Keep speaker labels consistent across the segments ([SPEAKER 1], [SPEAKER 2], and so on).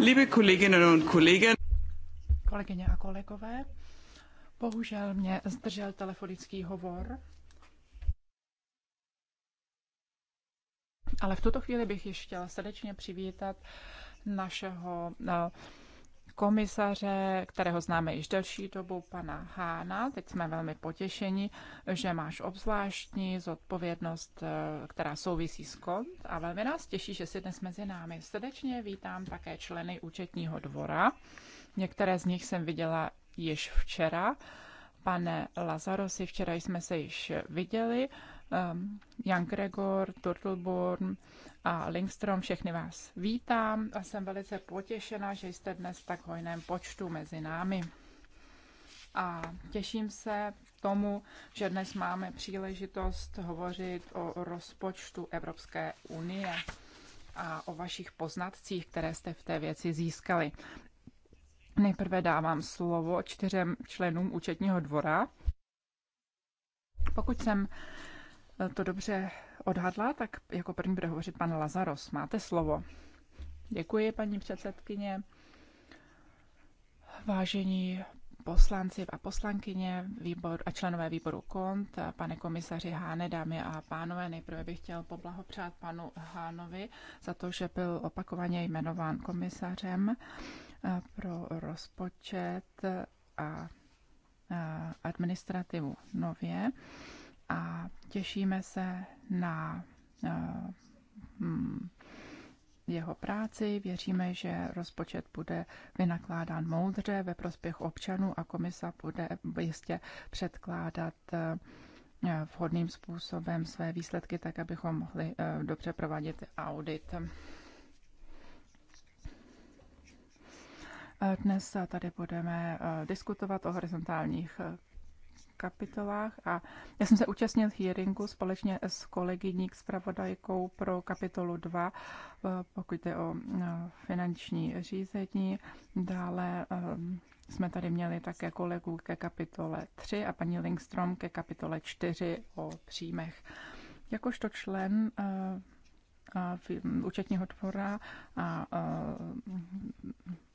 [SPEAKER 1] Liebe
[SPEAKER 2] Kolleginnen und Kollegen.
[SPEAKER 1] Kolegyně a kolegové, bohužel mě zdržel telefonický hovor. Ale v tuto chvíli bych ještě chtěla srdečně přivítat našeho eh, komisaře, kterého známe již delší dobu, pana Hána. Teď jsme velmi potěšeni, že máš obzvláštní zodpovědnost, eh, která souvisí s kont a velmi nás těší, že jsi dnes mezi námi. Srdečně vítám také členy účetního dvora. Některé z nich jsem viděla již včera. Pane Lazarosi, včera jsme se již viděli. Ehm, Jan Gregor, Turtleborn a Linkstrom, všechny vás vítám a jsem velice potěšena, že jste dnes v tak hojném počtu mezi námi. A těším se tomu, že dnes máme příležitost hovořit o rozpočtu Evropské unie a o vašich poznatcích, které jste v té věci získali. Nejprve dávám slovo čtyřem členům účetního dvora. Pokud jsem to dobře odhadla, tak jako první bude hovořit pan Lazaros. Máte slovo. Děkuji, paní předsedkyně. Vážení poslanci a poslankyně výbor, a členové výboru KONT, pane komisaři Háne, dámy a pánové, nejprve bych chtěl poblahopřát panu Hánovi za to, že byl opakovaně jmenován komisařem pro rozpočet a administrativu nově a těšíme se na eh, hmm, jeho práci. Věříme, že rozpočet bude vynakládán moudře ve prospěch občanů a komisa bude jistě předkládat eh, vhodným způsobem své výsledky, tak abychom mohli eh, dobře provadit audit. Dnes tady budeme diskutovat o horizontálních kapitolách a já jsem se účastnil hearingu společně s kolegyní k zpravodajkou pro kapitolu 2, eh, pokud je o eh, finanční řízení. Dále eh, jsme tady měli také kolegu ke kapitole 3 a paní Lindstrom ke kapitole 4 o příjmech. Jakožto člen účetního dvora a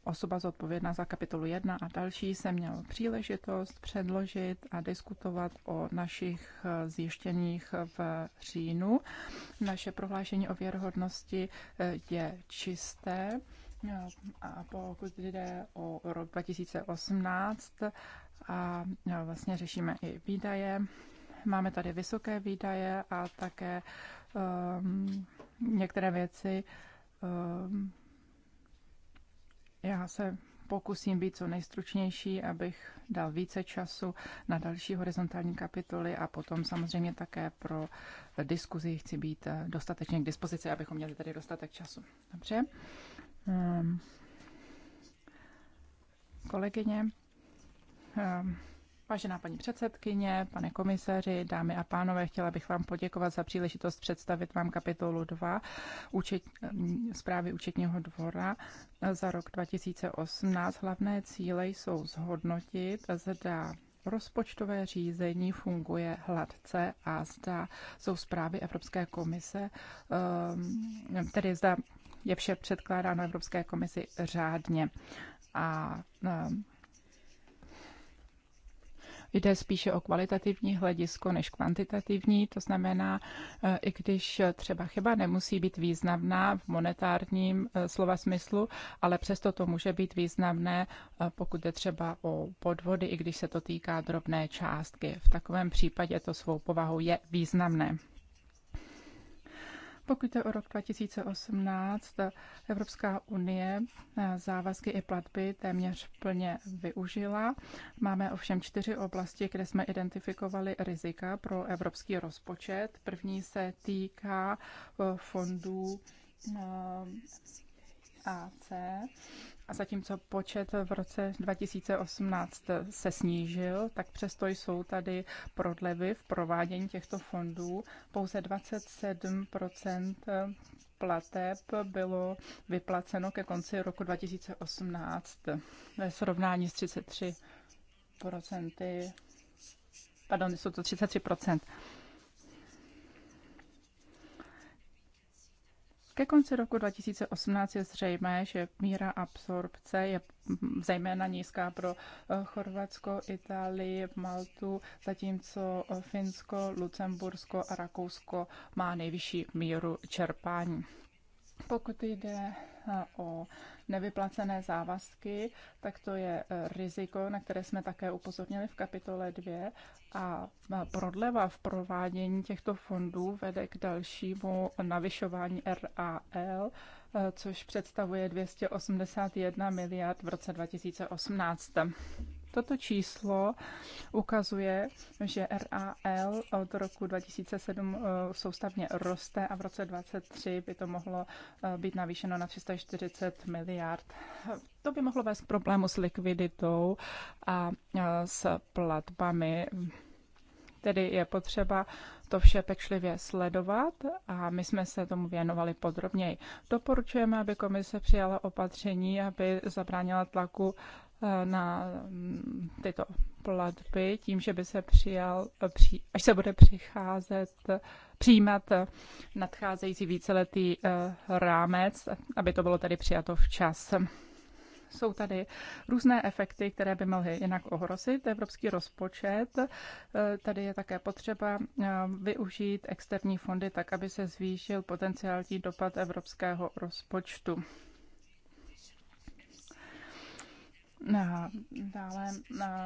[SPEAKER 1] osoba zodpovědná za kapitolu 1 a další se měl příležitost předložit a diskutovat o našich eh, zjištěních v říjnu. Naše prohlášení o věrohodnosti eh, je čisté. Eh, a pokud jde o rok 2018 a vlastně řešíme i výdaje, máme tady vysoké výdaje a také um, některé věci um, já se pokusím být co nejstručnější, abych dal více času na další horizontální kapitoly a potom samozřejmě také pro diskuzi chci být eh, dostatečně k dispozici, abychom měli tady dostatek času. Dobře. Um, kolegyně, um, Vážená paní předsedkyně, pane komisaři, dámy a pánové, chtěla bych vám poděkovat za příležitost představit vám kapitolu 2 účet, zprávy účetního dvora za rok 2018. Hlavné cíle jsou zhodnotit, zda rozpočtové řízení funguje hladce a zda jsou zprávy Evropské komise, ehm, tedy zda je vše předkládáno Evropské komisi řádně. A ehm, Jde spíše o kvalitativní hledisko než kvantitativní, to znamená, e, i když třeba chyba nemusí být významná v monetárním e, slova smyslu, ale přesto to může být významné, e, pokud jde třeba o podvody, i když se to týká drobné částky. V takovém případě to svou povahou je významné. Pokud je o rok 2018, Evropská unie eh, závazky i platby téměř plně využila. Máme ovšem čtyři oblasti, kde jsme identifikovali rizika pro evropský rozpočet. První se týká eh, fondů eh, AC zatímco počet v roce 2018 se snížil, tak přesto jsou tady prodlevy v provádění těchto fondů. Pouze 27 plateb bylo vyplaceno ke konci roku 2018 ve srovnání s 33 procenty, pardon, jsou to 33 Ke konci roku 2018 je zřejmé, že míra absorpce je zejména nízká pro eh, Chorvatsko, Itálii, Maltu, zatímco eh, Finsko, Lucembursko a Rakousko má nejvyšší míru čerpání. Pokud jde eh, o nevyplacené závazky, tak to je eh, riziko, na které jsme také upozornili v kapitole 2. A eh, prodleva v provádění těchto fondů vede k dalšímu navyšování RAL, eh, což představuje 281 miliard v roce 2018. Toto číslo ukazuje, že RAL od roku 2007 eh, soustavně roste a v roce 2023 by to mohlo eh, být navýšeno na 340 miliard. To by mohlo vést k problému s likviditou a eh, s platbami Tedy je potřeba to vše pečlivě sledovat a my jsme se tomu věnovali podrobněji. Doporučujeme, aby komise přijala opatření, aby zabránila tlaku eh, na mm, tyto platby tím, že by se přijal, eh, až se bude přicházet, přijímat eh, nadcházející víceletý rámec, aby to bylo tady přijato včas. Jsou tady různé efekty, které by mohly jinak ohrozit evropský rozpočet. E, tady je také potřeba e, využít externí fondy tak, aby se zvýšil potenciální dopad evropského rozpočtu. E, dále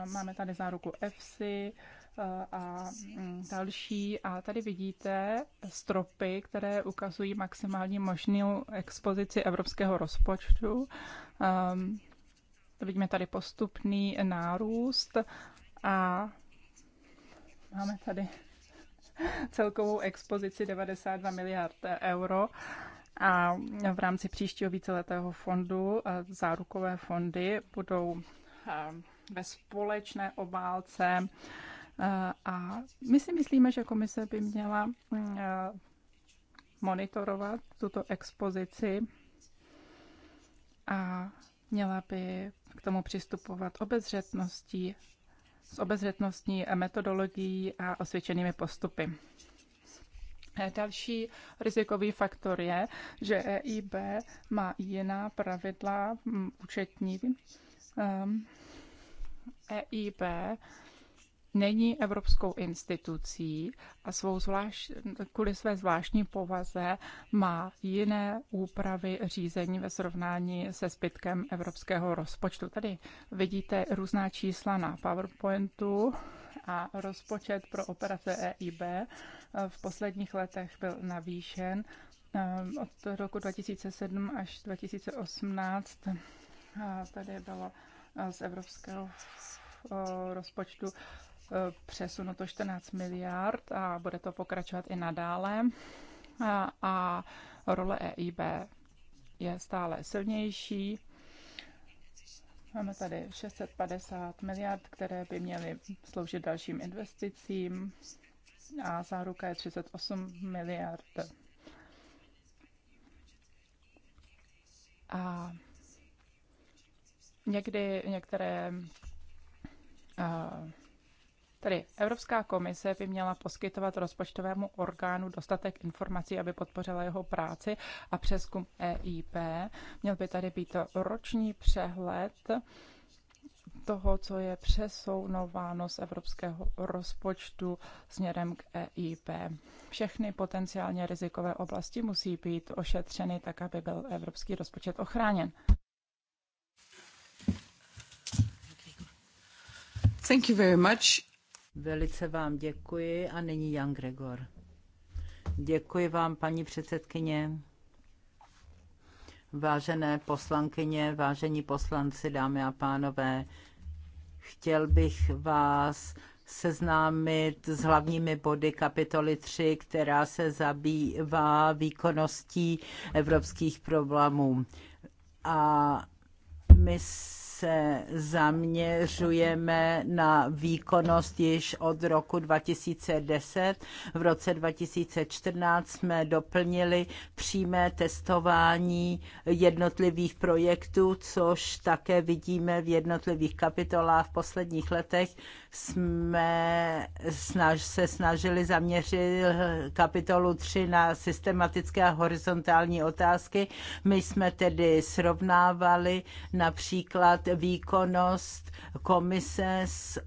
[SPEAKER 1] máme tady záruku EFSI a mm, další. A tady vidíte stropy, které ukazují maximální možnou expozici evropského rozpočtu. Ehm, vidíme tady postupný nárůst a máme tady celkovou expozici 92 miliard euro a v rámci příštího víceletého fondu eh, zárukové fondy budou ehm, ve společné obálce eh, a my si myslíme, že komise by měla mm, eh, monitorovat tuto expozici a měla by k tomu přistupovat obezřetností, s obezřetnostní metodologií a osvědčenými postupy. E, další rizikový faktor je, že EIB má jiná pravidla účetní. EIB ehm, e není evropskou institucí a svou zvlášť, kvůli své zvláštní povaze má jiné úpravy řízení ve srovnání se zbytkem evropského rozpočtu. Tady vidíte různá čísla na PowerPointu a rozpočet pro operace EIB v posledních letech byl navýšen eh, od roku 2007 až 2018 tady bylo eh, z evropského eh, rozpočtu přesunuto 14 miliard a bude to pokračovat i nadále. A, a role EIB je stále silnější. Máme tady 650 miliard, které by měly sloužit dalším investicím a záruka je 38 miliard. A někdy některé uh, Tedy Evropská komise by měla poskytovat rozpočtovému orgánu dostatek informací, aby podpořila jeho práci a přeskum EIP. Měl by tady být roční přehled toho, co je přesounováno z evropského rozpočtu směrem k EIP. Všechny potenciálně rizikové oblasti musí být ošetřeny tak, aby byl evropský rozpočet ochráněn.
[SPEAKER 3] Thank you very much. Velice vám děkuji a nyní Jan Gregor. Děkuji vám, paní předsedkyně. Vážené poslankyně, vážení poslanci, dámy a pánové, chtěl bych vás seznámit s hlavními body kapitoly 3, která se zabývá výkonností evropských problémů. A my se zaměřujeme na výkonnost již od roku 2010. V roce 2014 jsme doplnili přímé testování jednotlivých projektů, což také vidíme v jednotlivých kapitolách. V posledních letech jsme snaž, se snažili zaměřit kapitolu 3 na systematické a horizontální otázky. My jsme tedy srovnávali například výkonnost komise s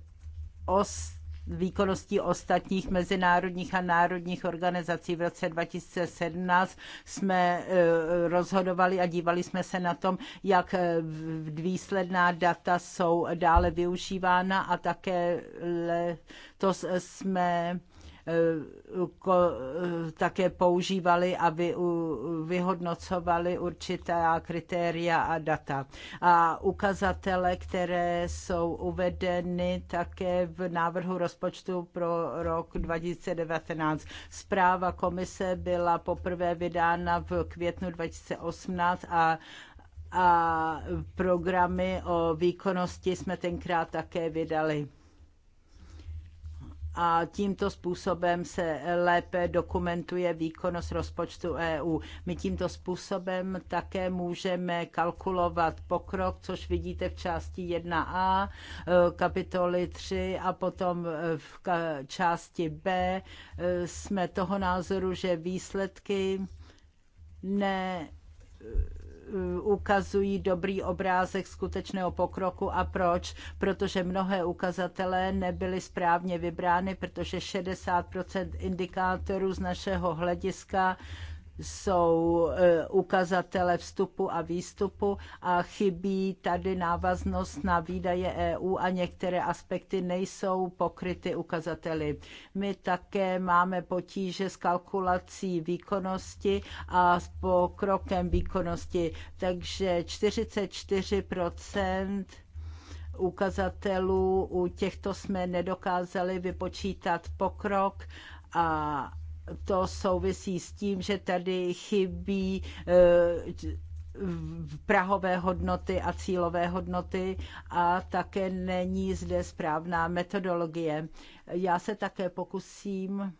[SPEAKER 3] ost výkonností ostatních mezinárodních a národních organizací. V roce 2017 jsme eh, rozhodovali a dívali jsme se na tom, jak eh, výsledná data jsou dále využívána a také to jsme také používali a vyhodnocovali určitá kritéria a data. A ukazatele, které jsou uvedeny také v návrhu rozpočtu pro rok 2019. Zpráva komise byla poprvé vydána v květnu 2018 a a programy o výkonnosti jsme tenkrát také vydali a tímto způsobem se lépe dokumentuje výkonnost rozpočtu EU. My tímto způsobem také můžeme kalkulovat pokrok, což vidíte v části 1a e, kapitoly 3 a potom e, v části B e, jsme toho názoru, že výsledky ne Eh, ukazují dobrý obrázek skutečného pokroku. A proč? Protože mnohé ukazatele nebyly správně vybrány, protože 60 indikátorů z našeho hlediska jsou e, ukazatele vstupu a výstupu a chybí tady návaznost na výdaje EU a některé aspekty nejsou pokryty ukazateli. My také máme potíže s kalkulací výkonnosti a s pokrokem výkonnosti, takže 44 ukazatelů u těchto jsme nedokázali vypočítat pokrok a to souvisí s tím, že tady chybí eh, prahové hodnoty a cílové hodnoty a také není zde správná metodologie. Já se také pokusím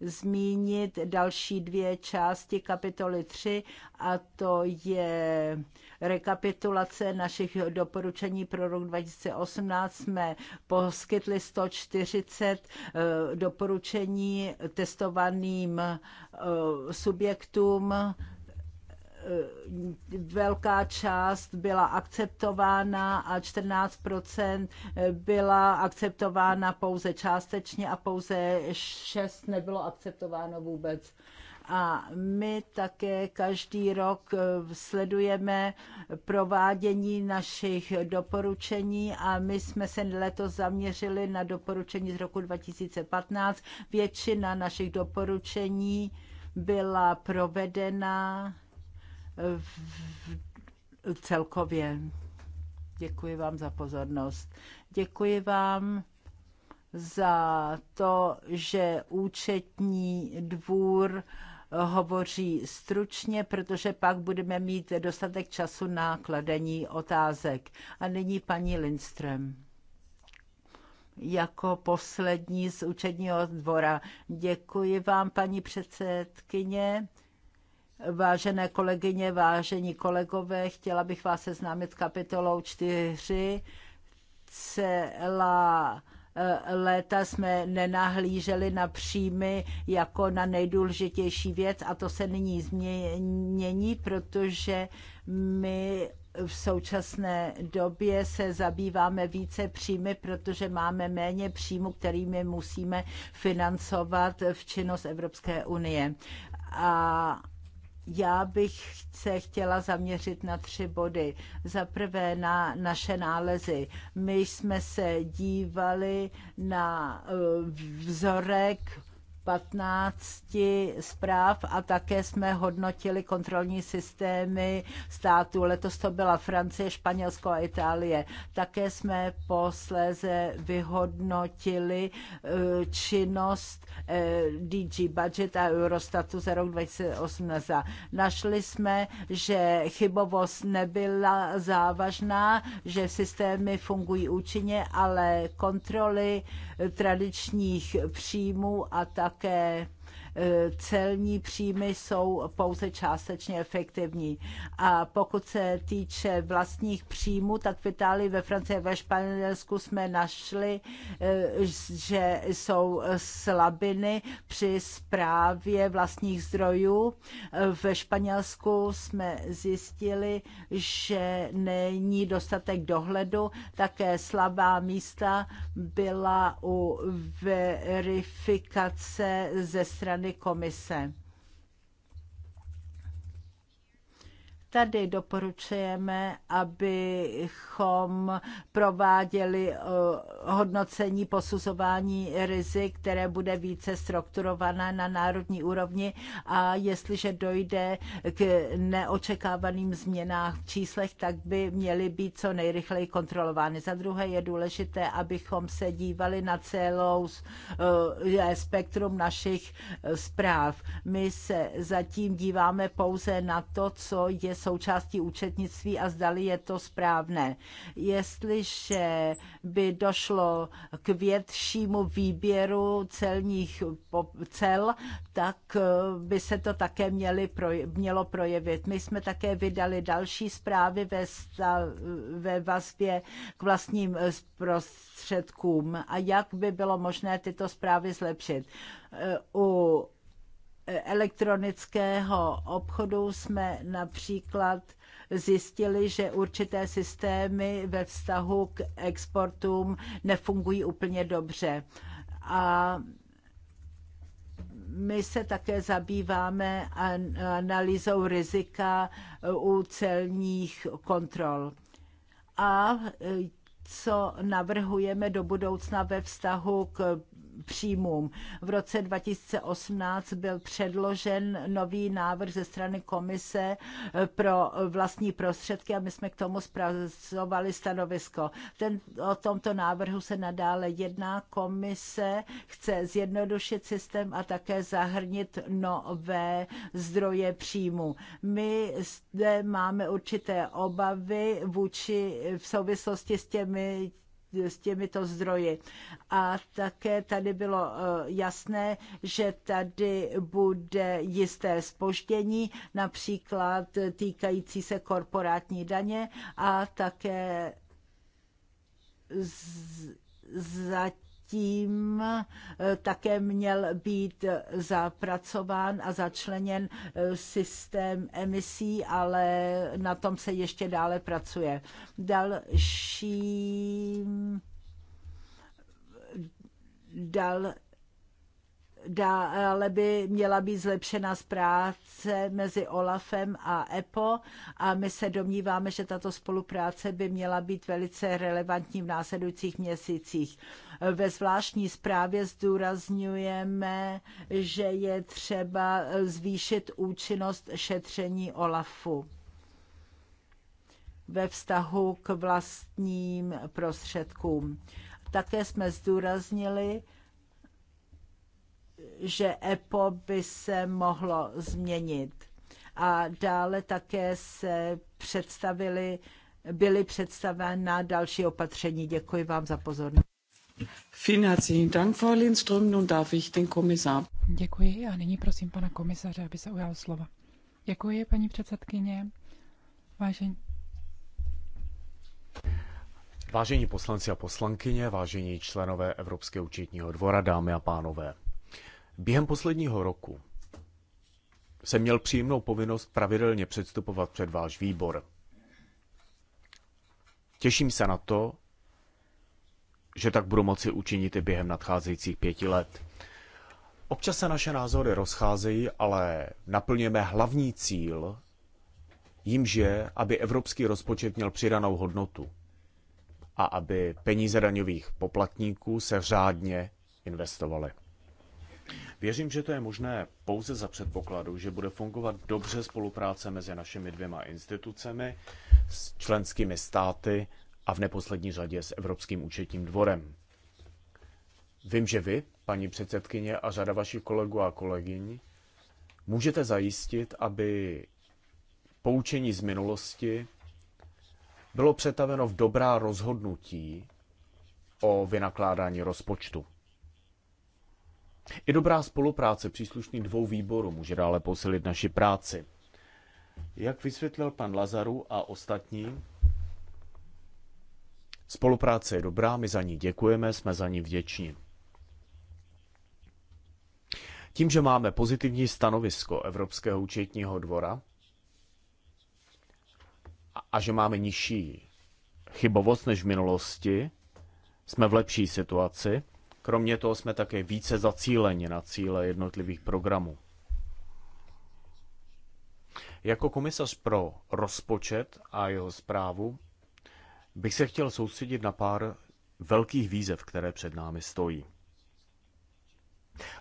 [SPEAKER 3] zmínit další dvě části kapitoly 3 a to je rekapitulace našich doporučení pro rok 2018. Jsme poskytli 140 eh, doporučení testovaným eh, subjektům Eh, velká část byla akceptována a 14 byla akceptována pouze částečně a pouze 6 nebylo akceptováno vůbec. A my také každý rok eh, sledujeme provádění našich doporučení a my jsme se letos zaměřili na doporučení z roku 2015. Většina našich doporučení byla provedena celkově. Děkuji vám za pozornost. Děkuji vám za to, že účetní dvůr hovoří stručně, protože pak budeme mít dostatek času na kladení otázek. A nyní paní Lindström. Jako poslední z účetního dvora. Děkuji vám, paní předsedkyně. Vážené kolegyně, vážení kolegové, chtěla bych vás seznámit s kapitolou 4. Celá eh, léta jsme nenahlíželi na příjmy jako na nejdůležitější věc a to se nyní změní, protože my v současné době se zabýváme více příjmy, protože máme méně příjmu, kterými musíme financovat v činnost Evropské unie. A já bych se chtěla zaměřit na tři body. Za prvé na naše nálezy. My jsme se dívali na eh, vzorek 15 zpráv a také jsme hodnotili kontrolní systémy států. Letos to byla Francie, Španělsko a Itálie. Také jsme posléze vyhodnotili eh, činnost eh, DG Budget a Eurostatu za rok 2018. Našli jsme, že chybovost nebyla závažná, že systémy fungují účinně, ale kontroly tradičních příjmů a také celní příjmy jsou pouze částečně efektivní. A pokud se týče vlastních příjmů, tak v Itálii, ve Francii a ve Španělsku jsme našli, eh, že jsou slabiny při zprávě vlastních zdrojů. Ve Španělsku jsme zjistili, že není dostatek dohledu, také slabá místa byla u verifikace ze strany komise. Tady doporučujeme, abychom prováděli eh, hodnocení posuzování rizik, které bude více strukturované na národní úrovni a jestliže dojde k neočekávaným změnách v číslech, tak by měly být co nejrychleji kontrolovány. Za druhé je důležité, abychom se dívali na celou eh, spektrum našich eh, zpráv. My se zatím díváme pouze na to, co je součástí účetnictví a zdali je to správné. Jestliže by došlo k většímu výběru celních cel, tak eh, by se to také měli, mělo projevit. My jsme také vydali další zprávy ve, stav, ve vazbě k vlastním eh, prostředkům a jak by bylo možné tyto zprávy zlepšit. Eh, u elektronického obchodu jsme například zjistili, že určité systémy ve vztahu k exportům nefungují úplně dobře. A my se také zabýváme analýzou rizika u celních kontrol. A co navrhujeme do budoucna ve vztahu k příjmům. V roce 2018 byl předložen nový návrh ze strany komise eh, pro vlastní prostředky a my jsme k tomu zpracovali stanovisko. Ten, o tomto návrhu se nadále jedná. Komise chce zjednodušit systém a také zahrnit nové zdroje příjmu. My zde máme určité obavy vůči v souvislosti s těmi s těmito zdroji. A také tady bylo eh, jasné, že tady bude jisté spoždění, například týkající se korporátní daně a také z, zatím tím eh, také měl být zapracován a začleněn eh, systém emisí, ale na tom se ještě dále pracuje. Další dal, dále by měla být zlepšena zpráce mezi OLAFem a EPO a my se domníváme, že tato spolupráce by měla být velice relevantní v následujících měsících. Ve zvláštní zprávě zdůrazňujeme, že je třeba zvýšit účinnost šetření OLAFu ve vztahu k vlastním prostředkům. Také jsme zdůraznili, že EPO by se mohlo změnit. A dále také se představili, byly představena další opatření. Děkuji vám za pozornost. Vielen
[SPEAKER 2] herzlichen Dank, Frau Lindström. Nun darf ich den Kommissar.
[SPEAKER 1] Děkuji a nyní prosím pana komisaře, aby se ujal slova. Děkuji, paní předsedkyně. Vážení.
[SPEAKER 4] Vážení poslanci a poslankyně, vážení členové Evropského účetního dvora, dámy a pánové. Během posledního roku jsem měl příjemnou povinnost pravidelně předstupovat před váš výbor. Těším se na to, že tak budou moci učinit i během nadcházejících pěti let. Občas se naše názory rozcházejí, ale naplňujeme hlavní cíl, jímž je, aby evropský rozpočet měl přidanou hodnotu a aby peníze daňových poplatníků se řádně investovaly. Věřím, že to je možné pouze za předpokladu, že bude fungovat dobře spolupráce mezi našimi dvěma institucemi, s členskými státy, a v neposlední řadě s Evropským účetním dvorem. Vím, že vy, paní předsedkyně a řada vašich kolegů a kolegyň, můžete zajistit, aby poučení z minulosti bylo přetaveno v dobrá rozhodnutí o vynakládání rozpočtu. I dobrá spolupráce příslušných dvou výborů může dále posilit naši práci. Jak vysvětlil pan Lazaru a ostatní, Spolupráce je dobrá, my za ní děkujeme, jsme za ní vděční. Tím, že máme pozitivní stanovisko Evropského účetního dvora a že máme nižší chybovost než v minulosti, jsme v lepší situaci. Kromě toho jsme také více zacíleni na cíle jednotlivých programů. Jako komisař pro rozpočet a jeho zprávu bych se chtěl soustředit na pár velkých výzev, které před námi stojí.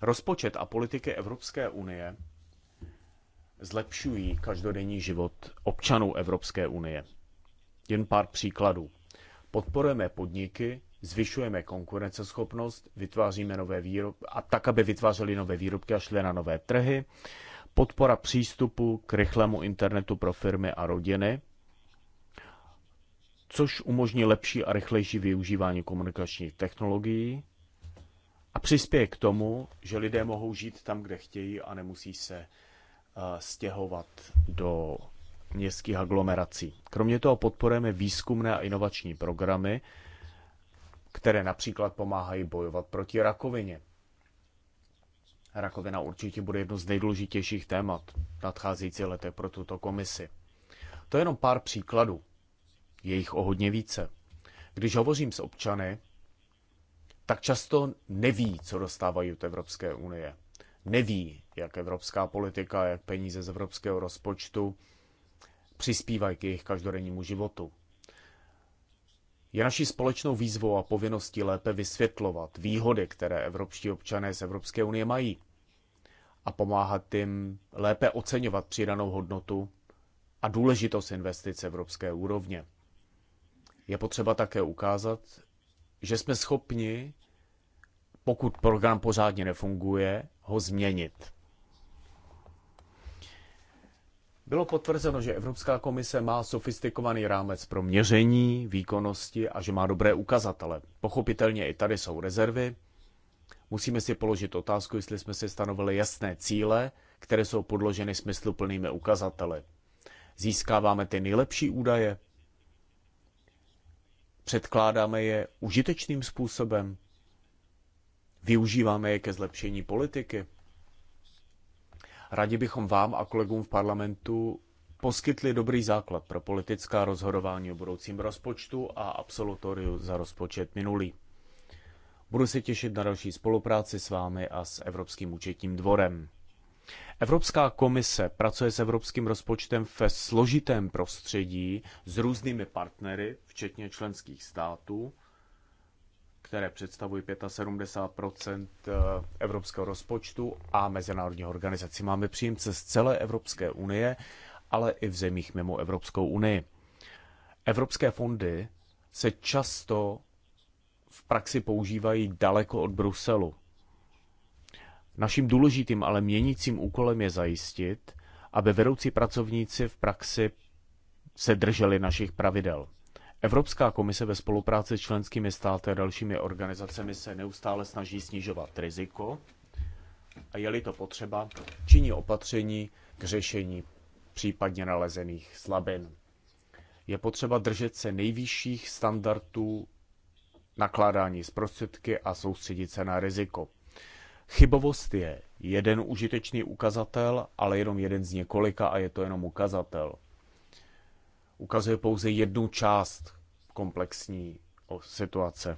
[SPEAKER 4] Rozpočet a politiky Evropské unie zlepšují každodenní život občanů Evropské unie. Jen pár příkladů. Podporujeme podniky, zvyšujeme konkurenceschopnost, vytváříme nové výrobky a tak, aby vytvářeli nové výrobky a šli na nové trhy. Podpora přístupu k rychlému internetu pro firmy a rodiny což umožní lepší a rychlejší využívání komunikačních technologií a přispěje k tomu, že lidé mohou žít tam, kde chtějí a nemusí se eh, stěhovat do městských aglomerací. Kromě toho podporujeme výzkumné a inovační programy, které například pomáhají bojovat proti rakovině. Rakovina určitě bude jedno z nejdůležitějších témat nadcházející letech pro tuto komisi. To je jenom pár příkladů. Je jich o hodně více. Když hovořím s občany, tak často neví, co dostávají od Evropské unie. Neví, jak evropská politika, jak peníze z evropského rozpočtu přispívají k jejich každodennímu životu. Je naší společnou výzvou a povinností lépe vysvětlovat výhody, které evropští občané z Evropské unie mají a pomáhat jim lépe oceňovat přidanou hodnotu a důležitost investic evropské úrovně. Je potřeba také ukázat, že jsme schopni, pokud program pořádně nefunguje, ho změnit. Bylo potvrzeno, že Evropská komise má sofistikovaný rámec pro měření výkonnosti a že má dobré ukazatele. Pochopitelně i tady jsou rezervy. Musíme si položit otázku, jestli jsme si stanovili jasné cíle, které jsou podloženy smysluplnými ukazateli. Získáváme ty nejlepší údaje? Předkládáme je užitečným způsobem? Využíváme je ke zlepšení politiky? Rádi bychom vám a kolegům v parlamentu poskytli dobrý základ pro politická rozhodování o budoucím rozpočtu a absolutoriu za rozpočet minulý. Budu se těšit na další spolupráci s vámi a s Evropským účetním dvorem. Evropská komise pracuje s evropským rozpočtem ve složitém prostředí s různými partnery, včetně členských států, které představují 75 eh, evropského rozpočtu a mezinárodní organizaci. Máme příjemce z celé Evropské unie, ale i v zemích mimo Evropskou unii. Evropské fondy se často v praxi používají daleko od Bruselu. Naším důležitým, ale měnícím úkolem je zajistit, aby vedoucí pracovníci v praxi se drželi našich pravidel. Evropská komise ve spolupráci s členskými státy a dalšími organizacemi se neustále snaží snižovat riziko a je-li to potřeba, činí opatření k řešení případně nalezených slabin. Je potřeba držet se nejvyšších standardů nakládání s prostředky a soustředit se na riziko. Chybovost je jeden užitečný ukazatel, ale jenom jeden z několika a je to jenom ukazatel. Ukazuje pouze jednu část komplexní situace.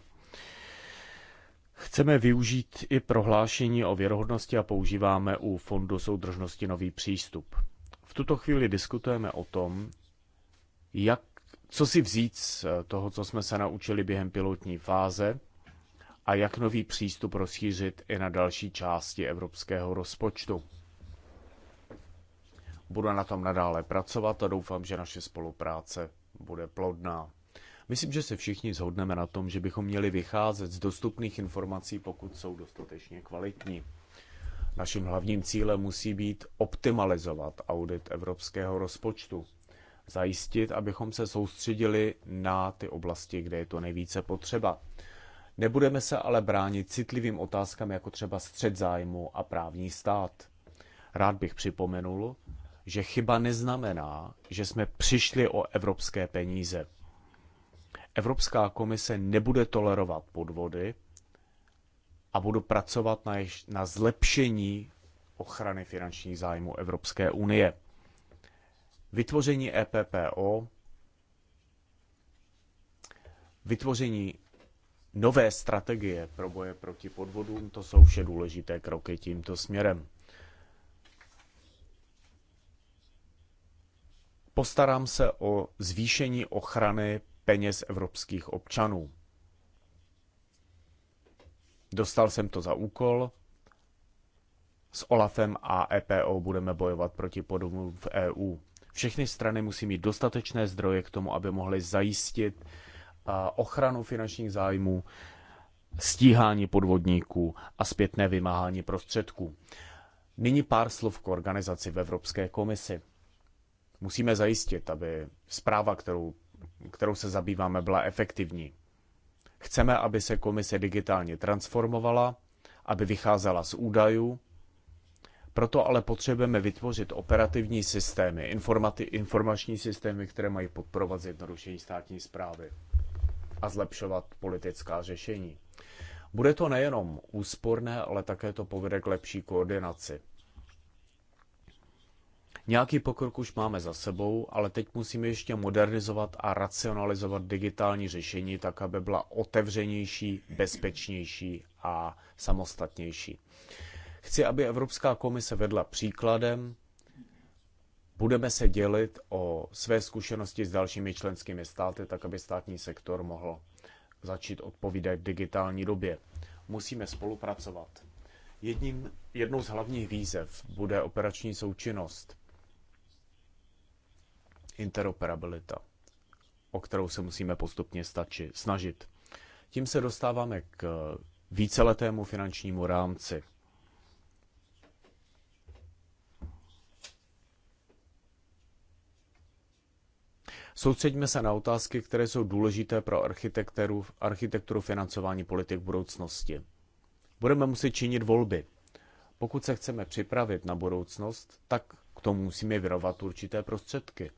[SPEAKER 4] Chceme využít i prohlášení o věrohodnosti a používáme u Fondu soudržnosti nový přístup. V tuto chvíli diskutujeme o tom, jak, co si vzít z toho, co jsme se naučili během pilotní fáze, a jak nový přístup rozšířit i na další části evropského rozpočtu. Budu na tom nadále pracovat a doufám, že naše spolupráce bude plodná. Myslím, že se všichni zhodneme na tom, že bychom měli vycházet z dostupných informací, pokud jsou dostatečně kvalitní. Naším hlavním cílem musí být optimalizovat audit evropského rozpočtu. Zajistit, abychom se soustředili na ty oblasti, kde je to nejvíce potřeba. Nebudeme se ale bránit citlivým otázkám jako třeba střed zájmu a právní stát. Rád bych připomenul, že chyba neznamená, že jsme přišli o evropské peníze. Evropská komise nebude tolerovat podvody a budu pracovat na, jež, na zlepšení ochrany finančních zájmů Evropské unie. Vytvoření EPPO, vytvoření nové strategie pro boje proti podvodům. To jsou vše důležité kroky tímto směrem. Postarám se o zvýšení ochrany peněz evropských občanů. Dostal jsem to za úkol. S OLAFem a EPO budeme bojovat proti podvodům v EU. Všechny strany musí mít dostatečné zdroje k tomu, aby mohly zajistit ochranu finančních zájmů, stíhání podvodníků a zpětné vymáhání prostředků. Nyní pár slov k organizaci v Evropské komisi. Musíme zajistit, aby zpráva, kterou, kterou se zabýváme, byla efektivní. Chceme, aby se komise digitálně transformovala, aby vycházela z údajů, proto ale potřebujeme vytvořit operativní systémy, informati- informační systémy, které mají podporovat zjednodušení státní zprávy a zlepšovat politická řešení. Bude to nejenom úsporné, ale také to povede k lepší koordinaci. Nějaký pokrok už máme za sebou, ale teď musíme ještě modernizovat a racionalizovat digitální řešení tak, aby byla otevřenější, bezpečnější a samostatnější. Chci, aby Evropská komise vedla příkladem, Budeme se dělit o své zkušenosti s dalšími členskými státy, tak aby státní sektor mohl začít odpovídat v digitální době. Musíme spolupracovat. Jedním, jednou z hlavních výzev bude operační součinnost, interoperabilita, o kterou se musíme postupně stači, snažit. Tím se dostáváme k víceletému finančnímu rámci Soustředíme se na otázky, které jsou důležité pro architekturu, architekturu financování politik budoucnosti. Budeme muset činit volby. Pokud se chceme připravit na budoucnost, tak k tomu musíme vyrovat určité prostředky.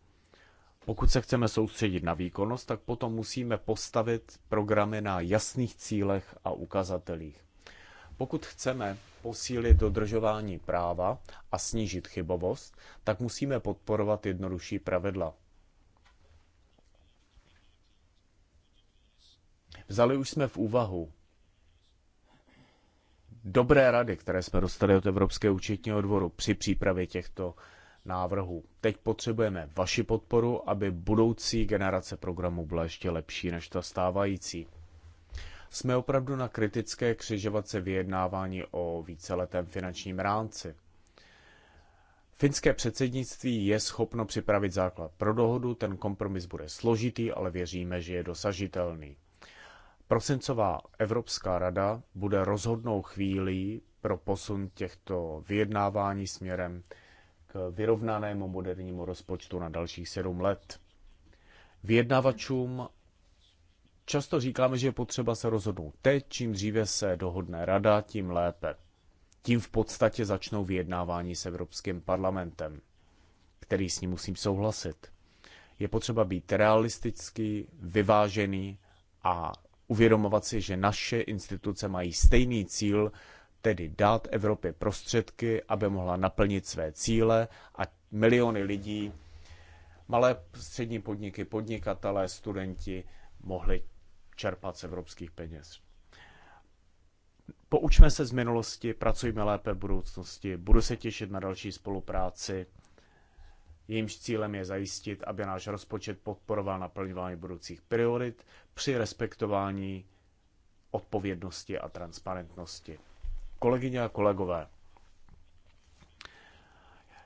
[SPEAKER 4] Pokud se chceme soustředit na výkonnost, tak potom musíme postavit programy na jasných cílech a ukazatelích. Pokud chceme posílit dodržování práva a snížit chybovost, tak musíme podporovat jednodušší pravidla. Vzali už jsme v úvahu dobré rady, které jsme dostali od Evropského účetního dvoru při přípravě těchto návrhů. Teď potřebujeme vaši podporu, aby budoucí generace programu byla ještě lepší než ta stávající. Jsme opravdu na kritické křižovatce vyjednávání o víceletém finančním rámci. Finské předsednictví je schopno připravit základ pro dohodu, ten kompromis bude složitý, ale věříme, že je dosažitelný. Prosincová Evropská rada bude rozhodnou chvílí pro posun těchto vyjednávání směrem k vyrovnanému modernímu rozpočtu na dalších sedm let. Vyjednavačům často říkáme, že je potřeba se rozhodnout teď, čím dříve se dohodne rada, tím lépe. Tím v podstatě začnou vyjednávání s Evropským parlamentem, který s ním musím souhlasit. Je potřeba být realistický, vyvážený a uvědomovat si, že naše instituce mají stejný cíl, tedy dát Evropě prostředky, aby mohla naplnit své cíle a miliony lidí, malé střední podniky, podnikatelé, studenti mohli čerpat z evropských peněz. Poučme se z minulosti, pracujme lépe v budoucnosti, budu se těšit na další spolupráci jejímž cílem je zajistit, aby náš rozpočet podporoval naplňování budoucích priorit při respektování odpovědnosti a transparentnosti. Kolegyně a kolegové,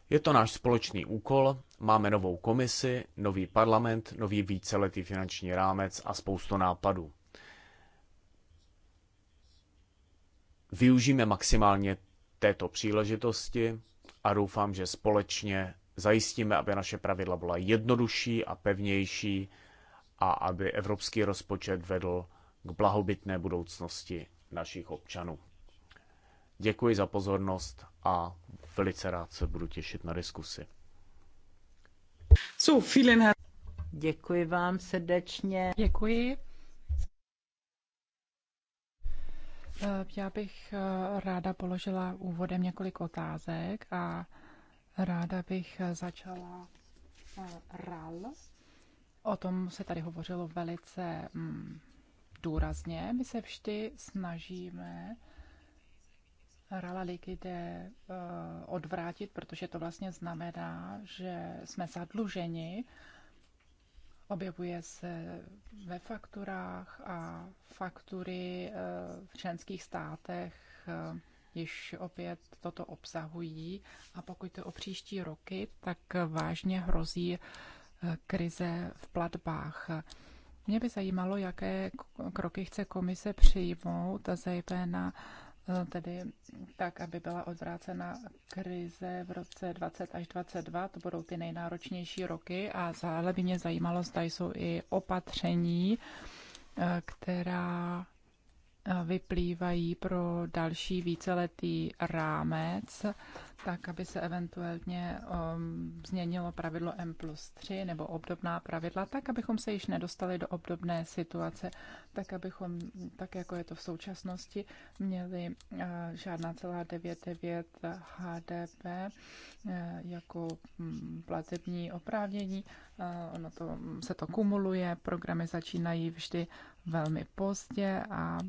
[SPEAKER 4] je to náš společný úkol, máme novou komisi, nový parlament, nový víceletý finanční rámec a spoustu nápadů. Využijeme maximálně této příležitosti a doufám, že společně Zajistíme, aby naše pravidla byla jednodušší a pevnější a aby evropský rozpočet vedl k blahobytné budoucnosti našich občanů. Děkuji za pozornost a velice rád se budu těšit na diskusi.
[SPEAKER 3] So, vielen Děkuji vám srdečně. Děkuji. Eh, já
[SPEAKER 1] bych eh, ráda položila úvodem několik otázek a Ráda bych eh, začala eh, RAL. O tom se tady hovořilo velice mm, důrazně. My se vždy snažíme Rala Likide eh, odvrátit, protože to vlastně znamená, že jsme zadluženi. Objevuje se ve fakturách a faktury v členských státech již opět toto obsahují. A pokud to o příští roky, tak vážně hrozí eh, krize v platbách. Mě by zajímalo, jaké kroky chce komise přijmout, zejména eh, tedy tak, aby byla odvrácena krize v roce 20 až 22, to budou ty nejnáročnější roky a zále by mě zajímalo, zda jsou i opatření, eh, která vyplývají pro další víceletý rámec, tak aby se eventuálně um, změnilo pravidlo M plus 3 nebo obdobná pravidla, tak abychom se již nedostali do obdobné situace, tak abychom, tak jako je to v současnosti, měli uh, žádná celá 99 HDP uh, jako um, platební oprávnění. Uh, ono to, se to kumuluje, programy začínají vždy velmi pozdě a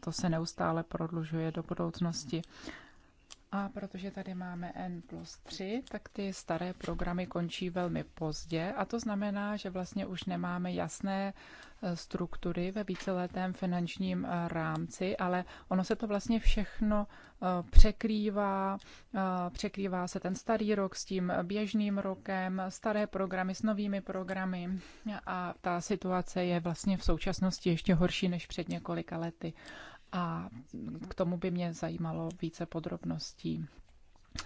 [SPEAKER 1] to se neustále prodlužuje do budoucnosti. A protože tady máme N plus 3, tak ty staré programy končí velmi pozdě a to znamená, že vlastně už nemáme jasné e, struktury ve víceletém finančním e, rámci, ale ono se to vlastně všechno e, překrývá. Překrývá se ten starý rok s tím běžným rokem, staré programy s novými programy a ta situace je vlastně v současnosti ještě horší než před několika lety a k tomu by mě zajímalo více podrobností.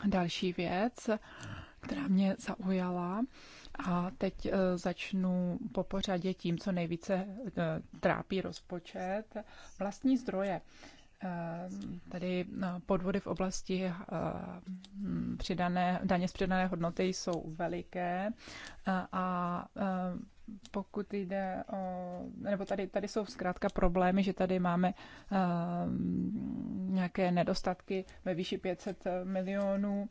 [SPEAKER 1] Další věc, která mě zaujala, a teď e, začnu po pořadě tím, co nejvíce e, trápí rozpočet. Vlastní zdroje. E, tady podvody v oblasti přidané, daně z přidané hodnoty jsou veliké a pokud jde o, nebo tady, tady jsou zkrátka problémy, že tady máme uh, nějaké nedostatky ve výši 500 milionů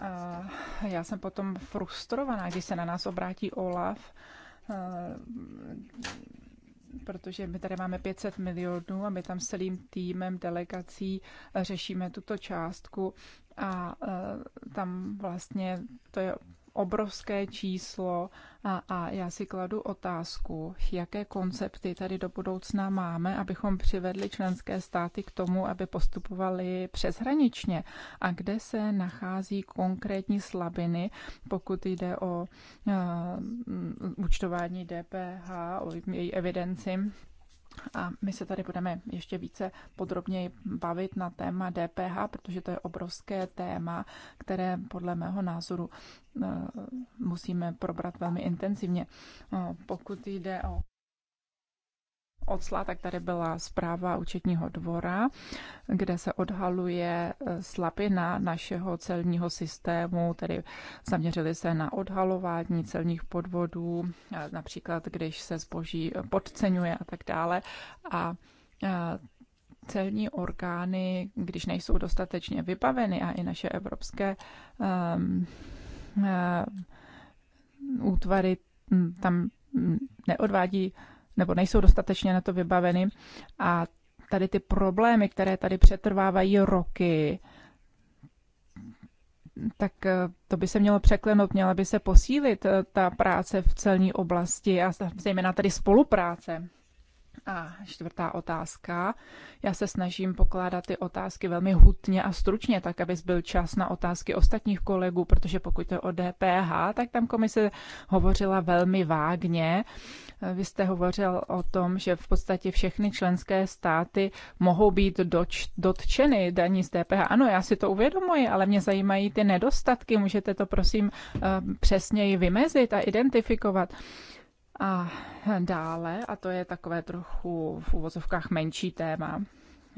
[SPEAKER 1] a já jsem potom frustrovaná, když se na nás obrátí OLAF, uh, protože my tady máme 500 milionů a my tam s celým týmem delegací řešíme tuto částku a uh, tam vlastně to je obrovské číslo a, a já si kladu otázku, jaké koncepty tady do budoucna máme, abychom přivedli členské státy k tomu, aby postupovali přeshraničně a kde se nachází konkrétní slabiny, pokud jde o uh, účtování DPH, o její evidenci a my se tady budeme ještě více podrobněji bavit na téma DPH, protože to je obrovské téma, které podle mého názoru eh, musíme probrat velmi intenzivně. Eh, pokud jde o ocla, tak tady byla zpráva účetního dvora, kde se odhaluje eh, slabina našeho celního systému, tedy zaměřili se na odhalování celních podvodů, eh, například když se zboží eh, podceňuje a tak dále. A celní orgány, když nejsou dostatečně vybaveny a i naše evropské um, uh, útvary mm, tam mm, neodvádí nebo nejsou dostatečně na to vybaveny. A tady ty problémy, které tady přetrvávají roky, tak eh, to by se mělo překlenout, měla by se posílit eh, ta práce v celní oblasti a zejména tady spolupráce. A čtvrtá otázka. Já se snažím pokládat ty otázky velmi hutně a stručně, tak aby byl čas na otázky ostatních kolegů, protože pokud to je o DPH, tak tam komise hovořila velmi vágně. Vy jste hovořil o tom, že v podstatě všechny členské státy mohou být doč, dotčeny daní z DPH. Ano, já si to uvědomuji, ale mě zajímají ty nedostatky. Můžete to prosím eh, přesněji vymezit a identifikovat. A dále, a to je takové trochu v uvozovkách menší téma,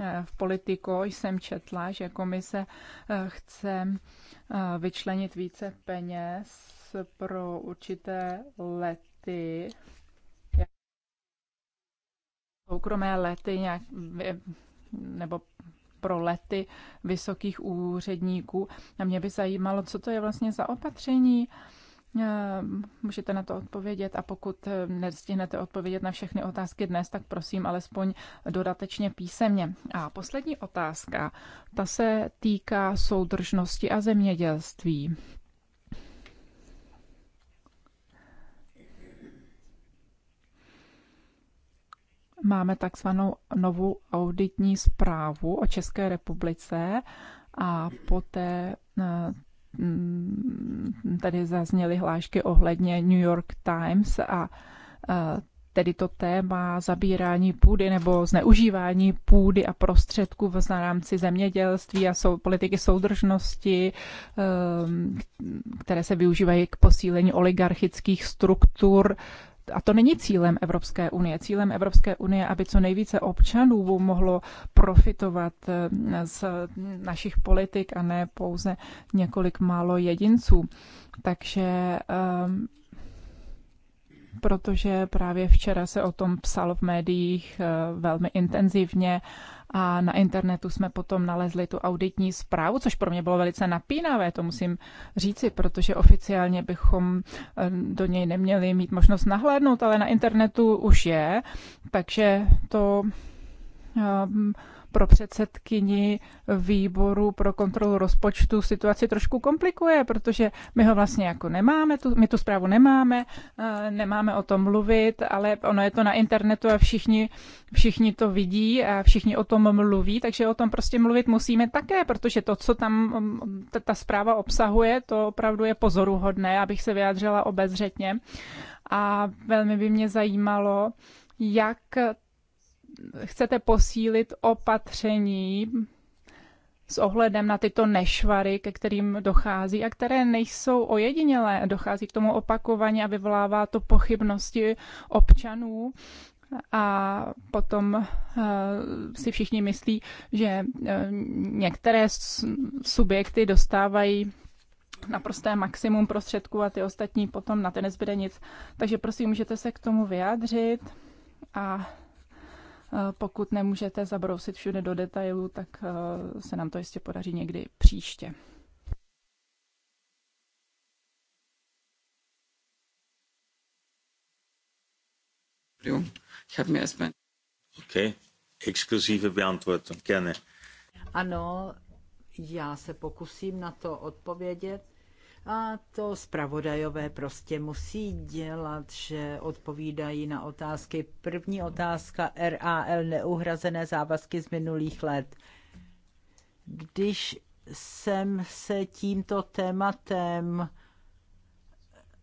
[SPEAKER 1] eh, v politiku jsem četla, že komise eh, chce eh, vyčlenit více peněz pro určité lety, soukromé lety nějak, nebo pro lety vysokých úředníků. A mě by zajímalo, co to je vlastně za opatření, Eh, můžete na to odpovědět a pokud eh, nestihnete odpovědět na všechny otázky dnes, tak prosím alespoň dodatečně písemně. A poslední otázka, ta se týká soudržnosti a zemědělství. Máme takzvanou novou auditní zprávu o České republice a poté eh, Mm, tady zazněly hlášky ohledně New York Times a tedy to téma zabírání půdy nebo zneužívání půdy a prostředků v rámci zemědělství a sou, politiky soudržnosti, ehm, které se využívají k posílení oligarchických struktur a to není cílem Evropské unie. Cílem Evropské unie, aby co nejvíce občanů mohlo profitovat eh, z našich politik a ne pouze několik málo jedinců. Takže ehm, protože právě včera se o tom psalo v médiích eh, velmi intenzivně a na internetu jsme potom nalezli tu auditní zprávu, což pro mě bylo velice napínavé, to musím říci, protože oficiálně bychom eh, do něj neměli mít možnost nahlédnout, ale na internetu už je, takže to um, pro předsedkyni výboru pro kontrolu rozpočtu situaci trošku komplikuje, protože my ho vlastně jako nemáme, tu, my tu zprávu nemáme, eh, nemáme o tom mluvit, ale ono je to na internetu a všichni, všichni to vidí a všichni o tom mluví, takže o tom prostě mluvit musíme také, protože to, co tam mm, ta, ta zpráva obsahuje, to opravdu je pozoruhodné, abych se vyjádřila obezřetně. A velmi by mě zajímalo, jak chcete posílit opatření s ohledem na tyto nešvary, ke kterým dochází a které nejsou ojedinělé. Dochází k tomu opakovaně a vyvolává to pochybnosti občanů a potom uh, si všichni myslí, že uh, některé subjekty dostávají naprosté maximum prostředků a ty ostatní potom na ten nezbyde nic. Takže prosím, můžete se k tomu vyjádřit a Eh, pokud nemůžete zabrousit všude do detailů, tak eh, se nám to jistě podaří někdy příště.
[SPEAKER 4] Ok, exkluzivní mir erstmal. Okay, Beantwortung, gerne.
[SPEAKER 3] Ano, já se pokusím na to odpovědět. A to zpravodajové prostě musí dělat, že odpovídají na otázky. První otázka RAL neuhrazené závazky z minulých let. Když jsem se tímto tématem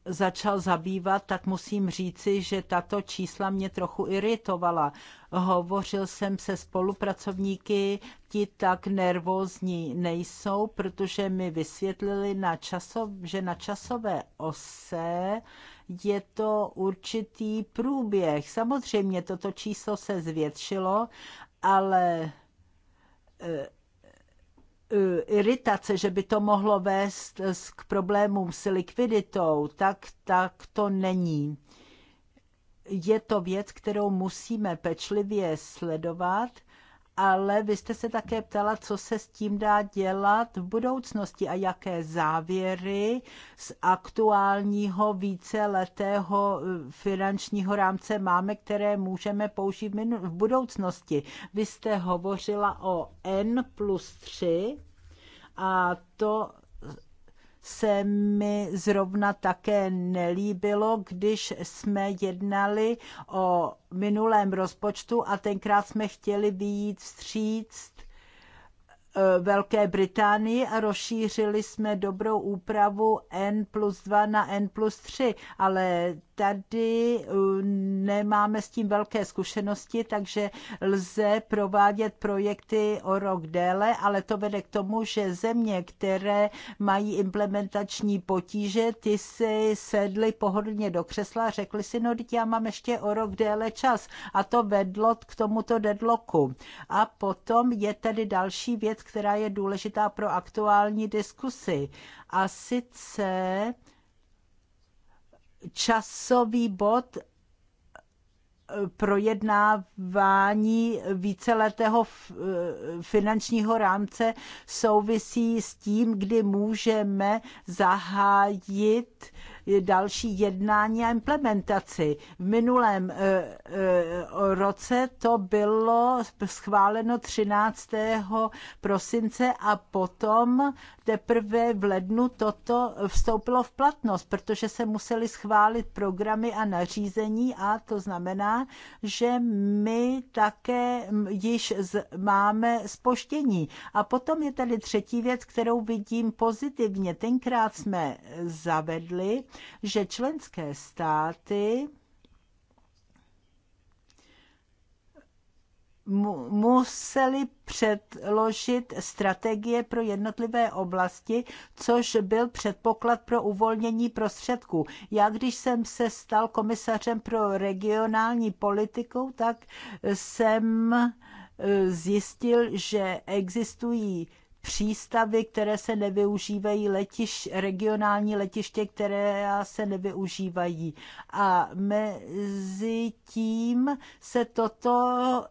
[SPEAKER 3] začal zabývat, tak musím říci, že tato čísla mě trochu iritovala. Hovořil jsem se spolupracovníky, ti tak nervózní nejsou, protože mi vysvětlili, na časov, že na časové ose je to určitý průběh. Samozřejmě toto číslo se zvětšilo, ale eh, Eh, iritace, že by to mohlo vést eh, k problémům s likviditou, tak, tak to není. Je to věc, kterou musíme pečlivě sledovat ale vy jste se také ptala, co se s tím dá dělat v budoucnosti a jaké závěry z aktuálního víceletého eh, finančního rámce máme, které můžeme použít v budoucnosti. Vy jste hovořila o N plus 3 a to se mi zrovna také nelíbilo, když jsme jednali o minulém rozpočtu a tenkrát jsme chtěli vyjít vstříct Velké Británii a rozšířili jsme dobrou úpravu N plus 2 na N plus 3, ale tady uh, nemáme s tím velké zkušenosti, takže lze provádět projekty o rok déle, ale to vede k tomu, že země, které mají implementační potíže, ty si sedly pohodlně do křesla a řekli si, no teď já mám ještě o rok déle čas. A to vedlo k tomuto deadlocku. A potom je tady další věc, která je důležitá pro aktuální diskusy. A sice časový bod eh, projednávání víceletého eh, finančního rámce souvisí s tím, kdy můžeme zahájit další jednání a implementaci. V minulém eh, eh, roce to bylo schváleno 13. prosince a potom teprve v lednu toto vstoupilo v platnost, protože se museli schválit programy a nařízení a to znamená, že my také již máme spoštění. A potom je tady třetí věc, kterou vidím pozitivně. Tenkrát jsme zavedli že členské státy museli předložit strategie pro jednotlivé oblasti, což byl předpoklad pro uvolnění prostředků. Já, když jsem se stal komisařem pro regionální politiku, tak jsem eh, zjistil, že existují přístavy, které se nevyužívají, letiš, regionální letiště, které se nevyužívají. A mezi tím se toto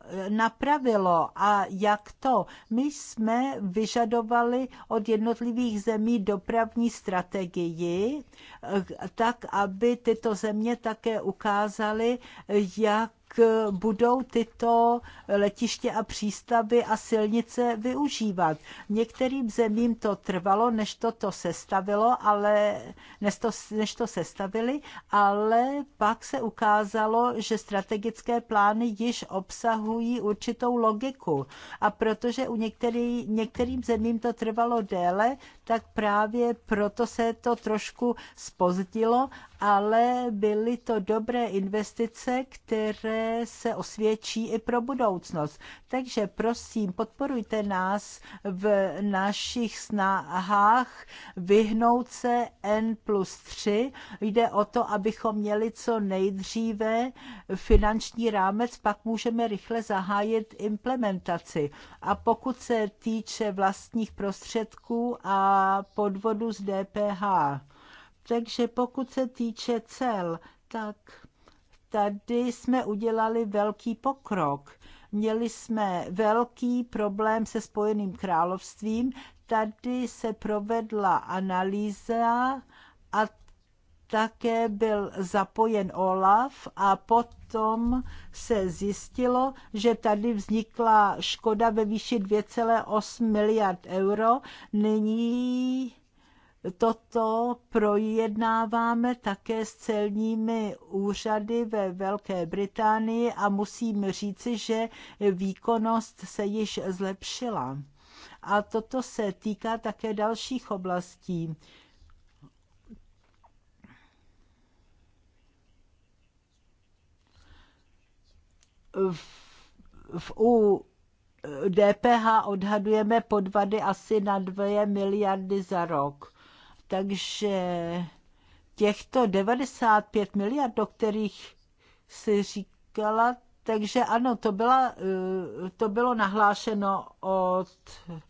[SPEAKER 3] eh, napravilo. A jak to? My jsme vyžadovali od jednotlivých zemí dopravní strategii, eh, tak aby tyto země také ukázaly, jak budou tyto letiště a přístavy a silnice využívat. Některým zemím to trvalo, než to to sestavilo, ale než to, než to sestavili, ale pak se ukázalo, že strategické plány již obsahují určitou logiku. A protože u některý, některým zemím to trvalo déle, tak právě proto se to trošku spozdilo, ale byly to dobré investice, které se osvědčí i pro budoucnost. Takže prosím, podporujte nás v našich snahách vyhnout se N plus 3. Jde o to, abychom měli co nejdříve finanční rámec, pak můžeme rychle zahájit implementaci. A pokud se týče vlastních prostředků a podvodu z DPH. Takže pokud se týče cel, tak tady jsme udělali velký pokrok. Měli jsme velký problém se Spojeným královstvím. Tady se provedla analýza také byl zapojen OLAF a potom se zjistilo, že tady vznikla škoda ve výši 2,8 miliard euro. Nyní toto projednáváme také s celními úřady ve Velké Británii a musím říci, že výkonnost se již zlepšila. A toto se týká také dalších oblastí v, v u DPH odhadujeme podvady asi na 2 miliardy za rok. Takže těchto 95 miliard, o kterých si říkala, takže ano, to, byla, eh, to bylo nahlášeno od eh,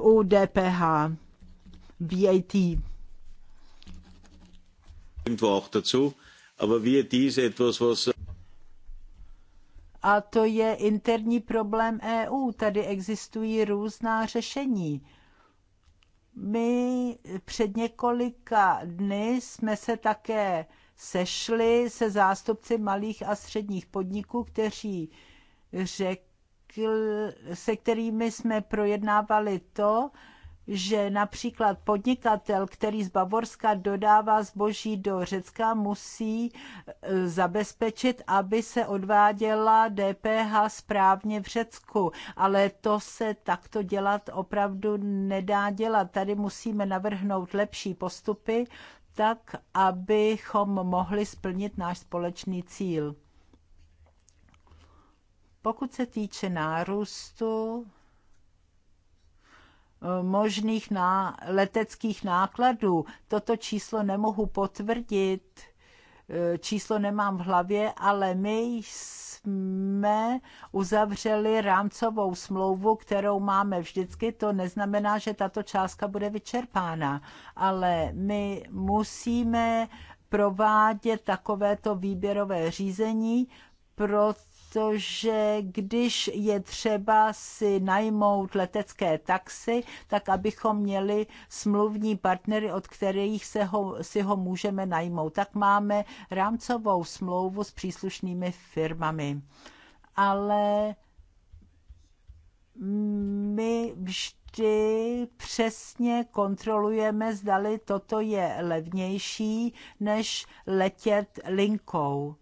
[SPEAKER 3] u DPH, VAT.
[SPEAKER 4] Irgendwo auch dazu, aber VAT ist etwas, was
[SPEAKER 3] a to je interní problém EU. Tady existují různá řešení. My před několika dny jsme se také sešli se zástupci malých a středních podniků, kteří řekl, se kterými jsme projednávali to, že například podnikatel, který z Bavorska dodává zboží do Řecka, musí e, zabezpečit, aby se odváděla DPH správně v Řecku. Ale to se takto dělat opravdu nedá dělat. Tady musíme navrhnout lepší postupy, tak abychom mohli splnit náš společný cíl. Pokud se týče nárůstu možných ná, leteckých nákladů. Toto číslo nemohu potvrdit, eh, číslo nemám v hlavě, ale my jsme uzavřeli rámcovou smlouvu, kterou máme vždycky. To neznamená, že tato částka bude vyčerpána, ale my musíme provádět takovéto výběrové řízení, proto protože když je třeba si najmout letecké taxi, tak abychom měli smluvní partnery, od kterých se ho, si ho můžeme najmout. Tak máme rámcovou smlouvu s příslušnými firmami. Ale my vždy přesně kontrolujeme, zdali toto je levnější, než letět linkou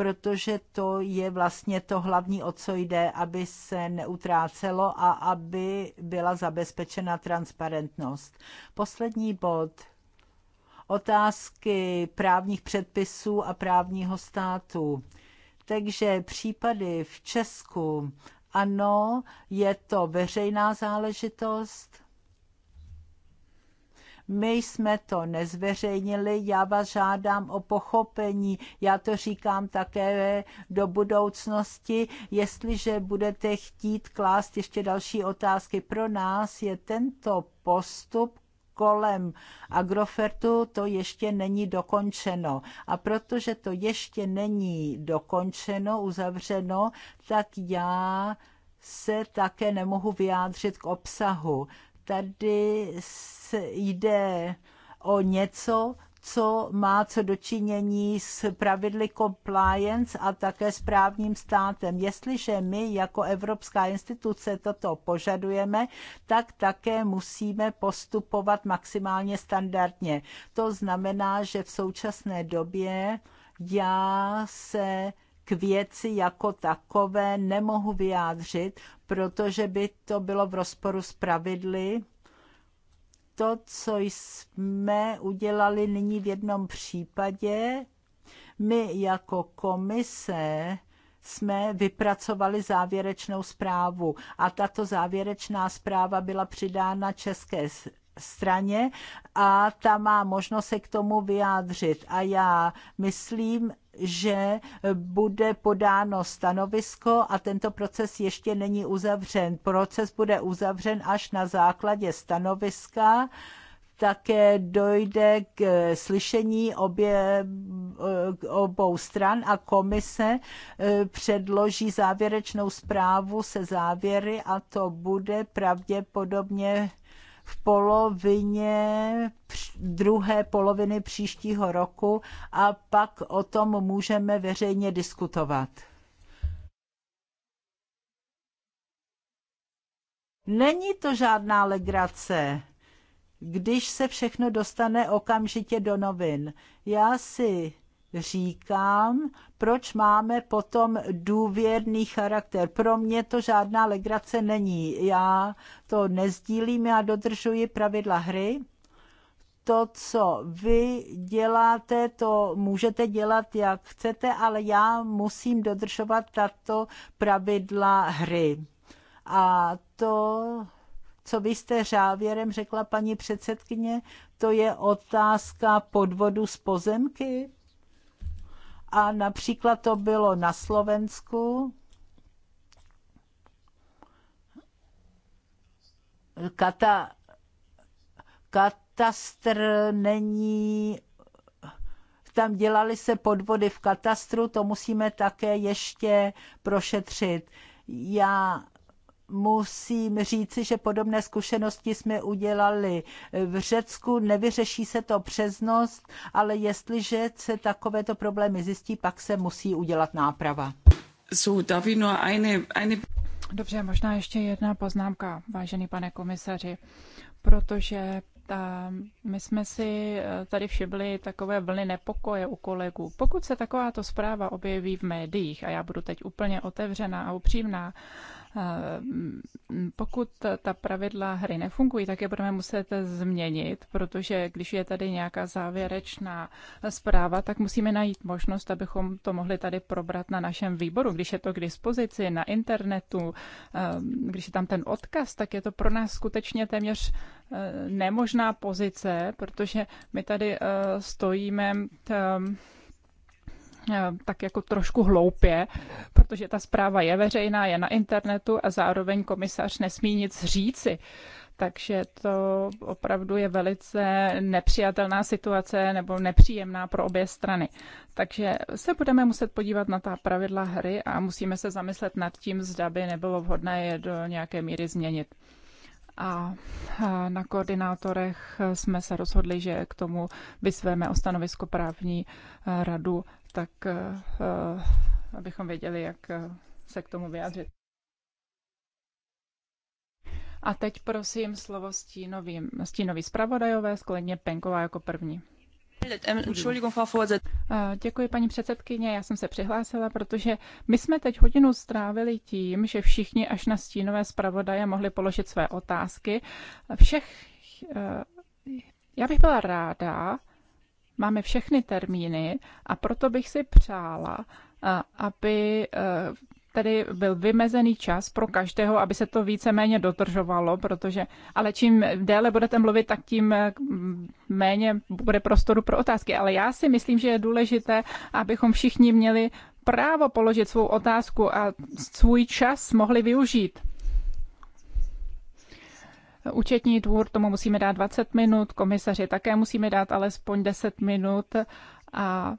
[SPEAKER 3] protože to je vlastně to hlavní, o co jde, aby se neutrácelo a aby byla zabezpečena transparentnost. Poslední bod. Otázky právních předpisů a právního státu. Takže případy v Česku, ano, je to veřejná záležitost, my jsme to nezveřejnili, já vás žádám o pochopení, já to říkám také do budoucnosti, jestliže budete chtít klást ještě další otázky. Pro nás je tento postup kolem Agrofertu to ještě není dokončeno. A protože to ještě není dokončeno, uzavřeno, tak já se také nemohu vyjádřit k obsahu. Tady jde o něco, co má co dočinění s pravidly compliance a také s právním státem. Jestliže my jako Evropská instituce toto požadujeme, tak také musíme postupovat maximálně standardně. To znamená, že v současné době já se k věci jako takové nemohu vyjádřit, protože by to bylo v rozporu s pravidly to, co jsme udělali nyní v jednom případě. My jako komise jsme vypracovali závěrečnou zprávu a tato závěrečná zpráva byla přidána České straně a ta má možnost se k tomu vyjádřit. A já myslím, že bude podáno stanovisko a tento proces ještě není uzavřen. Proces bude uzavřen až na základě stanoviska, také dojde k slyšení obě, obou stran a komise eh, předloží závěrečnou zprávu se závěry a to bude pravděpodobně v polovině druhé poloviny příštího roku a pak o tom můžeme veřejně diskutovat. Není to žádná legrace, když se všechno dostane okamžitě do novin. Já si říkám, proč máme potom důvěrný charakter. Pro mě to žádná legrace není. Já to nezdílím, já dodržuji pravidla hry. To, co vy děláte, to můžete dělat, jak chcete, ale já musím dodržovat tato pravidla hry. A to co vy jste řávěrem řekla, paní předsedkyně, to je otázka podvodu z pozemky? A například to bylo na Slovensku. Kata, katastr není tam dělali se podvody v katastru, to musíme také ještě prošetřit. Já musím říci, že podobné zkušenosti jsme udělali v Řecku. Nevyřeší se to přes noc, ale jestliže se takovéto problémy zjistí, pak se musí udělat náprava. So, nur eine, eine...
[SPEAKER 1] Dobře, možná ještě jedna poznámka, vážený pane komisaři, protože ta, ehm, my jsme si eh, tady všimli takové vlny nepokoje u kolegů. Pokud se takováto zpráva objeví v médiích, a já budu teď úplně otevřená a upřímná, Eh, pokud ta pravidla hry nefungují, tak je budeme muset změnit, protože když je tady nějaká závěrečná zpráva, tak musíme najít možnost, abychom to mohli tady probrat na našem výboru. Když je to k dispozici na internetu, eh, když je tam ten odkaz, tak je to pro nás skutečně téměř eh, nemožná pozice, protože my tady stojíme t, Eh, tak jako trošku hloupě, protože ta zpráva je veřejná, je na internetu a zároveň komisař nesmí nic říci. Takže to opravdu je velice nepřijatelná situace nebo nepříjemná pro obě strany. Takže se budeme muset podívat na ta pravidla hry a musíme se zamyslet nad tím, zda by nebylo vhodné je do nějaké míry změnit. A na koordinátorech jsme se rozhodli, že k tomu vyzveme o stanovisko právní eh, radu tak eh, eh, abychom věděli, jak eh, se k tomu vyjádřit. A teď prosím slovo stínovým, stínový zpravodajové, skolegyně Penková jako první. Děkuji, paní předsedkyně. Já jsem se přihlásila, protože my jsme teď hodinu strávili tím, že všichni až na stínové zpravodaje mohli položit své otázky. Všech, já bych byla ráda, Máme všechny termíny a proto bych si přála, eh, aby eh, tady byl vymezený čas pro každého, aby se to víceméně dodržovalo, protože, ale čím déle budete mluvit, tak tím eh, méně bude prostoru pro otázky. Ale já si myslím, že je důležité, abychom všichni měli právo položit svou otázku a svůj čas mohli využít. Účetní dvůr tomu musíme dát 20 minut, komisaři také musíme dát alespoň 10 minut a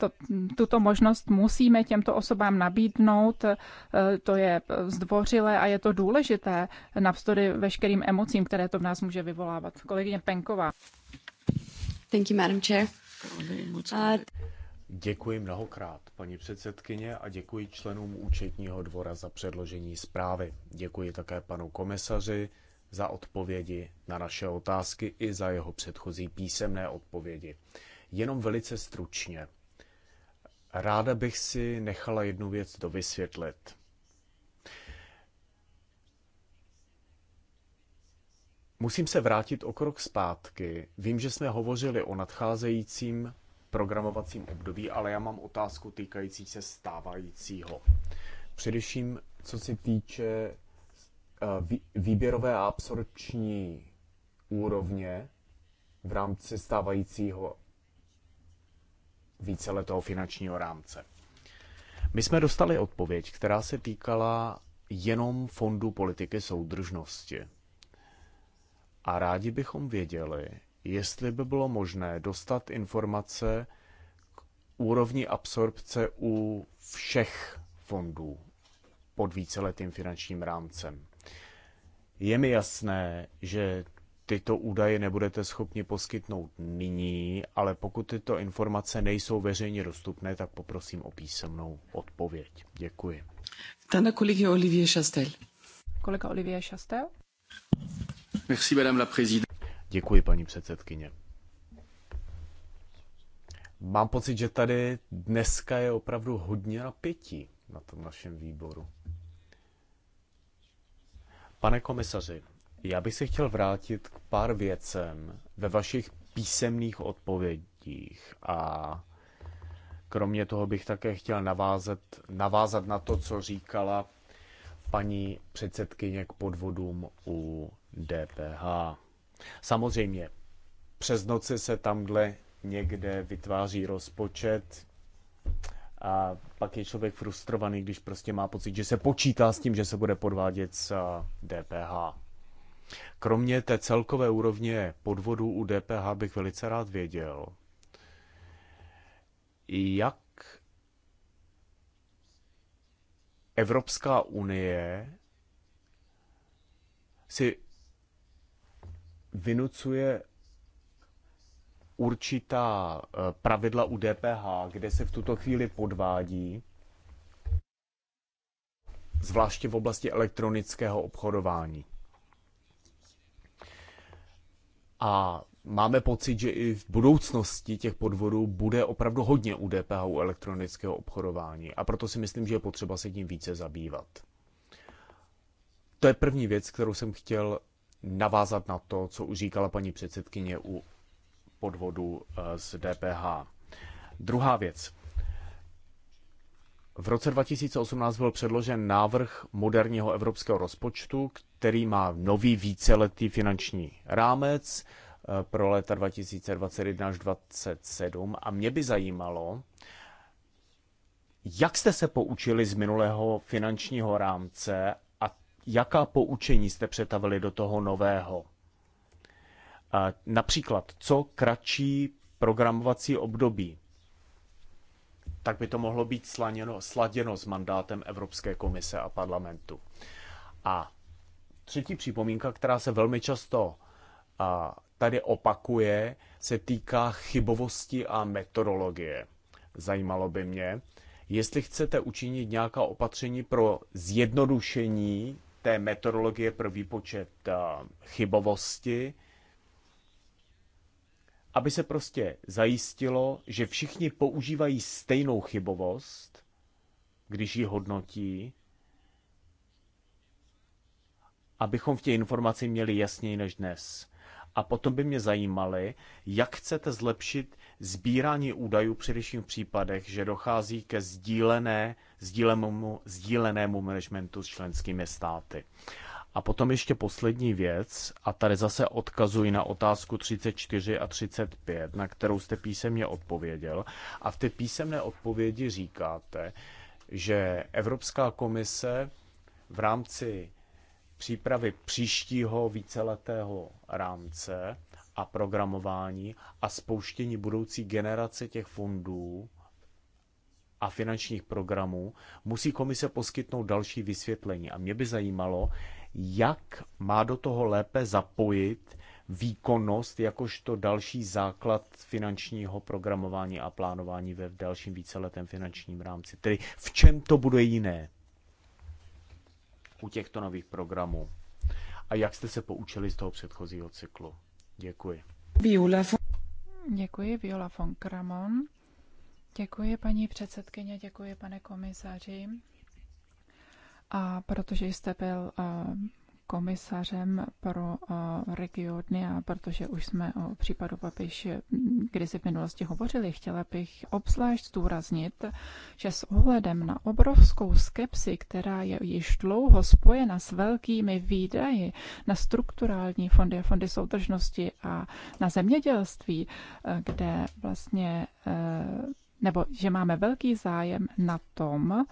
[SPEAKER 1] to, tuto možnost musíme těmto osobám nabídnout. E, to je zdvořilé a je to důležité navzdory veškerým emocím, které to v nás může vyvolávat. Kolegyně Penková.
[SPEAKER 2] Thank you, Madam Chair.
[SPEAKER 4] Děkuji mnohokrát, paní předsedkyně, a děkuji členům účetního dvora za předložení zprávy. Děkuji také panu komisaři za odpovědi na naše otázky i za jeho předchozí písemné odpovědi. Jenom velice stručně. Ráda bych si nechala jednu věc dovysvětlit. Musím se vrátit o krok zpátky. Vím, že jsme hovořili o nadcházejícím programovacím období, ale já mám otázku týkající se stávajícího. Především, co se týče Eh, výběrové a absorpční úrovně v rámci stávajícího víceletého finančního rámce. My jsme dostali odpověď, která se týkala jenom Fondu politiky soudržnosti. A rádi bychom věděli, jestli by bylo možné dostat informace k úrovni absorpce u všech fondů pod víceletým finančním rámcem. Je mi jasné, že tyto údaje nebudete schopni poskytnout nyní, ale pokud tyto informace nejsou veřejně dostupné, tak poprosím o písemnou odpověď. Děkuji.
[SPEAKER 1] Tana kolegy Olivier Chastel. Kolega Olivier Chastel.
[SPEAKER 4] Merci, madame la présidente. Děkuji, paní předsedkyně. Mám pocit, že tady dneska je opravdu hodně napětí na tom našem výboru. Pane komisaři, já bych se chtěl vrátit k pár věcem ve vašich písemných odpovědích a kromě toho bych také chtěl navázat, navázat na to, co říkala paní předsedkyně k podvodům u DPH. Samozřejmě, přes noci se tamhle někde vytváří rozpočet, a pak je člověk frustrovaný, když prostě má pocit, že se počítá s tím, že se bude podvádět s DPH. Kromě té celkové úrovně podvodu u DPH bych velice rád věděl, jak Evropská unie si vynucuje určitá eh, pravidla u DPH, kde se v tuto chvíli podvádí, zvláště v oblasti elektronického obchodování. A máme pocit, že i v budoucnosti těch podvodů bude opravdu hodně u DPH u elektronického obchodování a proto si myslím, že je potřeba se tím více zabývat. To je první věc, kterou jsem chtěl navázat na to, co už říkala paní předsedkyně u podvodu eh, z DPH. Druhá věc. V roce 2018 byl předložen návrh moderního evropského rozpočtu, který má nový víceletý finanční rámec eh, pro léta 2021 až 2027 a mě by zajímalo, jak jste se poučili z minulého finančního rámce a jaká poučení jste přetavili do toho nového? například co kratší programovací období, tak by to mohlo být sladěno, sladěno s mandátem Evropské komise a parlamentu. A třetí připomínka, která se velmi často a, tady opakuje, se týká chybovosti a metodologie. Zajímalo by mě, jestli chcete učinit nějaká opatření pro zjednodušení té metodologie pro výpočet chybovosti, aby se prostě zajistilo, že všichni používají stejnou chybovost, když ji hodnotí, abychom v té informaci měli jasněji než dnes. A potom by mě zajímaly, jak chcete zlepšit sbírání údajů především v případech, že dochází ke sdílené, sdílenému, sdílenému managementu s členskými státy. A potom ještě poslední věc, a tady zase odkazuji na otázku 34 a 35, na kterou jste písemně odpověděl. A v té písemné odpovědi říkáte, že Evropská komise v rámci přípravy příštího víceletého rámce a programování a spouštění budoucí generace těch fondů a finančních programů musí komise poskytnout další vysvětlení. A mě by zajímalo, jak má do toho lépe zapojit výkonnost jakožto další základ finančního programování a plánování ve dalším víceletém finančním rámci. Tedy v čem to bude jiné u těchto nových programů? A jak jste se poučili z toho předchozího cyklu? Děkuji.
[SPEAKER 1] Viola von... Děkuji, Viola von Kramon. Děkuji, paní předsedkyně, děkuji, pane komisaři. A protože jste byl eh, komisařem pro eh, regiony a protože už jsme o případu Babiš kdysi v minulosti hovořili, chtěla bych obzvlášť zdůraznit, že s ohledem na obrovskou skepsi, která je již dlouho spojena s velkými výdaji na strukturální fondy a fondy soudržnosti a na zemědělství, eh, kde vlastně nebo že máme velký zájem na tom,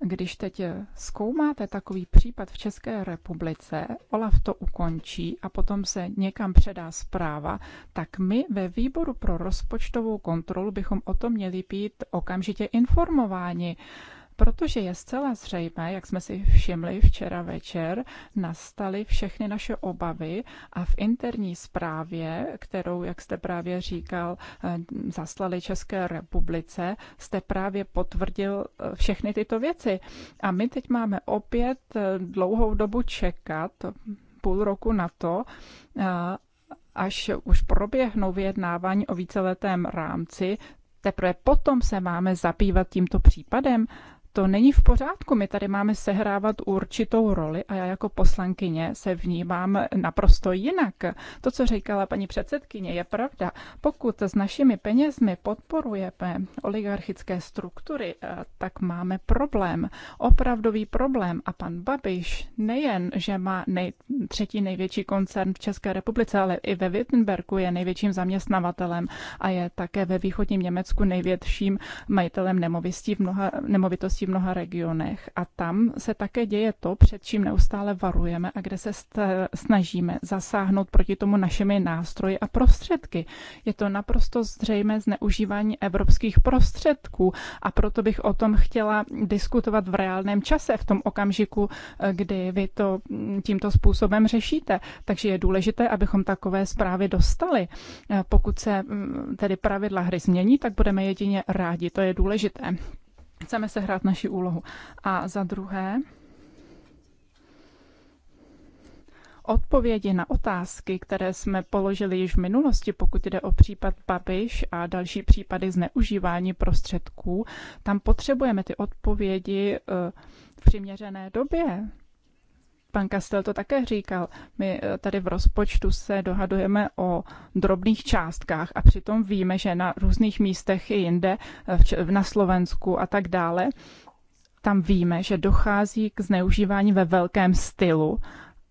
[SPEAKER 1] když teď zkoumáte takový případ v České republice, Olaf to ukončí a potom se někam předá zpráva, tak my ve výboru pro rozpočtovou kontrolu bychom o tom měli být okamžitě informováni. Protože je zcela zřejmé, jak jsme si všimli včera večer, nastaly všechny naše obavy a v interní zprávě, kterou, jak jste právě říkal, eh, zaslali České republice, jste právě potvrdil eh, všechny tyto věci. A my teď máme opět eh, dlouhou dobu čekat, půl roku na to, až už proběhnou vyjednávání o víceletém rámci, teprve potom se máme zabývat tímto případem to není v pořádku. My tady máme sehrávat určitou roli a já jako poslankyně se vnímám naprosto jinak. To, co říkala paní předsedkyně, je pravda. Pokud s našimi penězmi podporujeme oligarchické struktury, eh, tak máme problém, opravdový problém. A pan Babiš nejen, že má nej, třetí největší koncern v České republice, ale i ve Wittenbergu je největším zaměstnavatelem a je také ve východním Německu největším majitelem nemovitostí v mnoha, nemovitostí oblastí, v mnoha regionech a tam se také děje to, před čím neustále varujeme a kde se snažíme zasáhnout proti tomu našimi nástroji a prostředky. Je to naprosto zřejmé zneužívání evropských prostředků a proto bych o tom chtěla diskutovat v reálném čase, v tom okamžiku, eh, kdy vy to mm, tímto způsobem řešíte. Takže je důležité, abychom takové zprávy dostali. Eh, pokud se mm, tedy pravidla hry změní, tak budeme jedině rádi. To je důležité. Chceme se hrát naši úlohu. A za druhé, odpovědi na otázky, které jsme položili již v minulosti, pokud jde o případ Babiš a další případy zneužívání prostředků, tam potřebujeme ty odpovědi eh, v přiměřené době. Pan Kastel to také říkal. My eh, tady v rozpočtu se dohadujeme o drobných částkách a přitom víme, že na různých místech i jinde, eh, na Slovensku a tak dále, tam víme, že dochází k zneužívání ve velkém stylu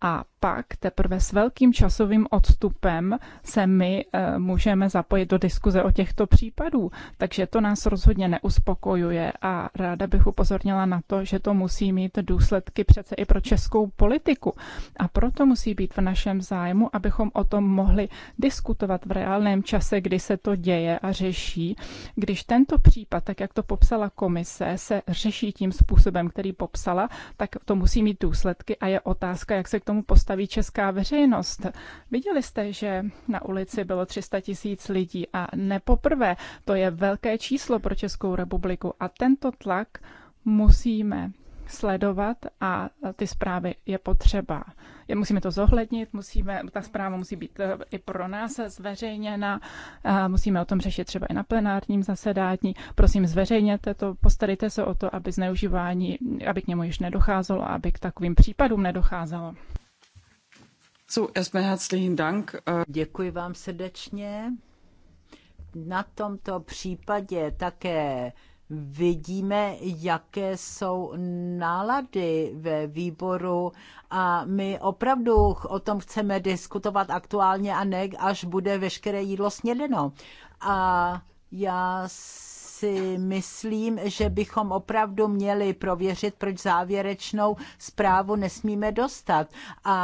[SPEAKER 1] a pak teprve s velkým časovým odstupem se my eh, můžeme zapojit do diskuze o těchto případů. Takže to nás rozhodně neuspokojuje a ráda bych upozornila na to, že to musí mít důsledky přece i pro českou politiku. A proto musí být v našem zájmu, abychom o tom mohli diskutovat v reálném čase, kdy se to děje a řeší. Když tento případ, tak jak to popsala komise, se řeší tím způsobem, který popsala, tak to musí mít důsledky a je otázka, jak se k tomu postavit postaví česká veřejnost. Viděli jste, že na ulici bylo 300 tisíc lidí a nepoprvé. To je velké číslo pro Českou republiku a tento tlak musíme sledovat a ty zprávy je potřeba. Je, musíme to zohlednit, musíme, ta zpráva musí být eh, i pro nás zveřejněna, a eh, musíme o tom řešit třeba i na plenárním zasedání. Prosím, zveřejněte to, postarejte se o to, aby zneužívání, aby k němu již nedocházelo, aby k takovým případům nedocházelo.
[SPEAKER 3] So, erstmal herzlichen Dank. Äh, Děkuji vám srdečně. Na tomto případě také vidíme, jaké jsou nálady ve výboru a my opravdu o tom chceme diskutovat aktuálně a ne, až bude veškeré jídlo snědeno. A já si myslím, že bychom opravdu měli prověřit, proč závěrečnou zprávu nesmíme dostat. A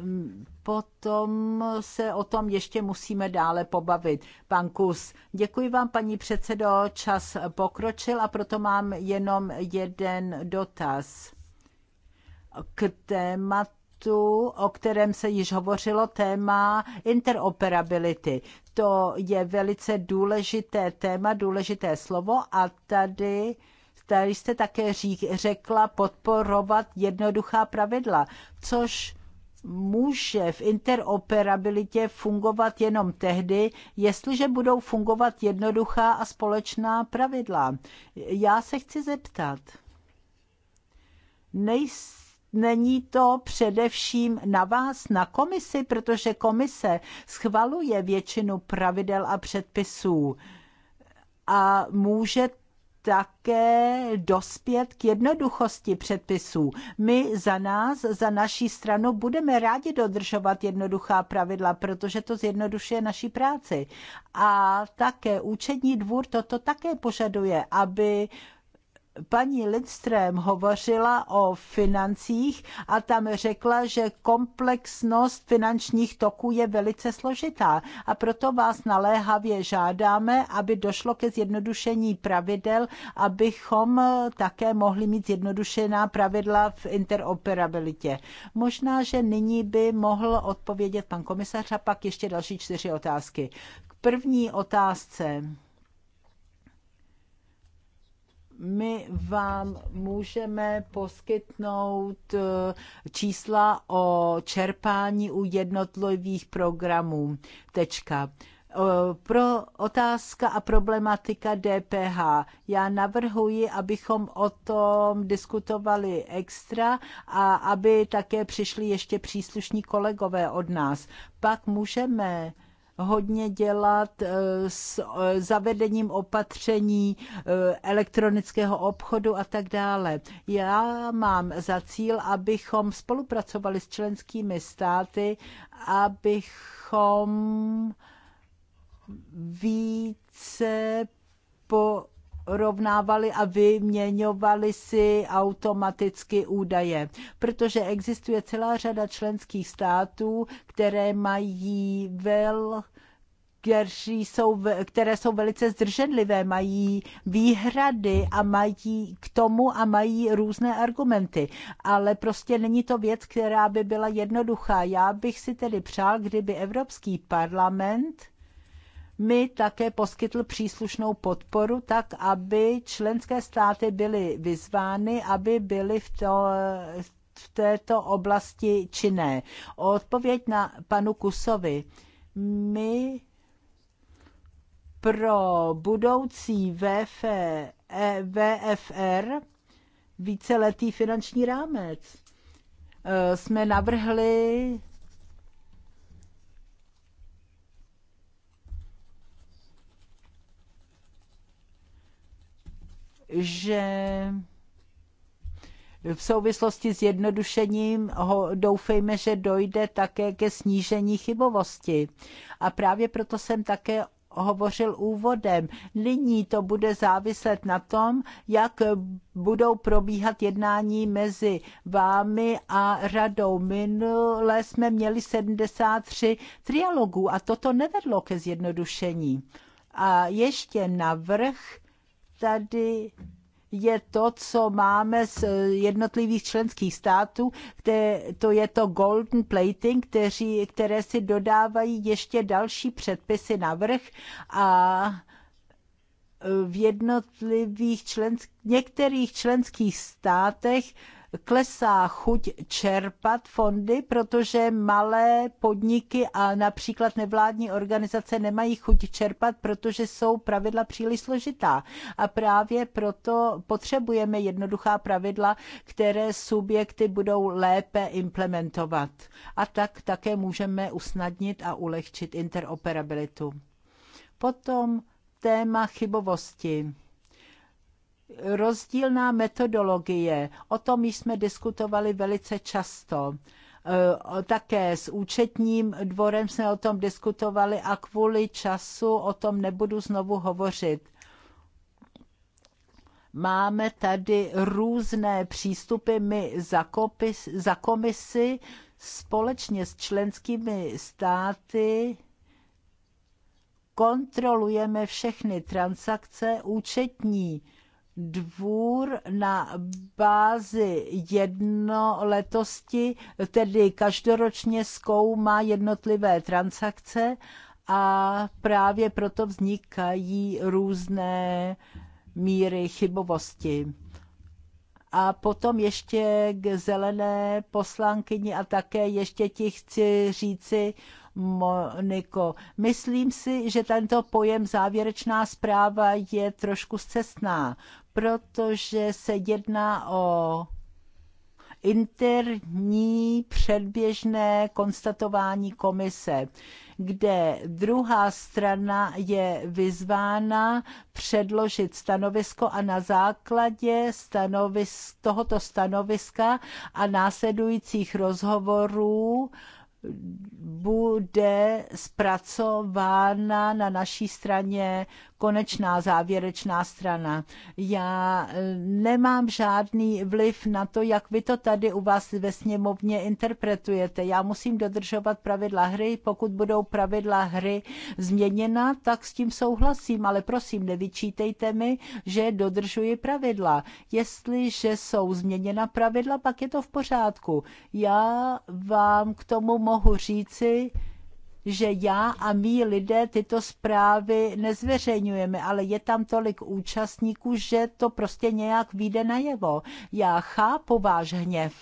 [SPEAKER 3] mm, potom se o tom ještě musíme dále pobavit. Pan Kus, děkuji vám, paní předsedo, čas pokročil a proto mám jenom jeden dotaz k tématu tématu, o kterém se již hovořilo, téma interoperability. To je velice důležité téma, důležité slovo a tady tady jste také řík, řekla podporovat jednoduchá pravidla, což může v interoperabilitě fungovat jenom tehdy, jestliže budou fungovat jednoduchá a společná pravidla. Já se chci zeptat. Nejs není to především na vás, na komisi, protože komise schvaluje většinu pravidel a předpisů a může také dospět k jednoduchosti předpisů. My za nás, za naší stranu, budeme rádi dodržovat jednoduchá pravidla, protože to zjednodušuje naší práci. A také účetní dvůr toto také požaduje, aby paní Lidström hovořila o financích a tam řekla, že komplexnost finančních toků je velice složitá a proto vás naléhavě žádáme, aby došlo ke zjednodušení pravidel, abychom také mohli mít zjednodušená pravidla v interoperabilitě. Možná, že nyní by mohl odpovědět pan komisař a pak ještě další čtyři otázky. K první otázce my vám můžeme poskytnout eh, čísla o čerpání u jednotlivých programů. Tečka eh, pro otázka a problematika DPH. Já navrhuji, abychom o tom diskutovali extra a aby také přišli ještě příslušní kolegové od nás. Pak můžeme hodně dělat eh, s eh, zavedením opatření eh, elektronického obchodu a tak dále. Já mám za cíl, abychom spolupracovali s členskými státy, abychom více po porovnávali a vyměňovali si automaticky údaje, protože existuje celá řada členských států, které mají vel jsou, které jsou velice zdrženlivé, mají výhrady a mají k tomu a mají různé argumenty. Ale prostě není to věc, která by byla jednoduchá. Já bych si tedy přál, kdyby Evropský parlament mi také poskytl příslušnou podporu, tak aby členské státy byly vyzvány, aby byly v, to, v této oblasti činné. Odpověď na panu Kusovi. My pro budoucí VF, e, VFR víceletý finanční rámec e, jsme navrhli že v souvislosti s jednodušením ho doufejme, že dojde také ke snížení chybovosti. A právě proto jsem také hovořil úvodem. Nyní to bude záviset na tom, jak budou probíhat jednání mezi vámi a radou. Minule jsme měli 73 trialogů a toto nevedlo ke zjednodušení. A ještě navrh tady je to, co máme z eh, jednotlivých členských států, to je to golden plating, kteří, které si dodávají ještě další předpisy na vrch a eh, v jednotlivých člen některých členských státech klesá chuť čerpat fondy, protože malé podniky a například nevládní organizace nemají chuť čerpat, protože jsou pravidla příliš složitá. A právě proto potřebujeme jednoduchá pravidla, které subjekty budou lépe implementovat. A tak také můžeme usnadnit a ulehčit interoperabilitu. Potom téma chybovosti rozdílná metodologie. O tom jsme diskutovali velice často. E, také s účetním dvorem jsme o tom diskutovali a kvůli času o tom nebudu znovu hovořit. Máme tady různé přístupy my za, kopis, za komisi společně s členskými státy kontrolujeme všechny transakce účetní dvůr na bázi jednoletosti, tedy každoročně zkoumá jednotlivé transakce a právě proto vznikají různé míry chybovosti. A potom ještě k zelené poslankyni a také ještě ti chci říci, Moniko, myslím si, že tento pojem závěrečná zpráva je trošku zcestná, protože se jedná o interní předběžné konstatování komise, kde druhá strana je vyzvána předložit stanovisko a na základě stanovis- tohoto stanoviska a následujících rozhovorů bude zpracována na naší straně konečná závěrečná strana. Já eh, nemám žádný vliv na to, jak vy to tady u vás ve sněmovně interpretujete. Já musím dodržovat pravidla hry. Pokud budou pravidla hry změněna, tak s tím souhlasím, ale prosím, nevyčítejte mi, že dodržuji pravidla. Jestliže jsou změněna pravidla, pak je to v pořádku. Já vám k tomu mohu říci, že já a mý lidé tyto zprávy nezveřejňujeme, ale je tam tolik účastníků, že to prostě nějak vyjde najevo. Já chápu váš hněv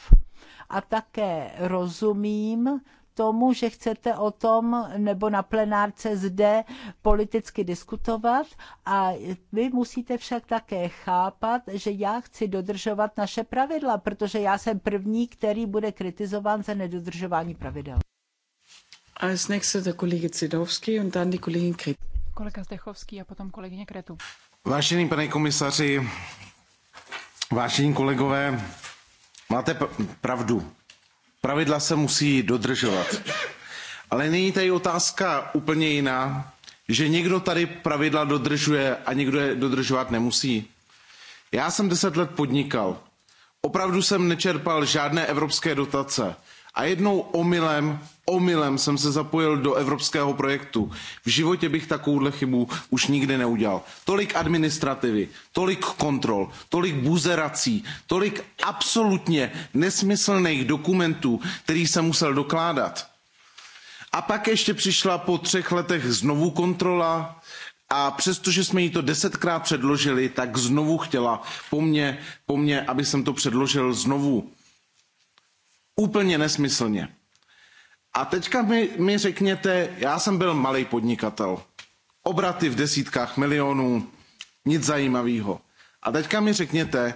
[SPEAKER 3] a také rozumím tomu, že chcete o tom nebo na plenárce zde politicky diskutovat a vy musíte však také chápat, že já chci dodržovat naše pravidla, protože já jsem první, který bude kritizován za nedodržování pravidel.
[SPEAKER 5] Als nächster
[SPEAKER 1] der Kollege Zedowski und dann die Kollegin Kret. Kolega Zdechovský a potom kolegyně Kretu.
[SPEAKER 5] Vážený pane komisaři, vážení kolegové, máte pravdu. Pravidla se musí dodržovat. Ale není tady otázka úplně jiná, že někdo tady pravidla dodržuje a někdo je dodržovat nemusí. Já jsem deset let podnikal. Opravdu jsem nečerpal žádné evropské dotace a jednou omylem omylem jsem se zapojil do evropského projektu. V životě bych takovouhle chybu už nikdy neudělal. Tolik administrativy, tolik kontrol, tolik buzerací, tolik absolutně nesmyslných dokumentů, který jsem musel dokládat. A pak ještě přišla po třech letech znovu kontrola a přestože jsme jí to desetkrát předložili, tak znovu chtěla po mně, po mně, aby jsem to předložil znovu Úplně nesmyslně. A teďka mi, mi řekněte, já jsem byl malý podnikatel. Obraty v desítkách milionů, nic zajímavého. A teďka mi řekněte,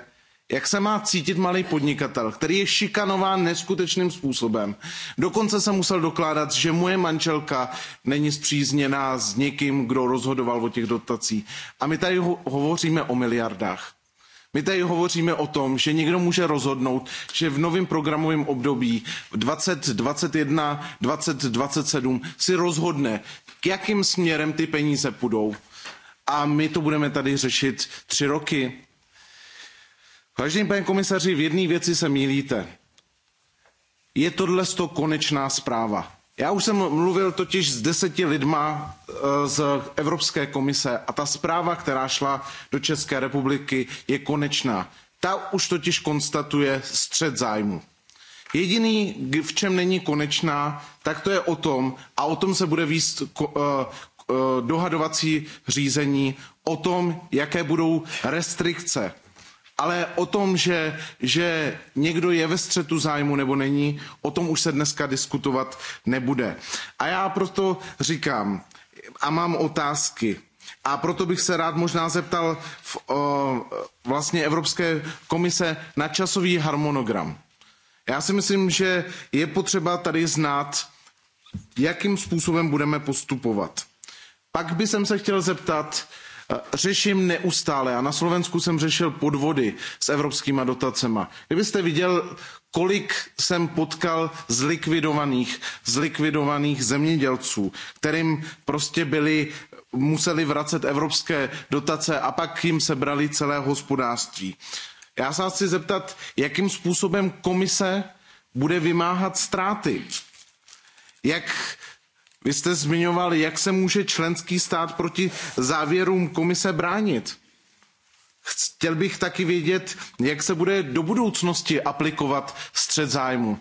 [SPEAKER 5] jak se má cítit malý podnikatel, který je šikanován neskutečným způsobem. Dokonce jsem musel dokládat, že moje manželka není spřízněná s někým, kdo rozhodoval o těch dotacích. A my tady ho- hovoříme o miliardách my tady hovoříme o tom že někdo může rozhodnout že v novém programovém období two thousand and twenty one two thousand and twenty seven si rozhodne jakým směrem ty peníze půjdou a my to budeme tady řešit tři roky. vážený pane komisaři v jedné věci se mýlíte je tohle konečná zpráva? Já už jsem mluvil totiž s deseti lidma eh, z Evropské komise a ta zpráva, která šla do České republiky, je konečná. Ta už totiž konstatuje střed zájmu. Jediný, v čem není konečná, tak to je o tom, a o tom se bude výst eh, eh, dohadovací řízení, o tom, jaké budou restrikce ale o tom, že, že někdo je ve střetu zájmu nebo není, o tom už se dneska diskutovat nebude. A já proto říkám a mám otázky. A proto bych se rád možná zeptal v, o, vlastně Evropské komise na časový harmonogram. Já si myslím, že je potřeba tady znát, jakým způsobem budeme postupovat. Pak bych se chtěl zeptat, řeším neustále a na Slovensku jsem řešil podvody s evropskými dotacemi. Kdybyste viděl, kolik jsem potkal zlikvidovaných, zlikvidovaných zemědělců, kterým prostě byli museli vracet evropské dotace a pak jim sebrali celé hospodářství. Já se vás chci zeptat, jakým způsobem komise bude vymáhat ztráty. Jak vy jste zmiňoval, jak se může členský stát proti závěrům komise bránit. Chtěl bych taky vědět, jak se bude do budoucnosti aplikovat střet zájmu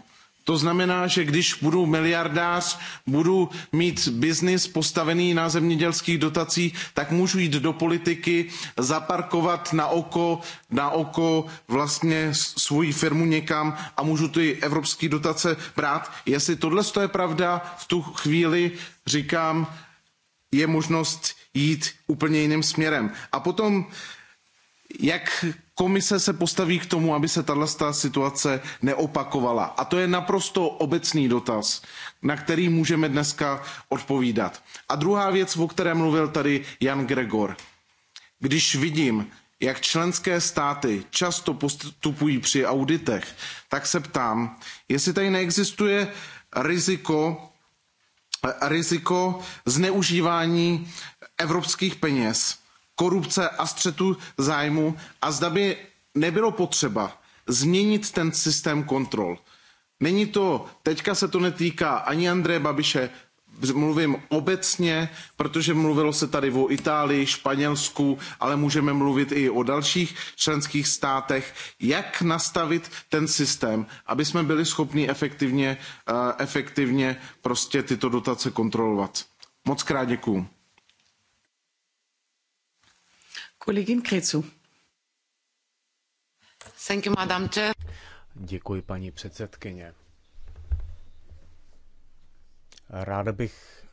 [SPEAKER 5] to znamená, že když budu miliardář, budu mít biznis postavený na zemědělských dotacích, tak můžu jít do politiky, zaparkovat na oko, na oko vlastně svou firmu někam a můžu ty evropské dotace brát. Jestli tohle je pravda, v tu chvíli říkám, je možnost jít úplně jiným směrem. A potom, jak komise se postaví k tomu aby se tato situace neopakovala a to je naprosto obecný dotaz na který můžeme dnes odpovídat. a druhá věc o které mluvil tady jan gregor když vidím jak členské státy často postupují při auditech tak se ptám jestli tady neexistuje riziko riziko zneužívání evropských peněz korupce a střetu zájmů a zda by nebylo potřeba změnit ten systém kontrol. Není to, teďka se to netýká ani Andreje Babiše, mluvím obecně, protože mluvilo se tady o Itálii, Španělsku, ale můžeme mluvit i o dalších členských státech, jak nastavit ten systém, aby jsme byli schopni efektivně, eh, efektivně prostě tyto dotace kontrolovat. Moc krát děkuju.
[SPEAKER 2] Kollegin Krecu.
[SPEAKER 1] Thank you, Madam Chair.
[SPEAKER 4] Děkuji, paní předsedkyně. Ráda bych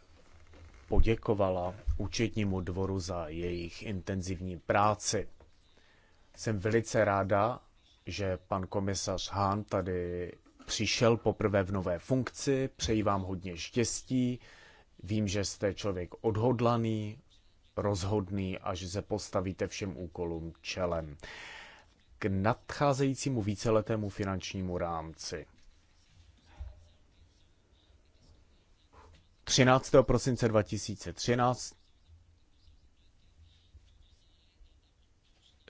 [SPEAKER 4] poděkovala účetnímu dvoru za jejich intenzivní práci. Jsem velice ráda, že pan komisař Hahn tady přišel poprvé v nové funkci. Přeji vám hodně štěstí. Vím, že jste člověk odhodlaný, rozhodný a že se postavíte všem úkolům čelem. K nadcházejícímu víceletému finančnímu rámci. 13. prosince 2013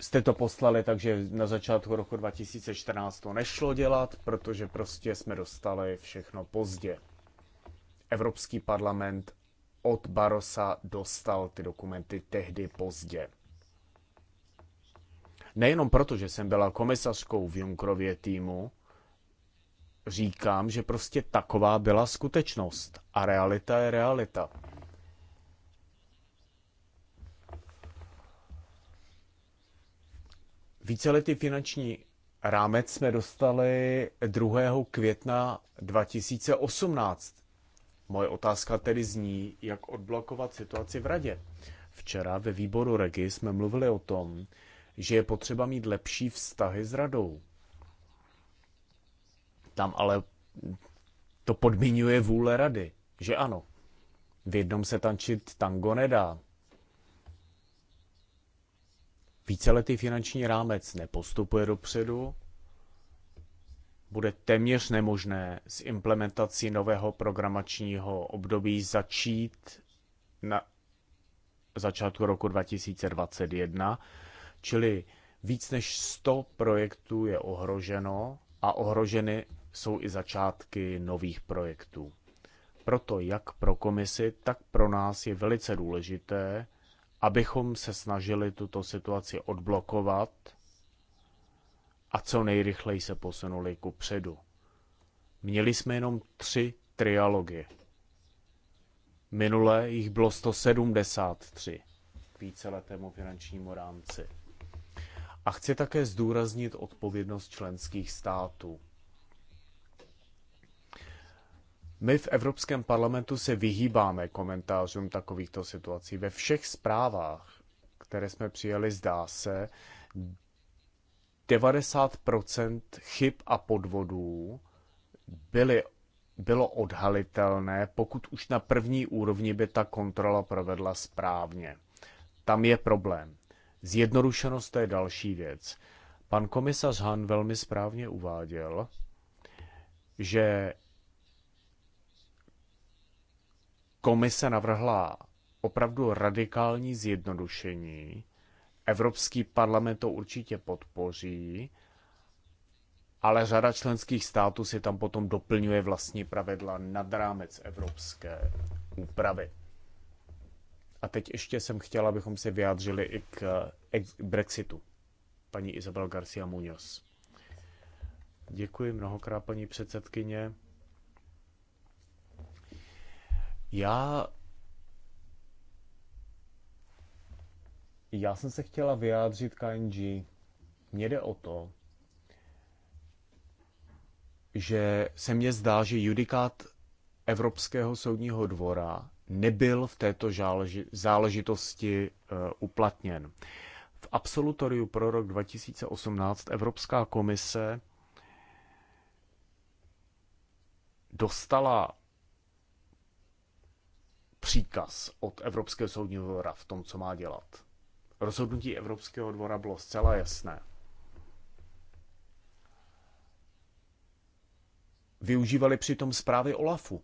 [SPEAKER 4] jste to poslali, takže na začátku roku 2014 to nešlo dělat, protože prostě jsme dostali všechno pozdě. Evropský parlament od Barosa dostal ty dokumenty tehdy pozdě. Nejenom proto, že jsem byla komisařkou v Junkrově týmu, říkám, že prostě taková byla skutečnost a realita je realita. Víceletý finanční rámec jsme dostali 2. května 2018. Moje otázka tedy zní, jak odblokovat situaci v radě. Včera ve výboru Regi jsme mluvili o tom, že je potřeba mít lepší vztahy s radou. Tam ale to podmiňuje vůle rady, že ano. V jednom se tančit tango nedá. Víceletý finanční rámec nepostupuje dopředu, bude téměř nemožné s implementací nového programačního období začít na začátku roku 2021, čili víc než 100 projektů je ohroženo a ohroženy jsou i začátky nových projektů. Proto jak pro komisi, tak pro nás je velice důležité, abychom se snažili tuto situaci odblokovat a co nejrychleji se posunuli ku předu. Měli jsme jenom tři trialogy. Minule jich bylo 173 k víceletému finančnímu rámci. A chci také zdůraznit odpovědnost členských států. My v Evropském parlamentu se vyhýbáme komentářům takovýchto situací. Ve všech zprávách, které jsme přijali, zdá se, 90 chyb a podvodů byly, bylo odhalitelné, pokud už na první úrovni by ta kontrola provedla správně. Tam je problém. Zjednodušenost to je další věc. Pan komisař Han velmi správně uváděl, že komise navrhla opravdu radikální zjednodušení Evropský parlament to určitě podpoří, ale řada členských států si tam potom doplňuje vlastní pravidla nad rámec evropské úpravy. A teď ještě jsem chtěla, abychom se vyjádřili i k Brexitu. Paní Isabel Garcia Muñoz. Děkuji mnohokrát, paní předsedkyně. Já Já jsem se chtěla vyjádřit KNG. Mně jde o to, že se mně zdá, že judikát Evropského soudního dvora nebyl v této záležitosti eh, uplatněn. V absolutoriu pro rok 2018 Evropská komise dostala příkaz od Evropského soudního dvora v tom, co má dělat. Rozhodnutí Evropského dvora bylo zcela jasné. Využívali přitom zprávy OLAFu.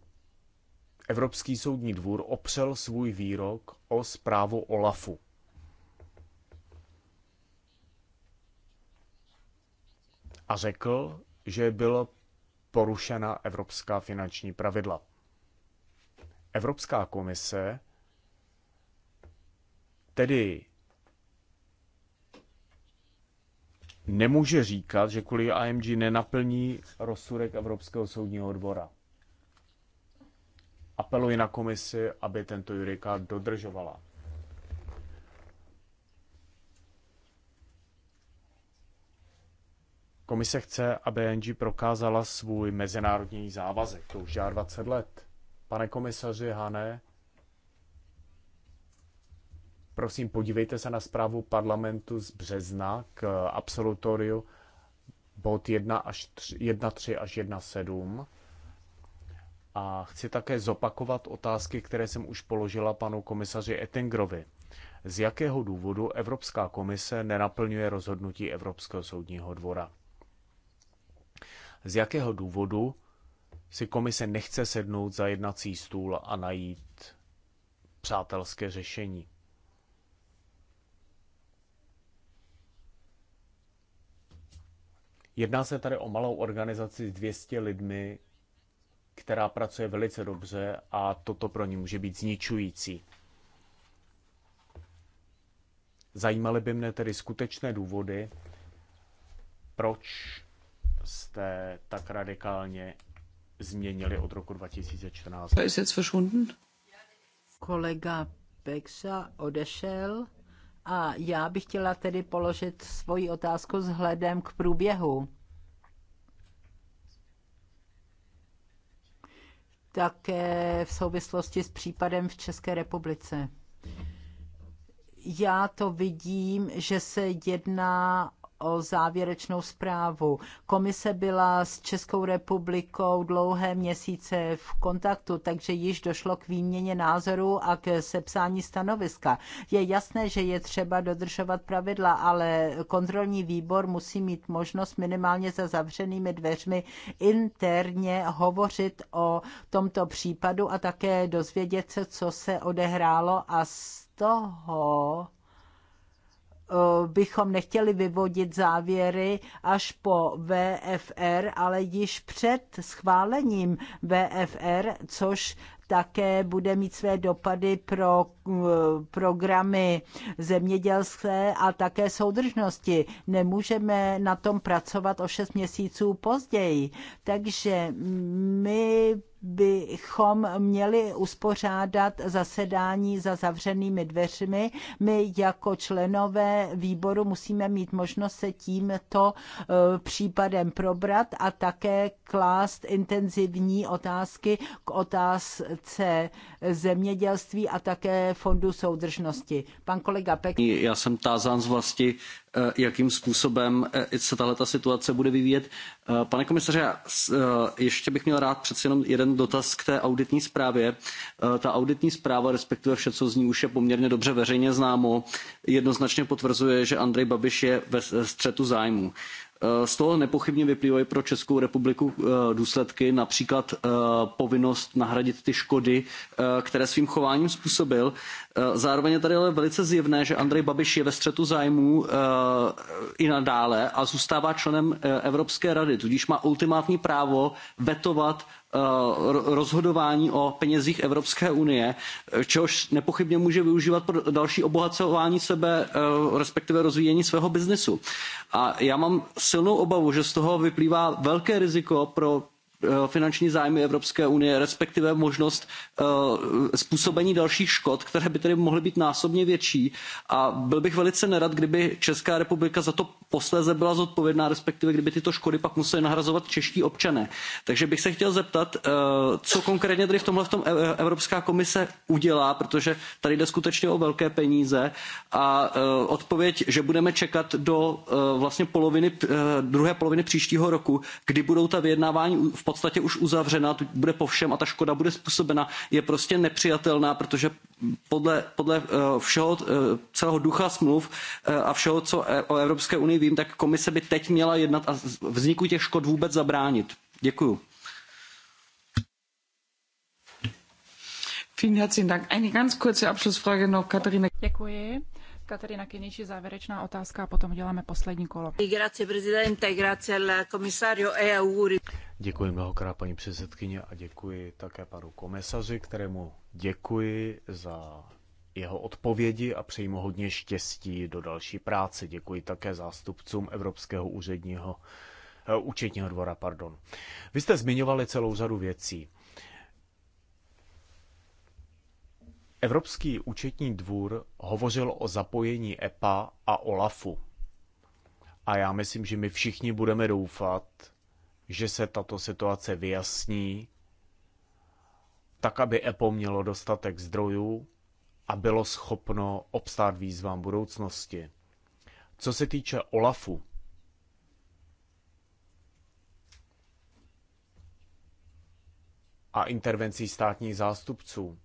[SPEAKER 4] Evropský soudní dvůr opřel svůj výrok o zprávu OLAFu. A řekl, že byla porušena evropská finanční pravidla. Evropská komise tedy nemůže říkat, že kvůli AMG nenaplní rozsudek Evropského soudního dvora. Apeluji na komisi, aby tento judikát dodržovala. Komise chce, aby AMG prokázala svůj mezinárodní závazek. To už 20 let. Pane komisaři Hane, Prosím, podívejte se na zprávu parlamentu z března k absolutoriu bod 1.3 až 1.7. až A chci také zopakovat otázky, které jsem už položila panu komisaři Ettingrovi. Z jakého důvodu Evropská komise nenaplňuje rozhodnutí Evropského soudního dvora? Z jakého důvodu si komise nechce sednout za jednací stůl a najít přátelské řešení? Jedná se tady o malou organizaci s 200 lidmi, která pracuje velice dobře a toto pro ní může být zničující. Zajímaly by mne tedy skutečné důvody, proč jste tak radikálně změnili od roku 2014.
[SPEAKER 3] Kolega Peksa odešel. A já bych chtěla tedy položit svoji otázku vzhledem k průběhu. Také v souvislosti s případem v České republice. Já to vidím, že se jedná o závěrečnou zprávu. Komise byla s Českou republikou dlouhé měsíce v kontaktu, takže již došlo k výměně názorů a k sepsání stanoviska. Je jasné, že je třeba dodržovat pravidla, ale kontrolní výbor musí mít možnost minimálně za zavřenými dveřmi interně hovořit o tomto případu a také dozvědět se, co se odehrálo a z toho Eh, bychom nechtěli vyvodit závěry až po VFR, ale již před schválením VFR, což také bude mít své dopady pro eh, programy zemědělské a také soudržnosti. Nemůžeme na tom pracovat o šest měsíců později. Takže my bychom měli uspořádat zasedání za zavřenými dveřmi. My jako členové výboru musíme mít možnost se tímto e, případem probrat a také klást intenzivní otázky k otázce zemědělství a také fondu soudržnosti. Pan kolega Pek.
[SPEAKER 2] Já jsem tázán z vlasti Eh, jakým způsobem se eh, ta situace bude vyvíjet. Eh, pane komisaře, ještě bych měl rád přeci jenom jeden dotaz k té auditní zprávě. Ta auditní zpráva, respektive vše, co z ní už je poměrně dobře veřejně známo, jednoznačně potvrzuje, že Andrej Babiš je ve střetu zájmů. Eh, z toho nepochybně vyplývají pro Českou republiku eh, důsledky, například eh, povinnost nahradit ty škody, které svým chováním způsobil. Zároveň je tady ale velice zjevné, že Andrej Babiš je ve střetu zájmů i nadále a zůstává členem Evropské rady, tudíž má ultimátní právo vetovat Eh, rozhodování o penězích Evropské unie, eh, čehož nepochybně může využívat pro další obohacování sebe, eh, respektive rozvíjení svého biznesu. A já mám silnou obavu, že z toho vyplývá velké riziko pro Eh, finanční zájmy Evropské unie, respektive možnost eh, způsobení dalších škod, které by tedy mohly být násobně větší. A byl bych velice nerad, kdyby Česká republika za to posléze byla zodpovědná, respektive kdyby tyto škody pak museli nahrazovat čeští občané. Takže bych se chtěl zeptat, eh, co konkrétně tedy v tomhle v tom e- e- Evropská komise udělá, protože tady jde skutečně o velké peníze a odpověď, že budeme čekat do vlastně poloviny, druhé poloviny příštího roku, kdy budou ta vyjednávání v podstatě už uzavřena, bude po všem a ta škoda bude způsobena, je prostě nepřijatelná, protože podle, podle eh, všeho eh, celého ducha smluv eh, a všeho, co e, o Evropské unii vím, tak komise by teď měla jednat a vzniku těch škod vůbec zabránit. Děkuju.
[SPEAKER 1] Vielen herzlichen Dank. Eine ganz kurze Abschlussfrage noch, Katharina. Děkuji. Katerina Kiniči, závěrečná otázka a potom děláme poslední kolo. Grazie prezidente,
[SPEAKER 3] grazie al komisario e auguri.
[SPEAKER 4] Děkuji mnohokrát paní předsedkyně a děkuji také panu komisaři, kterému děkuji za jeho odpovědi a přeji mu hodně štěstí do další práce. Děkuji také zástupcům Evropského úředního eh, účetního dvora. Pardon. Vy jste zmiňovali celou řadu věcí. Evropský účetní dvůr hovořil o zapojení EPA a OLAFu. A já myslím, že my všichni budeme doufat, že se tato situace vyjasní, tak aby EPO mělo dostatek zdrojů a bylo schopno obstát výzvám budoucnosti. Co se týče OLAFu, a intervencí státních zástupců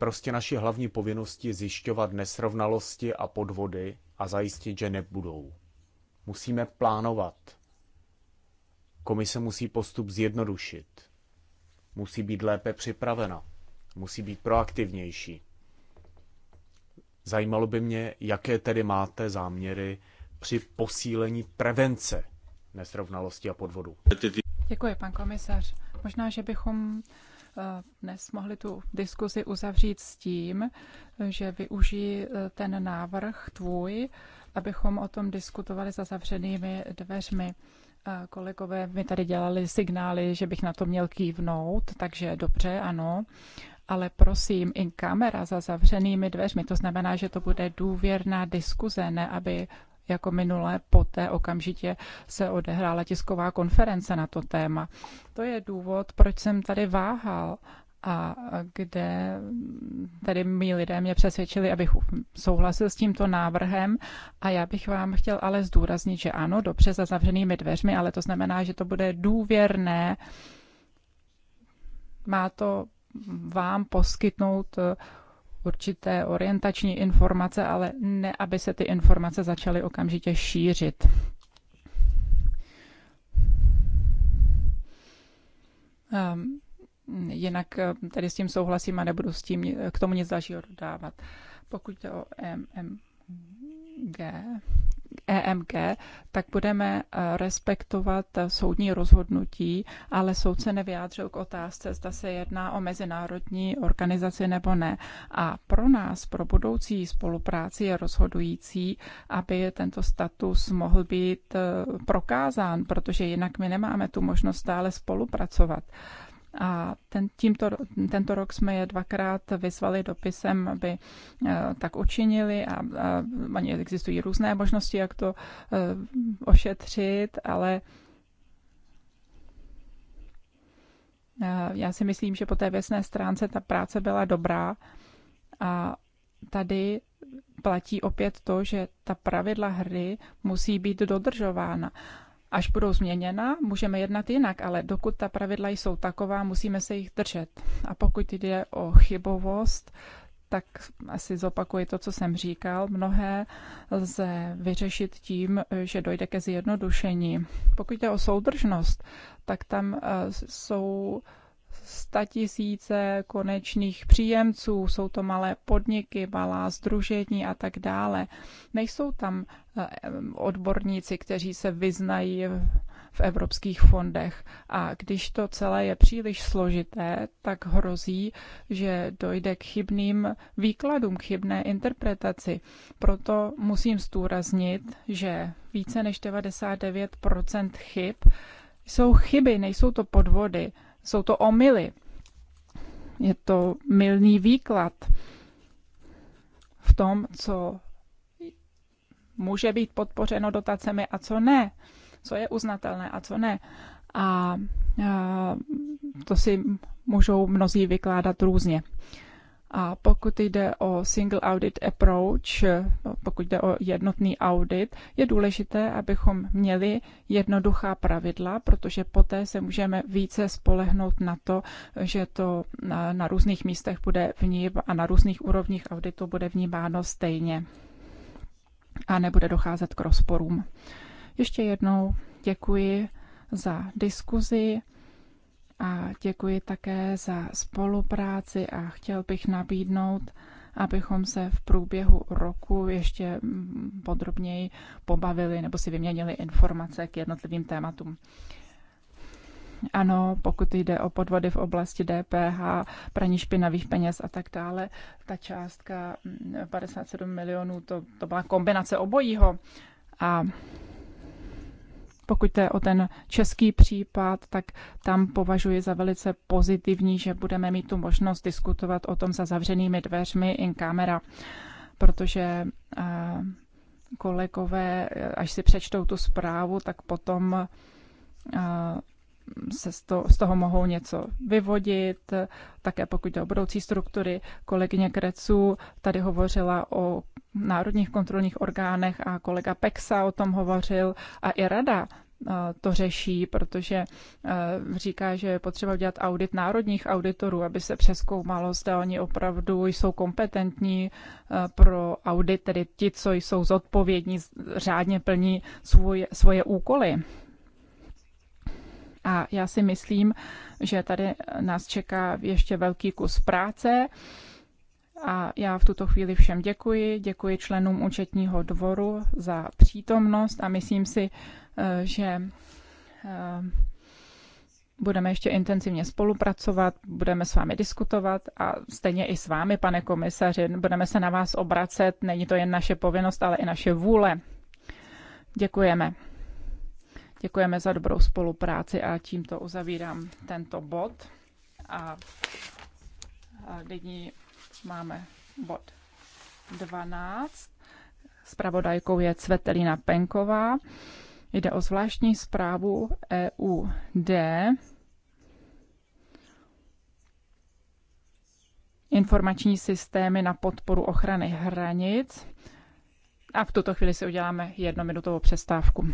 [SPEAKER 4] prostě naši hlavní povinnosti zjišťovat nesrovnalosti a podvody a zajistit, že nebudou. Musíme plánovat. Komise musí postup zjednodušit. Musí být lépe připravena. Musí být proaktivnější. Zajímalo by mě, jaké tedy máte záměry při posílení prevence nesrovnalosti a podvodu.
[SPEAKER 1] Děkuji, pan komisař. Možná, že bychom Eh, dnes mohli tu diskuzi uzavřít s tím, že využijí eh, ten návrh tvůj, abychom o tom diskutovali za zavřenými dveřmi. Kolegové mi tady dělali signály, že bych na to měl kývnout, takže dobře, ano. Ale prosím, in kamera za zavřenými dveřmi, to znamená, že to bude důvěrná diskuze, ne aby jako minule, poté okamžitě se odehrála tisková konference na to téma. To je důvod, proč jsem tady váhal a kde tady mý lidé mě přesvědčili, abych souhlasil s tímto návrhem a já bych vám chtěl ale zdůraznit, že ano, dobře za zavřenými dveřmi, ale to znamená, že to bude důvěrné, má to vám poskytnout určité orientační informace, ale ne, aby se ty informace začaly okamžitě šířit. Um, jinak eh, tady s tím souhlasím a nebudu s tím, k tomu nic dalšího dodávat. Pokud jde o MMG, EMG, tak budeme eh, respektovat eh, soudní rozhodnutí, ale soud se nevyjádřil k otázce, zda se jedná o mezinárodní organizaci nebo ne. A pro nás, pro budoucí spolupráci je rozhodující, aby tento status mohl být eh, prokázán, protože jinak my nemáme tu možnost stále spolupracovat. A ten, tímto, tento rok jsme je dvakrát vyzvali dopisem, aby e, tak učinili a, a existují různé možnosti, jak to e, ošetřit, ale e, já si myslím, že po té věcné stránce ta práce byla dobrá a tady platí opět to, že ta pravidla hry musí být dodržována. Až budou změněna, můžeme jednat jinak, ale dokud ta pravidla jsou taková, musíme se jich držet. A pokud jde o chybovost, tak asi zopakuji to, co jsem říkal. Mnohé lze vyřešit tím, že dojde ke zjednodušení. Pokud jde o soudržnost, tak tam eh, jsou statisíce konečných příjemců, jsou to malé podniky, malá združení a tak dále. Nejsou tam Eh, odborníci, kteří se vyznají v evropských fondech. A když to celé je příliš složité, tak hrozí, že dojde k chybným výkladům, k chybné interpretaci. Proto musím zdůraznit, že více než 99 chyb jsou chyby, nejsou to podvody, jsou to omily. Je to mylný výklad v tom, co může být podpořeno dotacemi a co ne, co je uznatelné a co ne. A, to si můžou mnozí vykládat různě. A pokud jde o single audit approach, no, pokud jde o jednotný audit, je důležité, abychom měli jednoduchá pravidla, protože poté se můžeme více spolehnout na to, že to na, na různých místech bude vním a na různých úrovních auditu bude vnímáno stejně a nebude docházet k rozporům. Ještě jednou děkuji za diskuzi a děkuji také za spolupráci a chtěl bych nabídnout, abychom se v průběhu roku ještě podrobněji pobavili nebo si vyměnili informace k jednotlivým tématům ano, pokud jde o podvody v oblasti DPH, praní špinavých peněz a tak dále, ta částka 57 mm, milionů, to, to byla kombinace obojího. A pokud jde o ten český případ, tak tam považuji za velice pozitivní, že budeme mít tu možnost diskutovat o tom za zavřenými dveřmi in camera, protože kolegové, až si přečtou tu zprávu, tak potom se z toho, z toho mohou něco vyvodit, také pokud jde o budoucí struktury. Kolegyně Krecu tady hovořila o národních kontrolních orgánech a kolega Pexa o tom hovořil a i rada eh, to řeší, protože eh, říká, že je potřeba udělat audit národních auditorů, aby se přeskoumalo, zda oni opravdu jsou kompetentní eh, pro audit, tedy ti, co jsou zodpovědní, řádně plní svoje, svoje úkoly. A já si myslím, že tady nás čeká ještě velký kus práce. A já v tuto chvíli všem děkuji. Děkuji členům účetního dvoru za přítomnost a myslím si, eh, že eh, budeme ještě intenzivně spolupracovat, budeme s vámi diskutovat a stejně i s vámi, pane komisaři, budeme se na vás obracet. Není to jen naše povinnost, ale i naše vůle. Děkujeme. Děkujeme za dobrou spolupráci a tímto uzavírám tento bod. A nyní máme bod 12. Spravodajkou je Cvetelina Penková. Jde o zvláštní zprávu EUD. Informační systémy na podporu ochrany hranic. A v tuto chvíli si uděláme jednominutovou přestávku.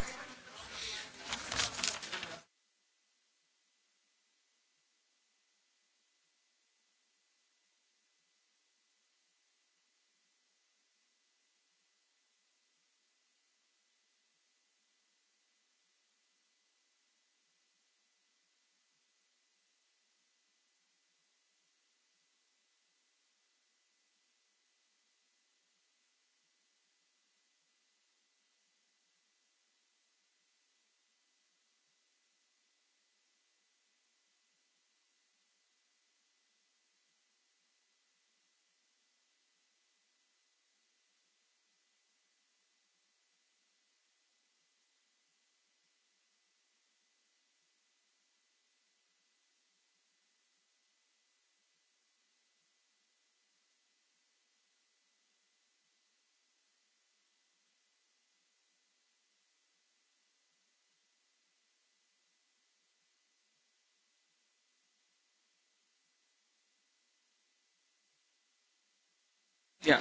[SPEAKER 1] Ja.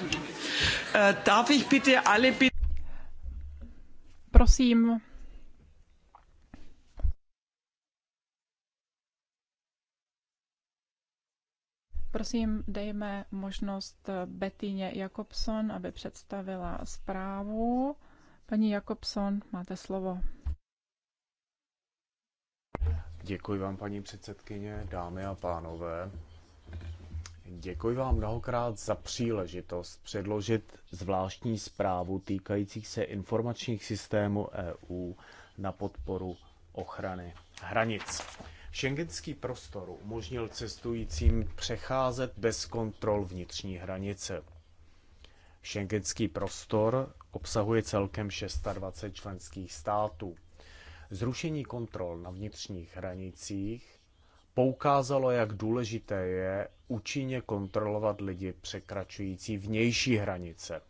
[SPEAKER 1] Äh, darf ich bitte alle Prosím. Prosím, dejme možnost Betýně Jakobson, aby představila zprávu. Paní Jakobson, máte slovo.
[SPEAKER 4] Děkuji vám, paní předsedkyně, dámy a pánové. Děkuji vám mnohokrát za příležitost předložit zvláštní zprávu týkajících se informačních systémů EU na podporu ochrany hranic. Schengenský prostor umožnil cestujícím přecházet bez kontrol vnitřní hranice. Schengenský prostor obsahuje celkem 26 členských států. Zrušení kontrol na vnitřních hranicích poukázalo, jak důležité je účinně kontrolovat lidi překračující vnější hranice.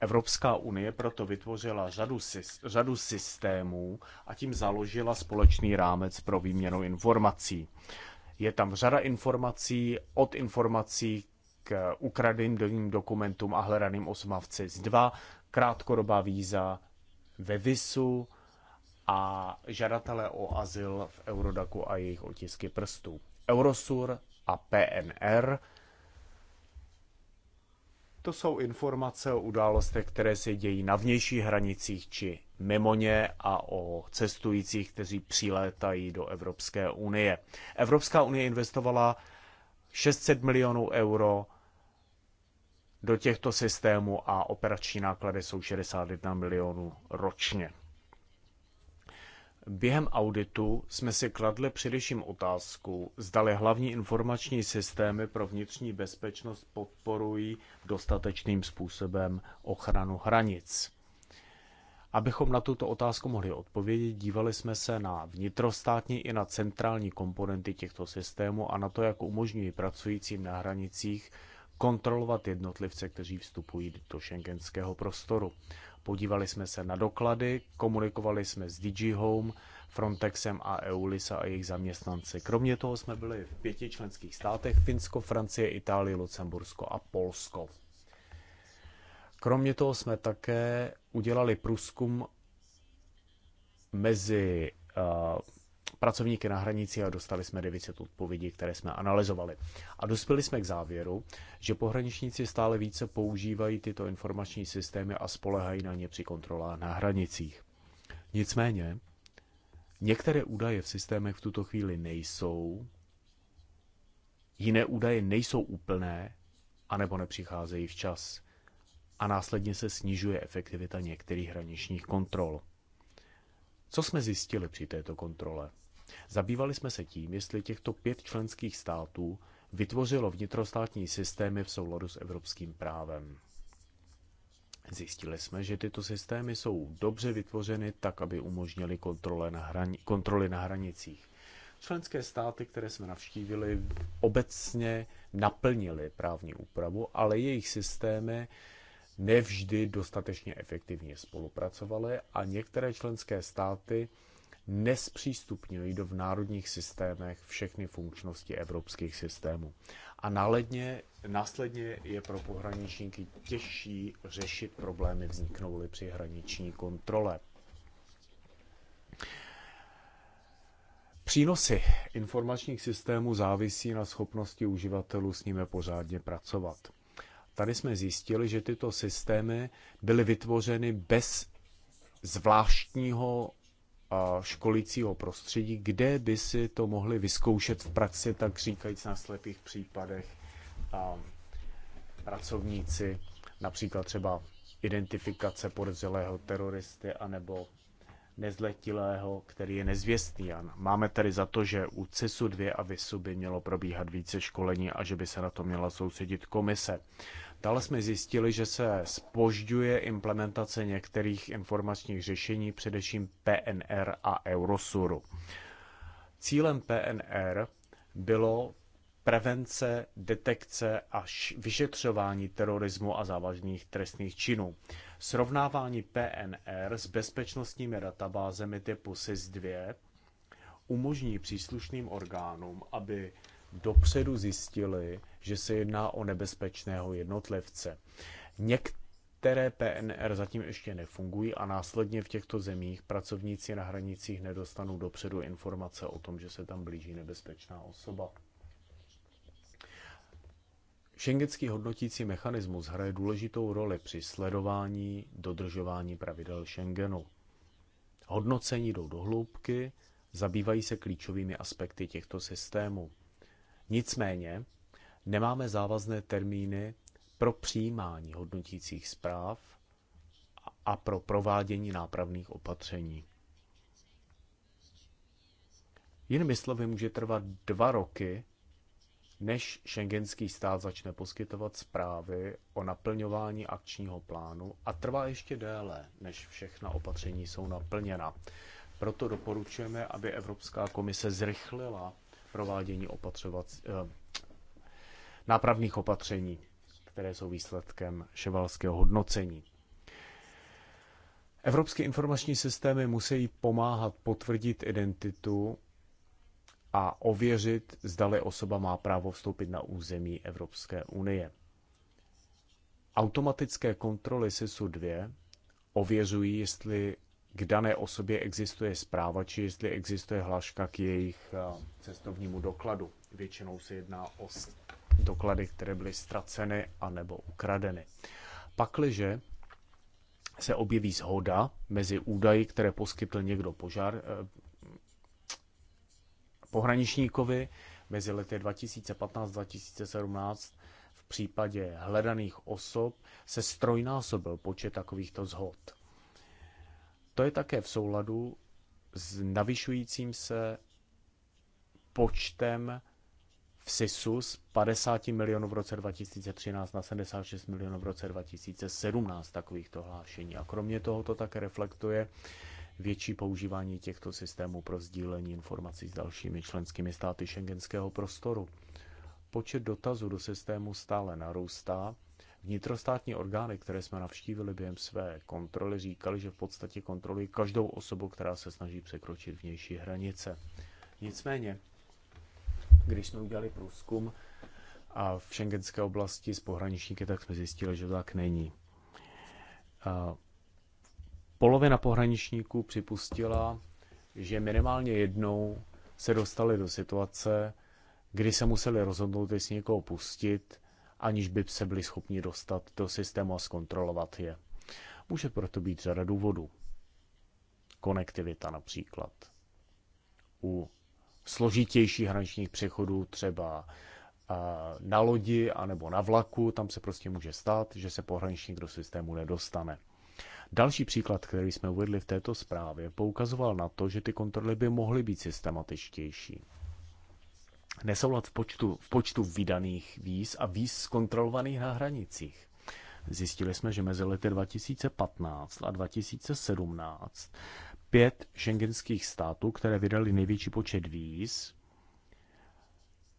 [SPEAKER 4] Evropská unie proto vytvořila řadu, řadu systémů a tím založila společný rámec pro výměnu informací. Je tam řada informací, od informací k ukradeným dokumentům a hledaným osmavci z dva, krátkodobá víza ve VISu, a žadatele o azyl v Eurodaku a jejich otisky prstů. Eurosur a PNR to jsou informace o událostech, které se dějí na vnějších hranicích či mimo ně a o cestujících, kteří přilétají do Evropské unie. Evropská unie investovala 600 milionů euro do těchto systémů a operační náklady jsou 61 milionů ročně. Během auditu jsme si kladli především otázku, zdali hlavní informační systémy pro vnitřní bezpečnost podporují dostatečným způsobem ochranu hranic. Abychom na tuto otázku mohli odpovědět, dívali jsme se na vnitrostátní i na centrální komponenty těchto systémů a na to, jak umožňují pracujícím na hranicích kontrolovat jednotlivce, kteří vstupují do šengenského prostoru. Podívali jsme se na doklady, komunikovali jsme s DG Home, Frontexem a EULISA a jejich zaměstnanci. Kromě toho jsme byli v pěti členských státech Finsko, Francie, Itálie, Lucembursko a Polsko. Kromě toho jsme také udělali průzkum mezi uh, pracovníky na hranici a dostali jsme 900 odpovědí, které jsme analyzovali. A dospěli jsme k závěru, že pohraničníci stále více používají tyto informační systémy a spolehají na ně při kontrolách na hranicích. Nicméně, některé údaje v systémech v tuto chvíli nejsou, jiné údaje nejsou úplné, anebo nepřicházejí včas a následně se snižuje efektivita některých hraničních kontrol. Co jsme zjistili při této kontrole? Zabývali jsme se tím, jestli těchto pět členských států vytvořilo vnitrostátní systémy v souladu s evropským právem. Zjistili jsme, že tyto systémy jsou dobře vytvořeny tak, aby umožnili kontrole na hrani- kontroly na hranicích. Členské státy, které jsme navštívili, obecně naplnily právní úpravu, ale jejich systémy nevždy dostatečně efektivně spolupracovaly a některé členské státy nespřístupňují do v národních systémech všechny funkčnosti evropských systémů. A náledně, následně je pro pohraničníky těžší řešit problémy vzniknouly při hraniční kontrole. Přínosy informačních systémů závisí na schopnosti uživatelů s nimi pořádně pracovat. Tady jsme zjistili, že tyto systémy byly vytvořeny bez zvláštního školicího prostředí, kde by si to mohli vyzkoušet v praxi, tak říkajíc na slepých případech pracovníci, například třeba identifikace podezřelého teroristy anebo nezletilého, který je nezvěstný. A máme tady za to, že u CISu 2 a VISu by mělo probíhat více školení a že by se na to měla soustředit komise. Dále jsme zjistili, že se spožďuje implementace některých informačních řešení, především PNR a Eurosuru. Cílem PNR bylo prevence, detekce a vyšetřování terorismu a závažných trestných činů. Srovnávání PNR s bezpečnostními databázemi typu SIS-2 umožní příslušným orgánům, aby dopředu zjistili, že se jedná o nebezpečného jednotlivce. Některé PNR zatím ještě nefungují a následně v těchto zemích pracovníci na hranicích nedostanou dopředu informace o tom, že se tam blíží nebezpečná osoba. Schengenský hodnotící mechanismus hraje důležitou roli při sledování dodržování pravidel Schengenu. Hodnocení jdou do hloubky, zabývají se klíčovými aspekty těchto systémů. Nicméně nemáme závazné termíny pro přijímání hodnotících zpráv a pro provádění nápravných opatření. Jinými slovy, může trvat dva roky, než šengenský stát začne poskytovat zprávy o naplňování akčního plánu a trvá ještě déle, než všechna opatření jsou naplněna. Proto doporučujeme, aby Evropská komise zrychlila provádění opatřovací, eh, nápravných opatření, které jsou výsledkem ševalského hodnocení. Evropské informační systémy musí pomáhat potvrdit identitu a ověřit, zdali osoba má právo vstoupit na území Evropské unie. Automatické kontroly SISu 2 ověřují, jestli k dané osobě existuje zpráva, či jestli existuje hláška k jejich eh, cestovnímu dokladu. Většinou se jedná o doklady, které byly ztraceny anebo ukradeny. Pakliže se objeví zhoda mezi údaji, které poskytl někdo požár, eh, pohraničníkovi mezi lety 2015-2017 v případě hledaných osob se strojnásobil počet takovýchto zhod. To je také v souladu s navyšujícím se počtem v SISu z 50 milionů v roce 2013 na 76 milionů v roce 2017 takovýchto hlášení. A kromě toho to také reflektuje větší používání těchto systémů pro sdílení informací s dalšími členskými státy šengenského prostoru. Počet dotazů do systému stále narůstá Vnitrostátní orgány, které jsme navštívili během své kontroly, říkali, že v podstatě kontrolují každou osobu, která se snaží překročit vnější hranice. Nicméně, když jsme udělali průzkum a v šengenské oblasti s pohraničníky, tak jsme zjistili, že to tak není. Polovina pohraničníků připustila, že minimálně jednou se dostali do situace, kdy se museli rozhodnout, jestli někoho pustit, aniž by se byli schopni dostat do systému a zkontrolovat je. Může proto být řada důvodů. Konektivita například. U složitějších hraničních přechodů třeba na lodi anebo na vlaku, tam se prostě může stát, že se pohraničník do systému nedostane. Další příklad, který jsme uvedli v této zprávě, poukazoval na to, že ty kontroly by mohly být systematičtější nesoulad v počtu, v počtu vydaných víz a víz zkontrolovaných na hranicích. Zjistili jsme, že mezi lety 2015 a 2017 pět šengenských států, které vydali největší počet víz,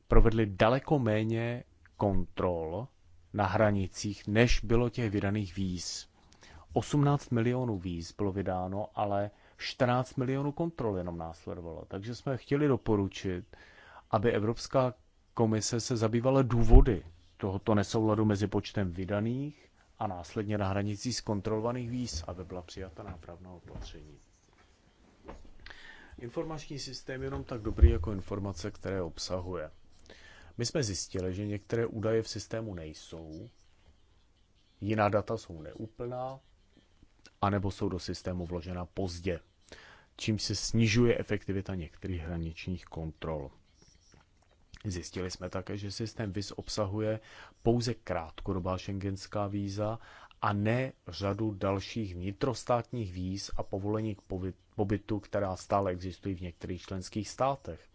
[SPEAKER 4] provedli daleko méně kontrol na hranicích, než bylo těch vydaných víz. 18 milionů víz bylo vydáno, ale 14 milionů kontrol jenom následovalo. Takže jsme chtěli doporučit, aby Evropská komise se zabývala důvody tohoto nesouladu mezi počtem vydaných a následně na hranicí zkontrolovaných víz, aby byla přijata nápravná opatření. Informační systém je jenom tak dobrý jako informace, které obsahuje. My jsme zjistili, že některé údaje v systému nejsou, jiná data jsou neúplná, anebo jsou do systému vložena pozdě, čím se snižuje efektivita některých hraničních kontrol. Zjistili jsme také, že systém VIS obsahuje pouze krátkodobá šengenská víza a ne řadu dalších vnitrostátních víz a povolení k pobytu, která stále existují v některých členských státech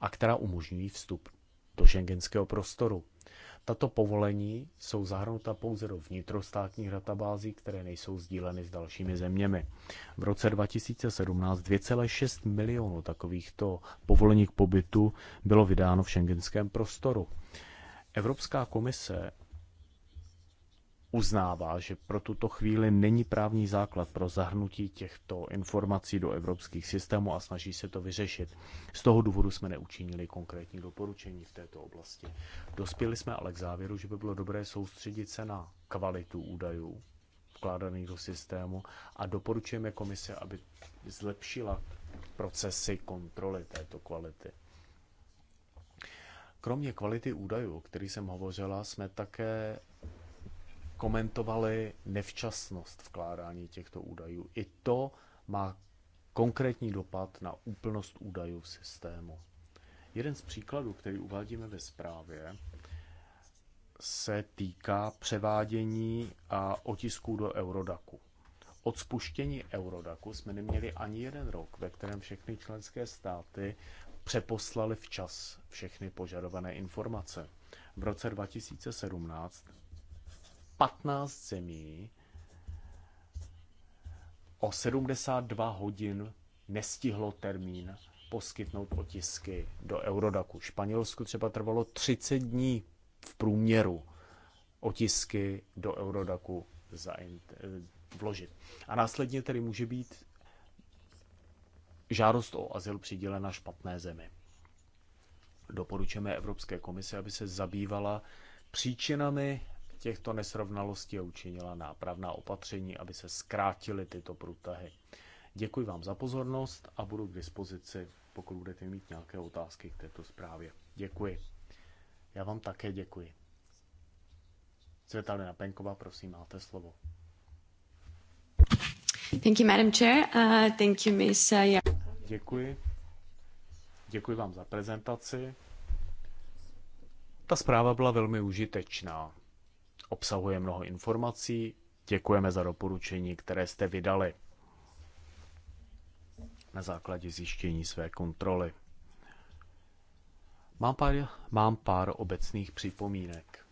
[SPEAKER 4] a která umožňují vstup do šengenského prostoru. Tato povolení jsou zahrnuta pouze do vnitrostátních databází, které nejsou sdíleny s dalšími zeměmi. V roce 2017 2,6 milionů takovýchto povolení k pobytu bylo vydáno v šengenském prostoru. Evropská komise uznává, že pro tuto chvíli není právní základ pro zahrnutí těchto informací do evropských systémů a snaží se to vyřešit. Z toho důvodu jsme neučinili konkrétní doporučení v této oblasti. Dospěli jsme ale k závěru, že by bylo dobré soustředit se na kvalitu údajů vkládaných do systému a doporučujeme komise, aby zlepšila procesy kontroly této kvality. Kromě kvality údajů, o kterých jsem hovořila, jsme také komentovali nevčasnost vkládání těchto údajů. I to má konkrétní dopad na úplnost údajů v systému. Jeden z příkladů, který uvádíme ve zprávě, se týká převádění a otisků do Eurodaku. Od spuštění Eurodaku jsme neměli ani jeden rok, ve kterém všechny členské státy přeposlali včas všechny požadované informace. V roce 2017 15 zemí o 72 hodin nestihlo termín poskytnout otisky do Eurodaku. Španělsku třeba trvalo 30 dní v průměru otisky do Eurodaku vložit. A následně tedy může být žádost o azyl přidělena špatné zemi. Doporučujeme Evropské komise, aby se zabývala příčinami těchto nesrovnalostí a učinila nápravná opatření, aby se zkrátily tyto průtahy. Děkuji vám za pozornost a budu k dispozici, pokud budete mít nějaké otázky k této zprávě. Děkuji. Já vám také děkuji. Světlana Penková, prosím, máte slovo.
[SPEAKER 2] Thank you, Madam Chair. Uh, thank you, Miss. Uh,
[SPEAKER 4] děkuji. Děkuji vám za prezentaci. Ta zpráva byla velmi užitečná obsahuje mnoho informací. Děkujeme za doporučení, které jste vydali na základě zjištění své kontroly. Mám pár, mám pár obecných připomínek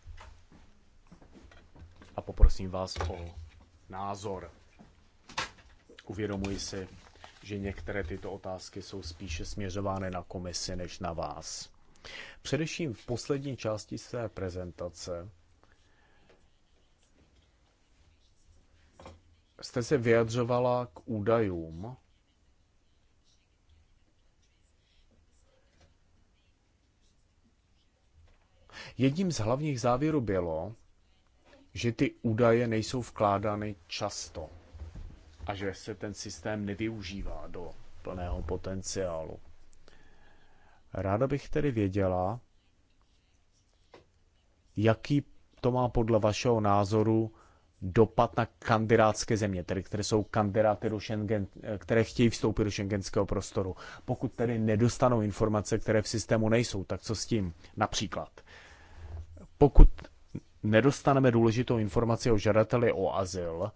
[SPEAKER 4] a poprosím vás o názor. Uvědomuji si, že některé tyto otázky jsou spíše směřovány na komisi než na vás. Především v poslední části své prezentace jste se vyjadřovala k údajům. Jedním z hlavních závěrů bylo, že ty údaje nejsou vkládány často a že se ten systém nevyužívá do plného potenciálu. Ráda bych tedy věděla, jaký to má podle vašeho názoru dopad na kandidátské země, tedy které jsou kandidáty do Schengen, eh, které chtějí vstoupit do šengenského prostoru. Pokud tedy nedostanou informace, které v systému nejsou, tak co s tím? Například, pokud nedostaneme důležitou informaci o žadateli o azyl,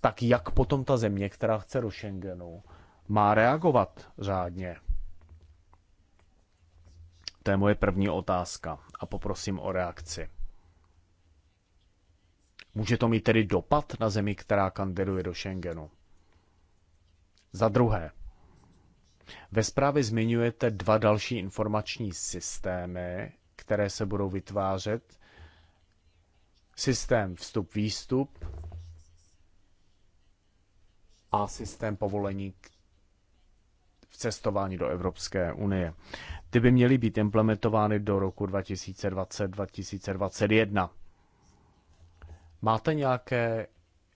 [SPEAKER 4] tak jak potom ta země, která chce do Schengenu, má reagovat řádně? To je moje první otázka a poprosím o reakci. Může to mít tedy dopad na zemi, která kandiduje do Schengenu? Za druhé, ve zprávě zmiňujete dva další informační systémy, které se budou vytvářet. Systém vstup-výstup a systém povolení v cestování do Evropské unie. Ty by měly být implementovány do roku 2020-2021. Máte nějaké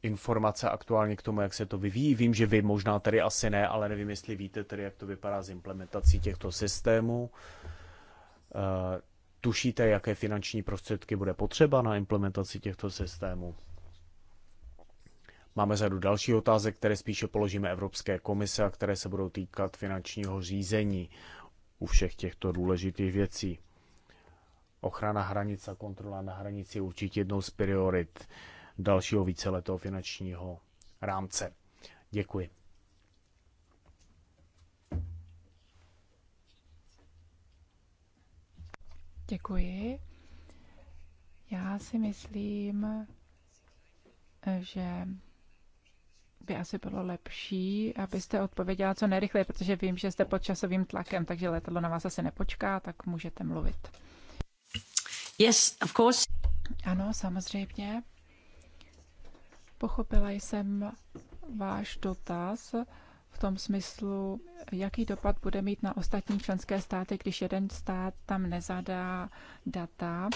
[SPEAKER 4] informace aktuálně k tomu, jak se to vyvíjí? Vím, že vy možná tady asi ne, ale nevím, jestli víte tedy, jak to vypadá s implementací těchto systémů. Eh, tušíte, jaké finanční prostředky bude potřeba na implementaci těchto systémů? Máme řadu další otázek, které spíše položíme Evropské komise a které se budou týkat finančního řízení u všech těchto důležitých věcí. Ochrana hranic a kontrola na hranici je určitě jednou z priorit dalšího víceletého finančního rámce. Děkuji.
[SPEAKER 1] Děkuji. Já si myslím, že by asi bylo lepší, abyste odpověděla co nejrychleji, protože vím, že jste pod časovým tlakem, takže letadlo na vás asi nepočká, tak můžete mluvit. Yes, of course. Ano, samozřejmě. Pochopila jsem váš dotaz v tom smyslu, jaký dopad bude mít na ostatní členské státy, když jeden stát tam nezadá data.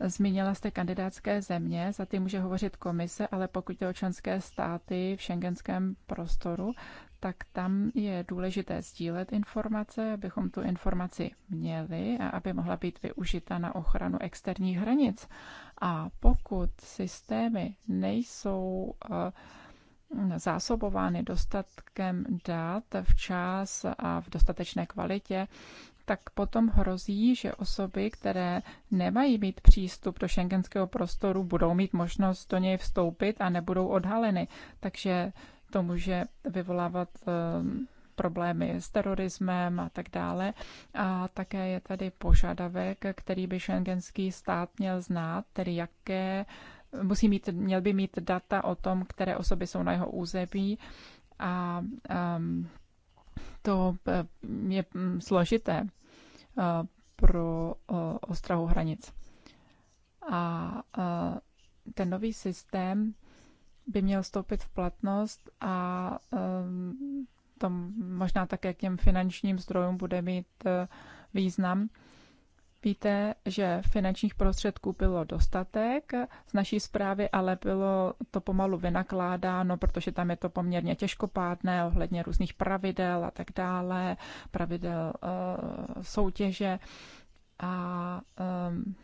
[SPEAKER 1] Zmínila jste kandidátské země, za ty může hovořit komise, ale pokud jde o členské státy v šengenském prostoru, tak tam je důležité sdílet informace, abychom tu informaci měli a aby mohla být využita na ochranu externích hranic. A pokud systémy nejsou eh, zásobovány dostatkem dat včas a v dostatečné kvalitě, tak potom hrozí, že osoby, které nemají mít přístup do šengenského prostoru, budou mít možnost do něj vstoupit a nebudou odhaleny. Takže to může vyvolávat eh, problémy s terorismem a tak dále. A také je tady požadavek, který by šengenský stát měl znát, tedy jaké musí mít, měl by mít data o tom, které osoby jsou na jeho území a um, to eh, je mm, složité uh, pro uh, ostrahu hranic. A uh, ten nový systém by měl stoupit v platnost a ehm, to možná také k těm finančním zdrojům bude mít e, význam. Víte, že finančních prostředků bylo dostatek, z naší zprávy ale bylo to pomalu vynakládáno, protože tam je to poměrně těžkopádné ohledně různých pravidel a tak dále, pravidel uh, soutěže. A um,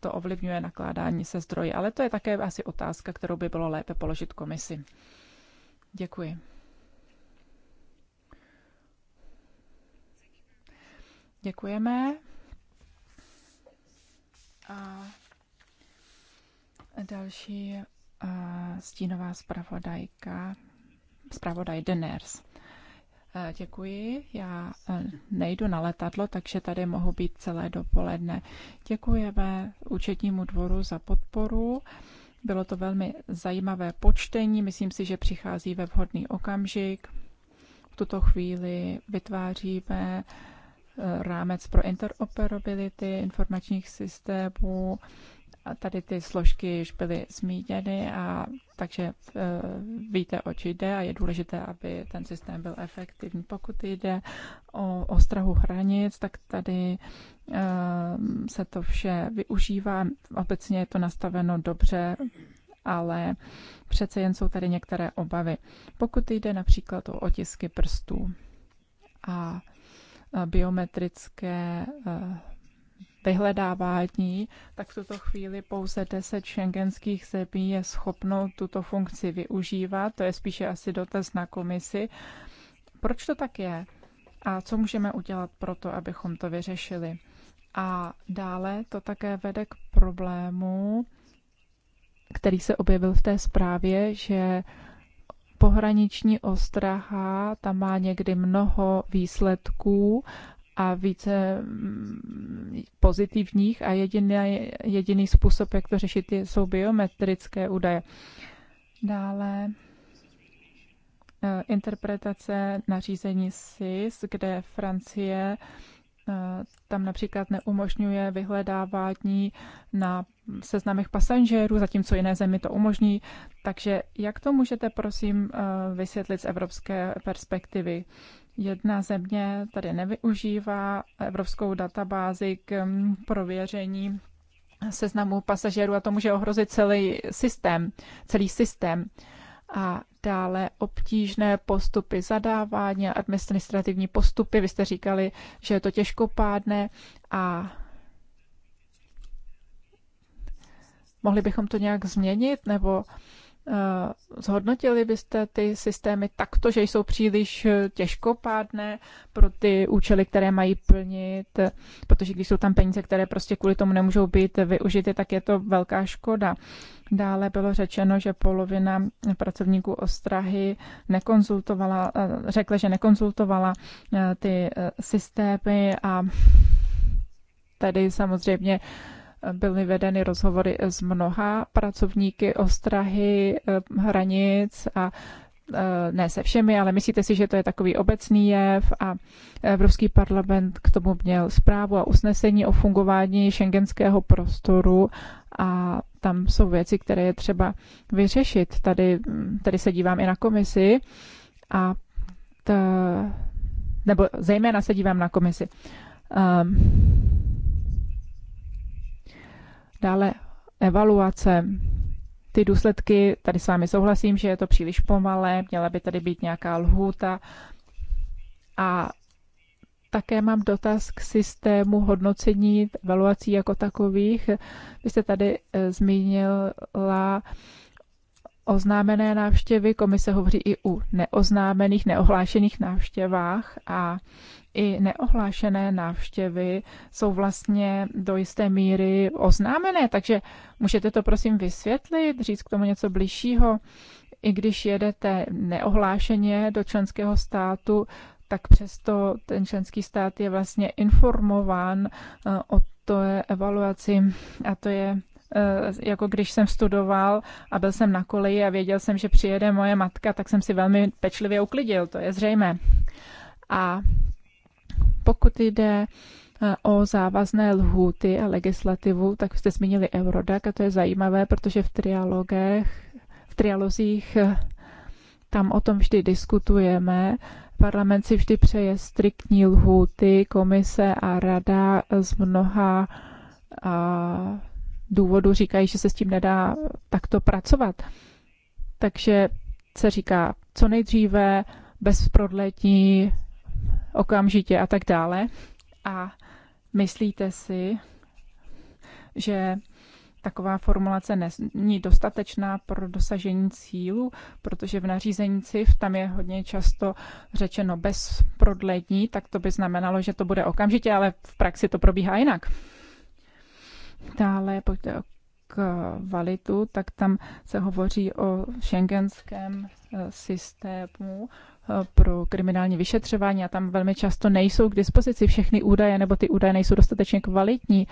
[SPEAKER 1] to ovlivňuje nakládání se zdroji. Ale to je také asi otázka, kterou by bylo lépe položit komisi. Děkuji. Děkujeme. A další a stínová zpravodajka, zpravodaj Deners. Eh, děkuji. Já eh, nejdu na letadlo, takže tady mohu být celé dopoledne. Děkujeme účetnímu dvoru za podporu. Bylo to velmi zajímavé počtení. Myslím si, že přichází ve vhodný okamžik. V tuto chvíli vytváříme eh, rámec pro interoperability informačních systémů Tady ty složky již byly zmíněny, a takže e, víte, o či jde a je důležité, aby ten systém byl efektivní. Pokud jde o ostrahu hranic, tak tady e, se to vše využívá. Obecně je to nastaveno dobře, ale přece jen jsou tady některé obavy. Pokud jde například o otisky prstů a e, biometrické vyhledávání, tak v tuto chvíli pouze 10 šengenských zemí je schopno tuto funkci využívat. To je spíše asi dotaz na komisi. Proč to tak je? A co můžeme udělat pro to, abychom to vyřešili? A dále to také vede k problému, který se objevil v té zprávě, že pohraniční ostraha, tam má někdy mnoho výsledků a více mm, pozitivních a jediný, jediný způsob, jak to řešit, jsou biometrické údaje. Dále eh, interpretace nařízení SIS, kde Francie eh, tam například neumožňuje vyhledávání na seznamech pasažérů, zatímco jiné zemi to umožní. Takže jak to můžete, prosím, eh, vysvětlit z evropské perspektivy? Jedna země tady nevyužívá evropskou databázi k mm, prověření seznamu pasažérů a to může ohrozit celý systém, celý systém. A dále obtížné postupy zadávání a administrativní postupy. Vy jste říkali, že je to těžkopádné a mohli bychom to nějak změnit nebo Eh, zhodnotili byste ty systémy takto, že jsou příliš eh, těžkopádné pro ty účely, které mají plnit, protože když jsou tam peníze, které prostě kvůli tomu nemůžou být využity, tak je to velká škoda. Dále bylo řečeno, že polovina pracovníků Ostrahy nekonzultovala, eh, řekla, že nekonzultovala ty systémy a tady samozřejmě byly vedeny rozhovory s mnoha pracovníky ostrahy eh, hranic a eh, ne se všemi, ale myslíte si, že to je takový obecný jev a Evropský parlament k tomu měl zprávu a usnesení o fungování šengenského prostoru a tam jsou věci, které je třeba vyřešit. Tady, tady se dívám i na komisi a t, nebo zejména se dívám na komisi. Um, Dále evaluace. Ty důsledky, tady s vámi souhlasím, že je to příliš pomalé, měla by tady být nějaká lhůta. A také mám dotaz k systému hodnocení evaluací jako takových. Vy jste tady eh, zmínila oznámené návštěvy, komise hovří i u neoznámených, neohlášených návštěvách a i neohlášené návštěvy jsou vlastně do jisté míry oznámené, takže můžete to prosím vysvětlit, říct k tomu něco bližšího. I když jedete neohlášeně do členského státu, tak přesto ten členský stát je vlastně informován eh, o to je evaluaci a to je eh, jako když jsem studoval a byl jsem na koleji a věděl jsem, že přijede moje matka, tak jsem si velmi pečlivě uklidil, to je zřejmé. A pokud jde eh, o závazné lhůty a legislativu, tak jste zmínili Eurodac a to je zajímavé, protože v trialogech, v trialozích eh, tam o tom vždy diskutujeme. Parlament si vždy přeje striktní lhůty, komise a rada z mnoha a, důvodů říkají, že se s tím nedá takto pracovat. Takže se říká co nejdříve, bez prodletí, okamžitě a tak dále. A myslíte si, že taková formulace není dostatečná pro dosažení cílu, protože v nařízení CIF tam je hodně často řečeno bez prodlení, tak to by znamenalo, že to bude okamžitě, ale v praxi to probíhá jinak. Dále, pojďte o kvalitu, tak tam se hovoří o šengenském eh, systému, pro kriminální vyšetřování a tam velmi často nejsou k dispozici všechny údaje nebo ty údaje nejsou dostatečně kvalitní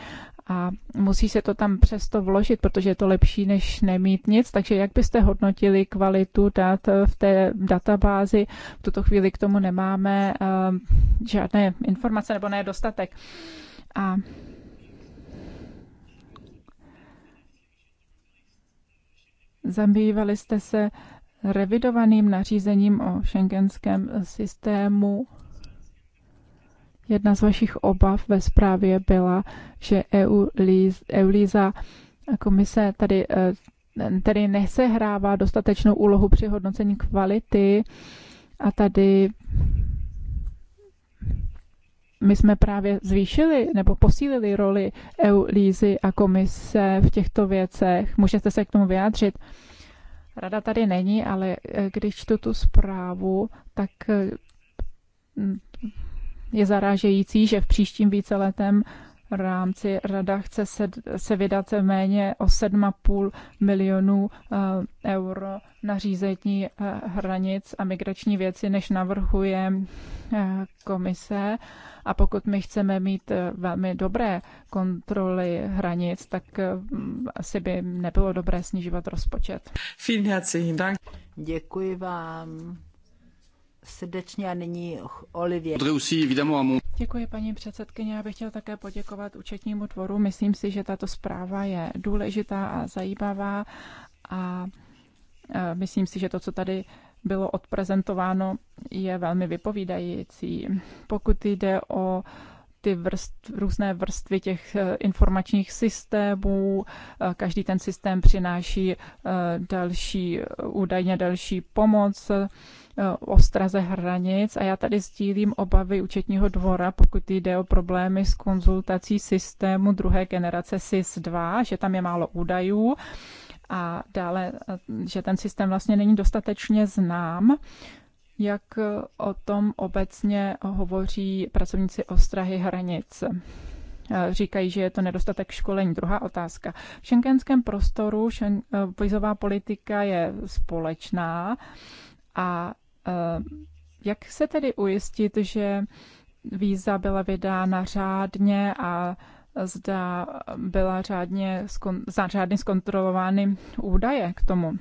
[SPEAKER 1] a musí se to tam přesto vložit, protože je to lepší, než nemít nic. Takže jak byste hodnotili kvalitu dat v té databázi? V tuto chvíli k tomu nemáme eh, žádné informace nebo ne dostatek. A Zabývali jste se revidovaným nařízením o šengenském systému jedna z vašich obav ve zprávě byla, že EU, EULISA komise tady, eh, tady nesehrává dostatečnou úlohu při hodnocení kvality a tady my jsme právě zvýšili nebo posílili roli EU, Lízy a komise v těchto věcech. Můžete se k tomu vyjádřit? Rada tady není, ale e, když čtu tu zprávu, tak e, je zarážející, že v příštím víceletém rámci rada chce se, se vydat méně o 7,5 milionů eh, euro na řízení eh, hranic a migrační věci, než navrhuje eh, komise. A pokud my chceme mít velmi dobré kontroly hranic, tak asi by nebylo dobré snižovat rozpočet.
[SPEAKER 3] Vielen herzlichen Dank. Děkuji vám
[SPEAKER 1] srdečně a
[SPEAKER 3] nyní Olivě.
[SPEAKER 1] Děkuji, paní předsedkyně. Já bych chtěl také poděkovat účetnímu dvoru. Myslím si, že tato zpráva je důležitá a zajímavá a e, myslím si, že to, co tady bylo odprezentováno, je velmi vypovídající. Pokud jde o ty vrst, různé vrstvy těch e, informačních systémů. E, každý ten systém přináší další, údajně další pomoc. Eh, ostraze hranic a já tady sdílím obavy účetního dvora, pokud jde o problémy s konzultací systému druhé generace SIS-2, že tam je málo údajů a dále, eh, že ten systém vlastně není dostatečně znám. Jak eh, o tom obecně hovoří pracovníci ostrahy hranic? Říkají, že je to nedostatek školení. Druhá otázka. V šengenském prostoru šen, vizová politika je společná a Eh, jak se tedy ujistit, že víza byla vydána řádně a zda byla řádně, řádně zkontrolovány údaje k tomu?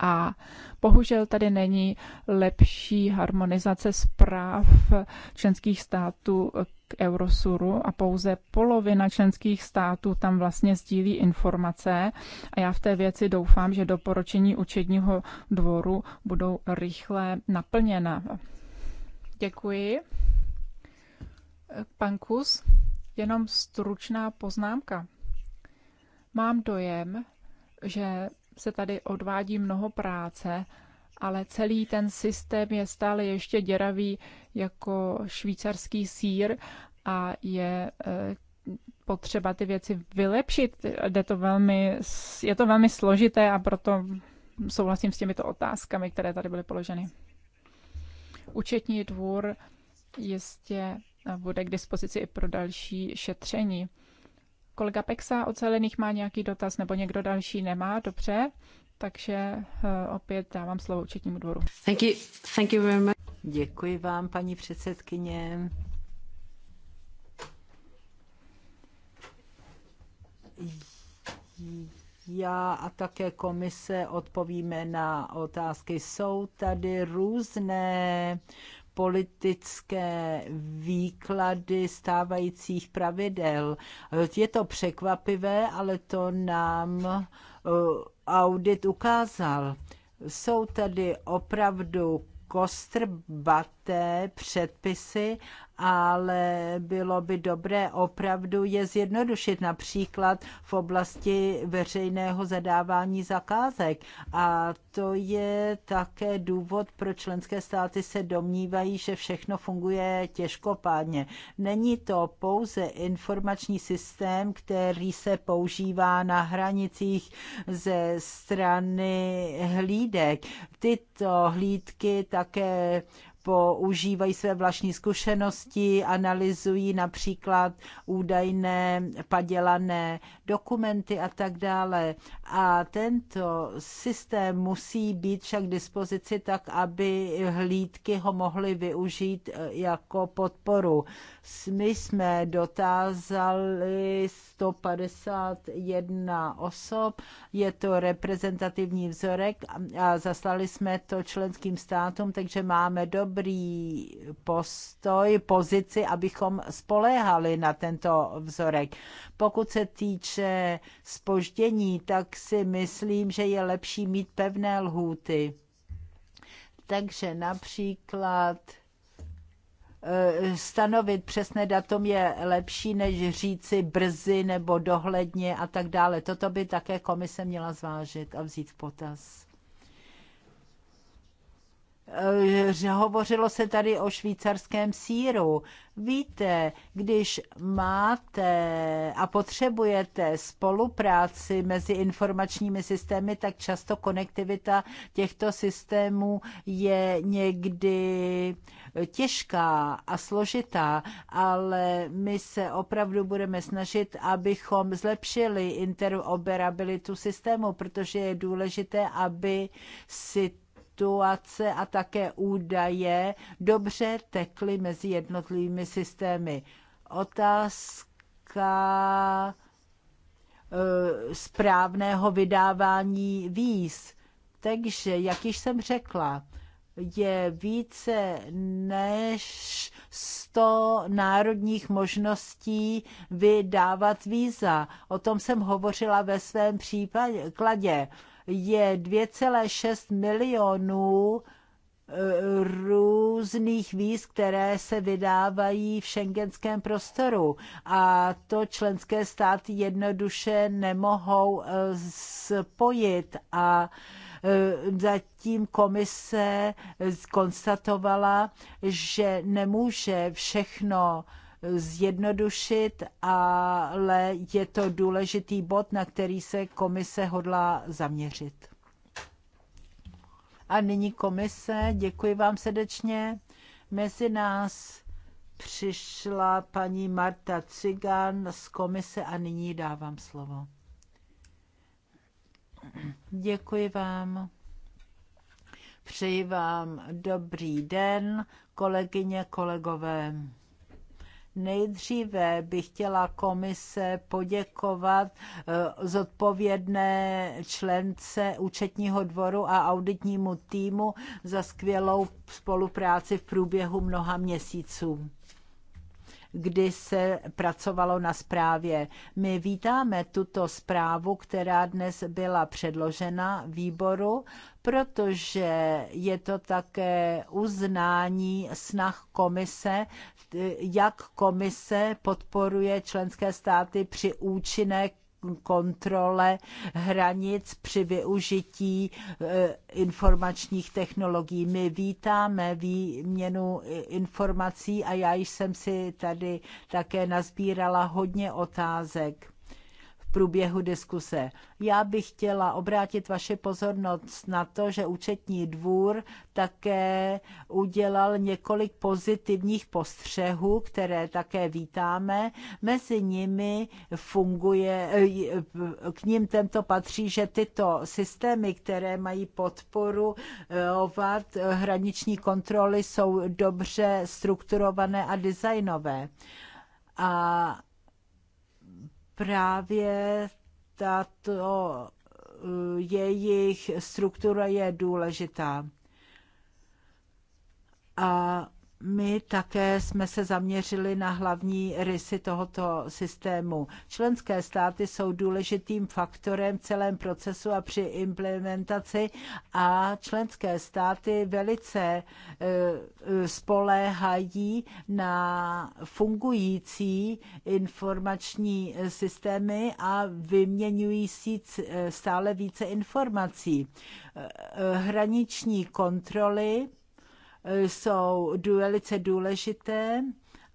[SPEAKER 1] A bohužel tady není lepší harmonizace zpráv členských států k Eurosuru a pouze polovina členských států tam vlastně sdílí informace a já v té věci doufám, že doporučení učedního dvoru budou rychle naplněna. Děkuji. Pan Kus, jenom stručná poznámka. Mám dojem, že se tady odvádí mnoho práce, ale celý ten systém je stále ještě děravý jako švýcarský sír a je e, potřeba ty věci vylepšit. Jde to velmi, je to velmi složité a proto souhlasím s těmito otázkami, které tady byly položeny. Účetní dvůr jistě e, bude k dispozici i pro další šetření. Kolega Pexa od Zelených má nějaký dotaz nebo někdo další nemá, dobře. Takže eh, opět dávám slovo účetnímu dvoru.
[SPEAKER 3] Thank you. Thank you very much. Děkuji vám, paní předsedkyně. Já a také komise odpovíme na otázky. Jsou tady různé politické výklady stávajících pravidel. Je to překvapivé, ale to nám eh, audit ukázal. Jsou tady opravdu kostrbaté předpisy ale bylo by dobré opravdu je zjednodušit například v oblasti veřejného zadávání zakázek. A to je také důvod, proč členské státy se domnívají, že všechno funguje těžkopádně. Není to pouze informační systém, který se používá na hranicích ze strany hlídek. Tyto hlídky také používají své vlastní zkušenosti, analyzují například údajné padělané dokumenty a tak dále. A tento systém musí být však k dispozici tak, aby hlídky ho mohly využít eh, jako podporu. My jsme dotázali 151 osob, je to reprezentativní vzorek a zaslali jsme to členským státům, takže máme dobrý postoj, pozici, abychom spoléhali na tento vzorek. Pokud se týče spoždění, tak si myslím, že je lepší mít pevné lhůty. Takže například Eh, stanovit přesné datum je lepší, než říci brzy nebo dohledně a tak dále. Toto by také komise měla zvážit a vzít v potaz. Eh, hovořilo se tady o švýcarském síru. Víte, když máte a potřebujete spolupráci mezi informačními systémy, tak často konektivita těchto systémů je někdy těžká a složitá, ale my se opravdu budeme snažit, abychom zlepšili interoperabilitu systému, protože je důležité, aby si situace a také údaje dobře tekly mezi jednotlivými systémy. Otázka e, správného vydávání víz. Takže, jak již jsem řekla, je více než 100 národních možností vydávat víza. O tom jsem hovořila ve svém případě je 2,6 milionů eh, různých víz, které se vydávají v šengenském prostoru. A to členské státy jednoduše nemohou eh, spojit a eh, zatím komise konstatovala, že nemůže všechno zjednodušit, ale je to důležitý bod, na který se komise hodlá zaměřit. A nyní komise, děkuji vám srdečně. Mezi nás přišla paní Marta Cigan z komise a nyní dávám slovo. Děkuji vám. Přeji vám dobrý den, kolegyně, kolegové. Nejdříve bych chtěla komise poděkovat eh, zodpovědné člence účetního dvoru a auditnímu týmu za skvělou spolupráci v průběhu mnoha měsíců kdy se pracovalo na zprávě. My vítáme tuto zprávu, která dnes byla předložena výboru, protože je to také uznání snah komise, jak komise podporuje členské státy při účinné kontrole hranic při využití eh, informačních technologií. My vítáme výměnu informací a já jsem si tady také nazbírala hodně otázek průběhu diskuse. Já bych chtěla obrátit vaši pozornost na to, že účetní dvůr také udělal několik pozitivních postřehů, které také vítáme. Mezi nimi funguje, eh, k ním tento patří, že tyto systémy, které mají podporu ovat eh, hraniční kontroly, jsou dobře strukturované a designové. A právě tato eh, jejich struktura je důležitá. A my také jsme se zaměřili na hlavní rysy tohoto systému. Členské státy jsou důležitým faktorem v celém procesu a při implementaci a členské státy velice eh, eh, spoléhají na fungující informační eh, systémy a vyměňují si stále více informací. Hraniční kontroly jsou velice důležité.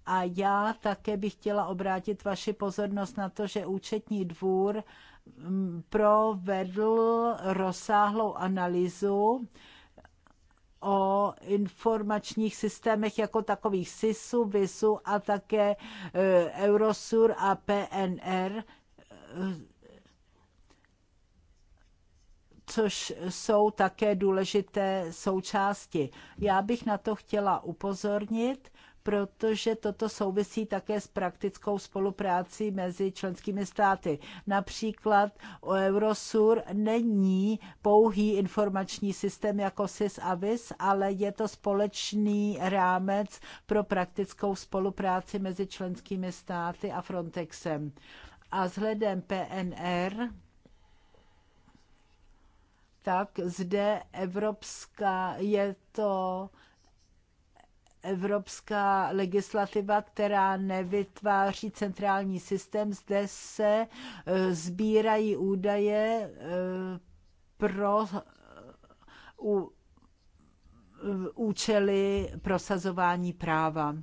[SPEAKER 3] A já také bych chtěla obrátit vaši pozornost na to, že účetní dvůr mm, provedl rozsáhlou analýzu o informačních systémech jako takových SISu, VISu a také eh, Eurosur a PNR což jsou také důležité součásti. Já bych na to chtěla upozornit, protože toto souvisí také s praktickou spoluprácí mezi členskými státy. Například Eurosur není pouhý informační systém jako SIS a VIS, ale je to společný rámec pro praktickou spolupráci mezi členskými státy a Frontexem. A vzhledem PNR tak zde evropská je to evropská legislativa, která nevytváří centrální systém. Zde se eh, sbírají údaje eh, pro účely prosazování práva.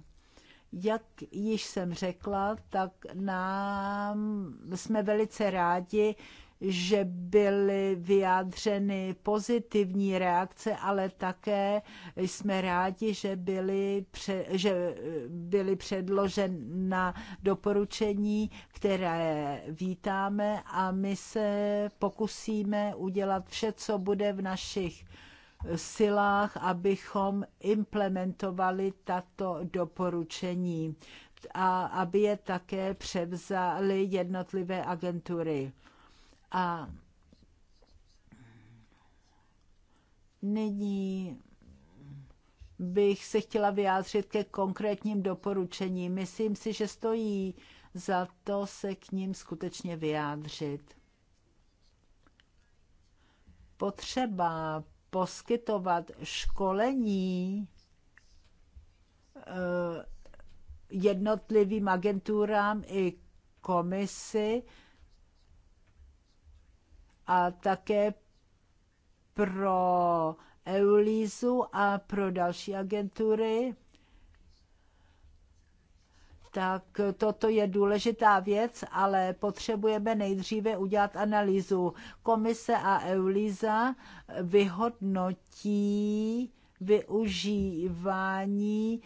[SPEAKER 3] Jak již jsem řekla, tak nám jsme velice rádi, že byly vyjádřeny pozitivní reakce, ale také jsme rádi, že byly, pře, že byly předložena doporučení, které vítáme a my se pokusíme udělat vše, co bude v našich silách, abychom implementovali tato doporučení a aby je také převzaly jednotlivé agentury. A nyní bych se chtěla vyjádřit ke konkrétním doporučením. Myslím si, že stojí za to se k ním skutečně vyjádřit. Potřeba poskytovat školení eh, jednotlivým agenturám i komisi a také pro Eulízu a pro další agentury. Tak toto je důležitá věc, ale potřebujeme nejdříve udělat analýzu. Komise a Eulíza vyhodnotí využívání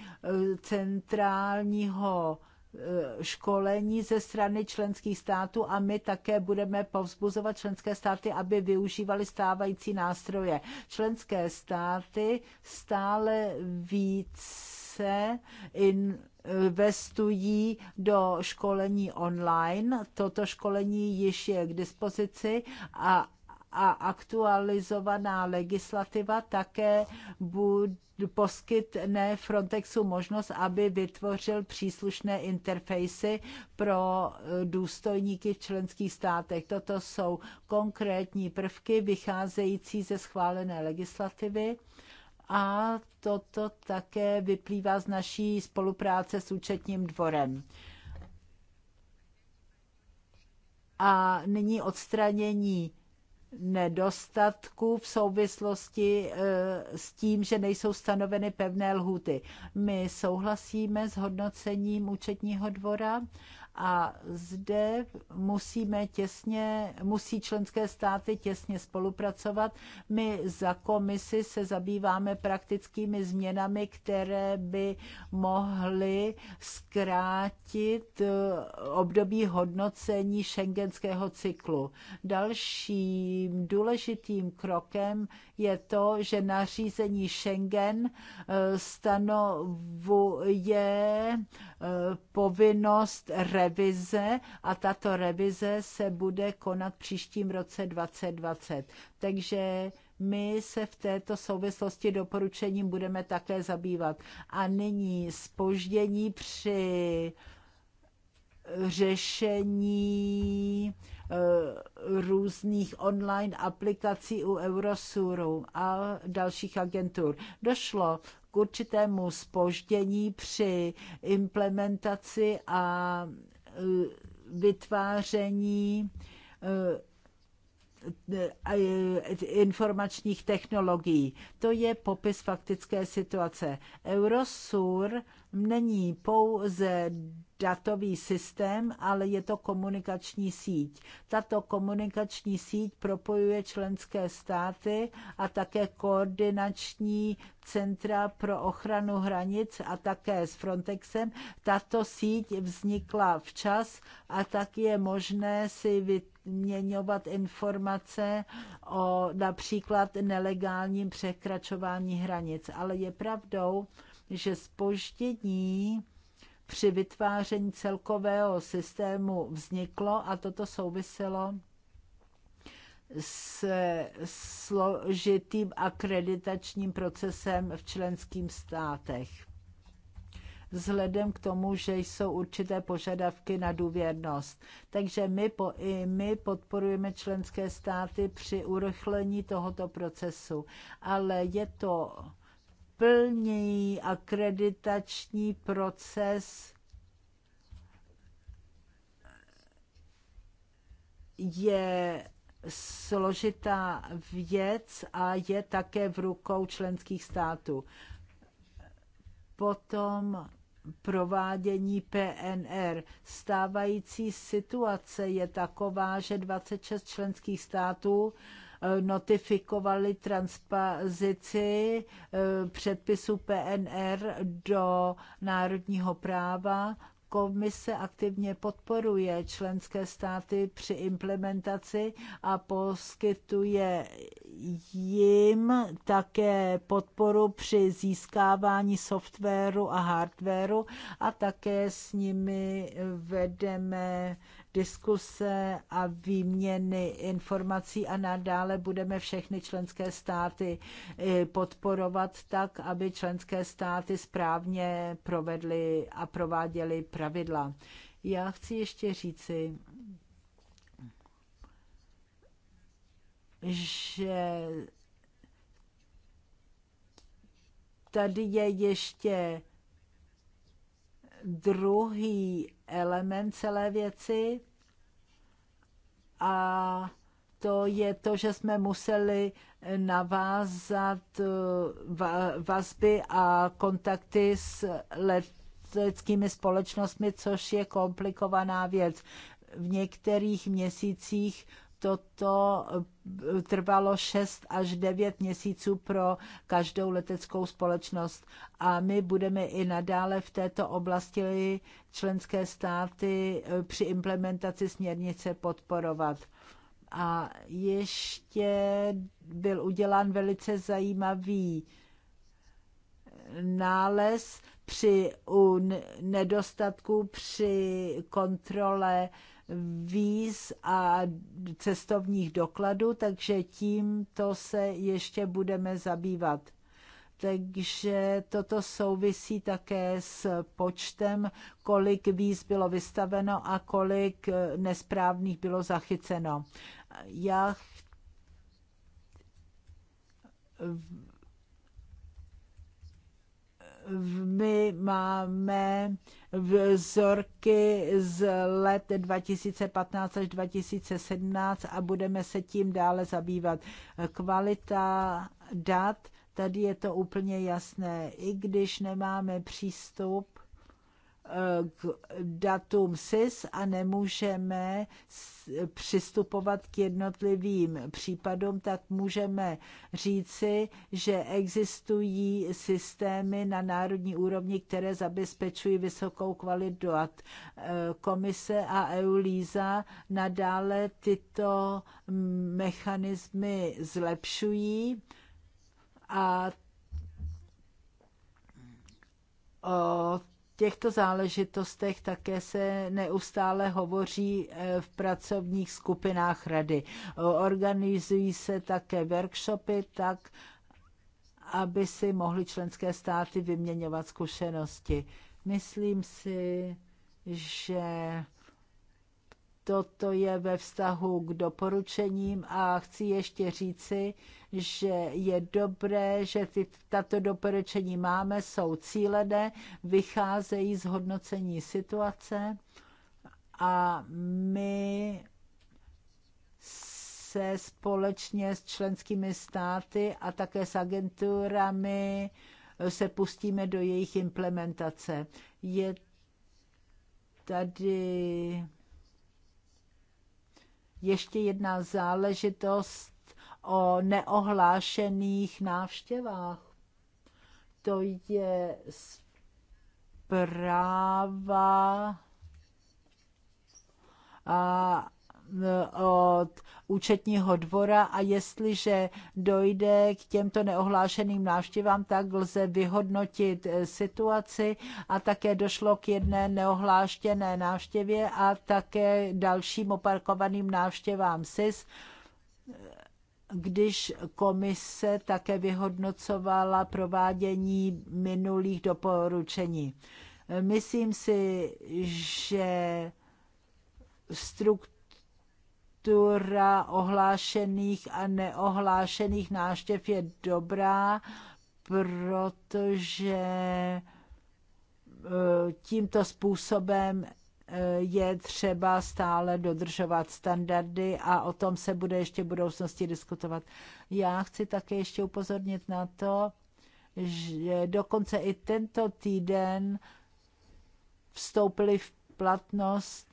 [SPEAKER 3] centrálního Eh, školení ze strany členských států a my také budeme povzbuzovat členské státy, aby využívali stávající nástroje. Členské státy stále více in, investují do školení online. Toto školení již je k dispozici a a aktualizovaná legislativa také poskytne Frontexu možnost, aby vytvořil příslušné interfejsy pro důstojníky v členských státech. Toto jsou konkrétní prvky vycházející ze schválené legislativy a toto také vyplývá z naší spolupráce s účetním dvorem. A nyní odstranění nedostatků v souvislosti eh, s tím, že nejsou stanoveny pevné lhuty. My souhlasíme s hodnocením účetního dvora a zde musíme těsně, musí členské státy těsně spolupracovat. My za komisi se zabýváme praktickými změnami, které by mohly zkrátit eh, období hodnocení šengenského cyklu. Dalším důležitým krokem je to, že nařízení Schengen eh, stanovuje povinnost revize a tato revize se bude konat příštím roce 2020. Takže my se v této souvislosti doporučením budeme také zabývat. A nyní spoždění při řešení eh, různých online aplikací u Eurosuru a dalších agentur. Došlo k určitému spoždění při implementaci a e, vytváření e, e, informačních technologií. To je popis faktické situace. Eurosur není pouze datový systém, ale je to komunikační síť. Tato komunikační síť propojuje členské státy a také koordinační centra pro ochranu hranic a také s Frontexem. Tato síť vznikla včas a tak je možné si vyměňovat informace o například nelegálním překračování hranic. Ale je pravdou, že spoždění při vytváření celkového systému vzniklo a toto souviselo s složitým akreditačním procesem v členských státech. Vzhledem k tomu, že jsou určité požadavky na důvěrnost. Takže my, po, i my podporujeme členské státy při urychlení tohoto procesu. Ale je to plnějí akreditační proces je složitá věc a je také v rukou členských států. Potom provádění PNR. Stávající situace je taková, že 26 členských států notifikovali transpozici eh, předpisu PNR do národního práva. Komise aktivně podporuje členské státy při implementaci a poskytuje jim také podporu při získávání softwaru a hardwaru a také s nimi vedeme diskuse a výměny informací a nadále budeme všechny členské státy eh, podporovat tak, aby členské státy správně provedly a prováděly pravidla. Já chci ještě říci, že tady je ještě druhý element celé věci a to je to, že jsme museli navázat eh, vazby a kontakty s leteckými společnostmi, což je komplikovaná věc. V některých měsících toto eh, trvalo 6 až 9 měsíců pro každou leteckou společnost. A my budeme i nadále v této oblasti členské státy eh, při implementaci směrnice podporovat. A ještě byl udělán velice zajímavý eh, nález při u nedostatku při kontrole víz a cestovních dokladů, takže tímto se ještě budeme zabývat. Takže toto souvisí také s počtem, kolik víz bylo vystaveno a kolik eh, nesprávných bylo zachyceno. Já my máme vzorky z let 2015 až 2017 a budeme se tím dále zabývat. Kvalita dat, tady je to úplně jasné. I když nemáme přístup k datům SIS a nemůžeme přistupovat k jednotlivým případům, tak můžeme říci, že existují systémy na národní úrovni, které zabezpečují vysokou kvalitu e, Komise a EULISA nadále tyto mechanismy zlepšují a od těchto záležitostech také se neustále hovoří eh, v pracovních skupinách rady. Organizují se také workshopy tak, aby si mohly členské státy vyměňovat zkušenosti. Myslím si, že toto je ve vztahu k doporučením a chci ještě říci, že je dobré, že ty, tato doporučení máme, jsou cílené, vycházejí z hodnocení situace a my se společně s členskými státy a také s agenturami se pustíme do jejich implementace. Je tady ještě jedna záležitost, o neohlášených návštěvách. To je zpráva a od účetního dvora a jestliže dojde k těmto neohlášeným návštěvám, tak lze vyhodnotit e, situaci a také došlo k jedné neohláštěné návštěvě a také dalším oparkovaným návštěvám SIS když komise také vyhodnocovala provádění minulých doporučení. Myslím si, že struktura ohlášených a neohlášených náštěv je dobrá, protože e, tímto způsobem je třeba stále dodržovat standardy a o tom se bude ještě v budoucnosti diskutovat. Já chci také ještě upozornit na to, že dokonce i tento týden vstoupily v platnost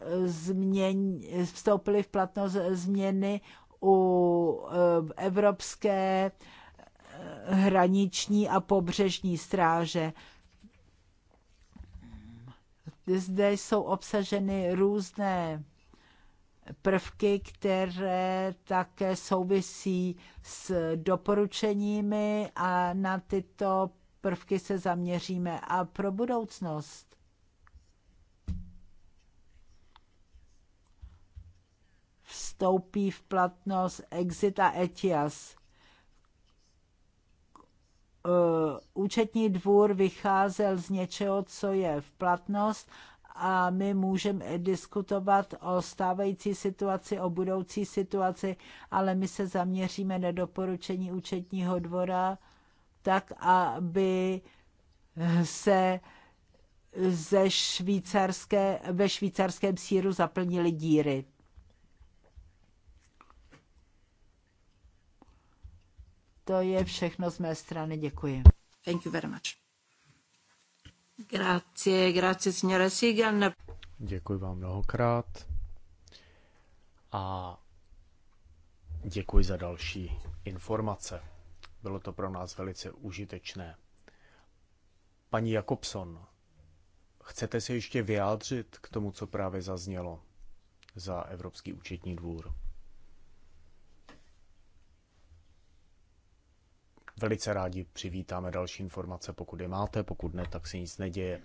[SPEAKER 3] eh, změn, vstoupily v platnost změny u eh, Evropské eh, hraniční a pobřežní stráže. Zde jsou obsaženy různé prvky, které také souvisí s doporučeními a na tyto prvky se zaměříme. A pro budoucnost. Vstoupí v platnost Exit a Etias. Eh, účetní dvůr vycházel z něčeho, co je v platnost a my můžeme diskutovat o stávající situaci, o budoucí situaci, ale my se zaměříme na doporučení účetního dvora tak, aby se ze švýcarské, ve švýcarském síru zaplnily díry. to je všechno z mé strany. Děkuji. Thank you very much. Grazie, grazie signora Sigan.
[SPEAKER 4] Děkuji vám mnohokrát a děkuji za další informace. Bylo to pro nás velice užitečné. Paní Jakobson, chcete se ještě vyjádřit k tomu, co právě zaznělo za Evropský účetní dvůr? Velice rádi přivítáme další informace, pokud je máte, pokud ne, tak se nic neděje.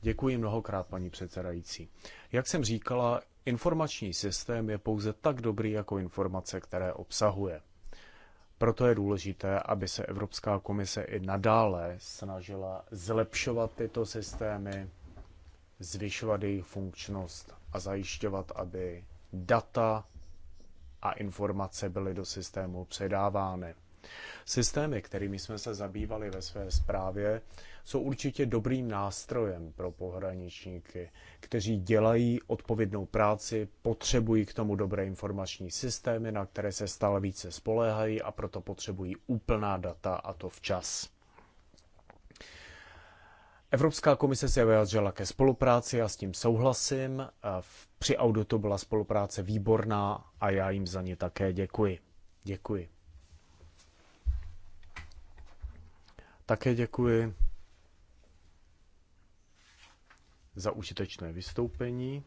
[SPEAKER 4] Děkuji mnohokrát, paní předsedající. Jak jsem říkala, informační systém je pouze tak dobrý jako informace, které obsahuje. Proto je důležité, aby se Evropská komise i nadále snažila zlepšovat tyto systémy, zvyšovat jejich funkčnost a zajišťovat, aby data a informace byly do systému předávány. Systémy, kterými jsme se zabývali ve své zprávě, jsou určitě dobrým nástrojem pro pohraničníky, kteří dělají odpovědnou práci, potřebují k tomu dobré informační systémy, na které se stále více spoléhají a proto potřebují úplná data a to včas. Evropská komise se vyjádřila ke spolupráci, já s tím souhlasím. Při auditu byla spolupráce výborná a já jim za ně také děkuji. Děkuji. Také děkuji za užitečné vystoupení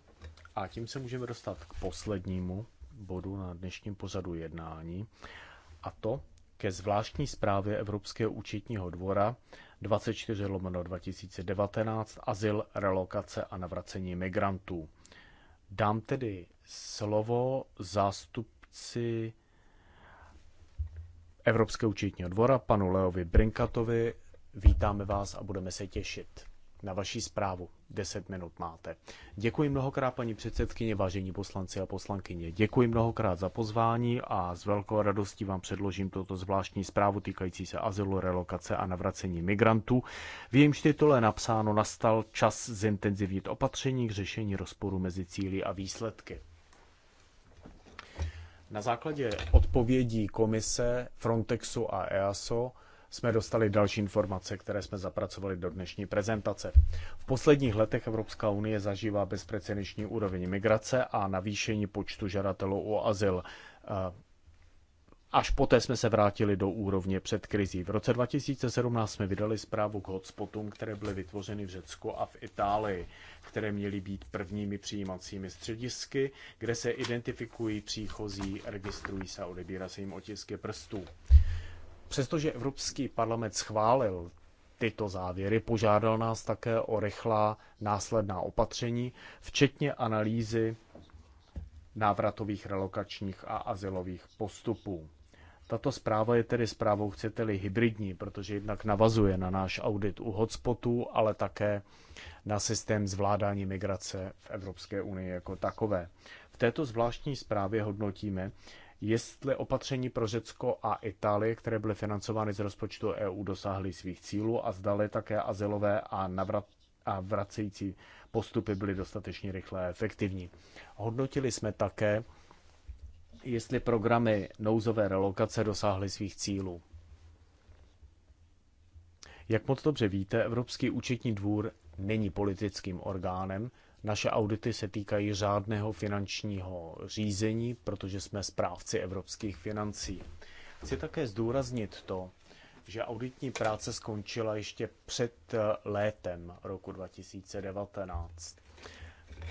[SPEAKER 4] a tím se můžeme dostat k poslednímu bodu na dnešním pozadu jednání a to ke zvláštní zprávě Evropského účetního dvora 24 lomeno 2019 azyl, relokace a navracení migrantů. Dám tedy slovo zástupci Evropského účetního dvora, panu Leovi Brinkatovi. Vítáme vás a budeme se těšit na vaši zprávu. 10 minut máte. Děkuji mnohokrát, paní předsedkyně, vážení poslanci a poslankyně. Děkuji mnohokrát za pozvání a s velkou radostí vám předložím toto zvláštní zprávu týkající se azylu, relokace a navracení migrantů. V jejímž titule napsáno nastal čas zintenzivnit opatření k řešení rozporu mezi cíly a výsledky. Na základě odpovědí komise, Frontexu a EASO jsme dostali další informace, které jsme zapracovali do dnešní prezentace. V posledních letech Evropská unie zažívá bezprecedenční úroveň migrace a navýšení počtu žadatelů o azyl. Až poté jsme se vrátili do úrovně před krizí. V roce 2017 jsme vydali zprávu k hotspotům, které byly vytvořeny v Řecku a v Itálii, které měly být prvními přijímacími středisky, kde se identifikují příchozí, registrují se a odebírá se jim otisky prstů. Přestože Evropský parlament schválil tyto závěry, požádal nás také o rychlá následná opatření, včetně analýzy návratových, relokačních a azylových postupů. Tato zpráva je tedy zprávou, chcete-li, hybridní, protože jednak navazuje na náš audit u hotspotů, ale také na systém zvládání migrace v Evropské unii jako takové. V této zvláštní zprávě hodnotíme, jestli opatření pro Řecko a Itálii, které byly financovány z rozpočtu EU, dosáhly svých cílů a zdali také azylové a navrat a vracející postupy byly dostatečně rychlé a efektivní. Hodnotili jsme také, jestli programy nouzové relokace dosáhly svých cílů. Jak moc dobře víte, Evropský účetní dvůr není politickým orgánem. Naše audity se týkají řádného finančního řízení, protože jsme správci evropských financí. Chci také zdůraznit to, že auditní práce skončila ještě před eh, létem roku 2019.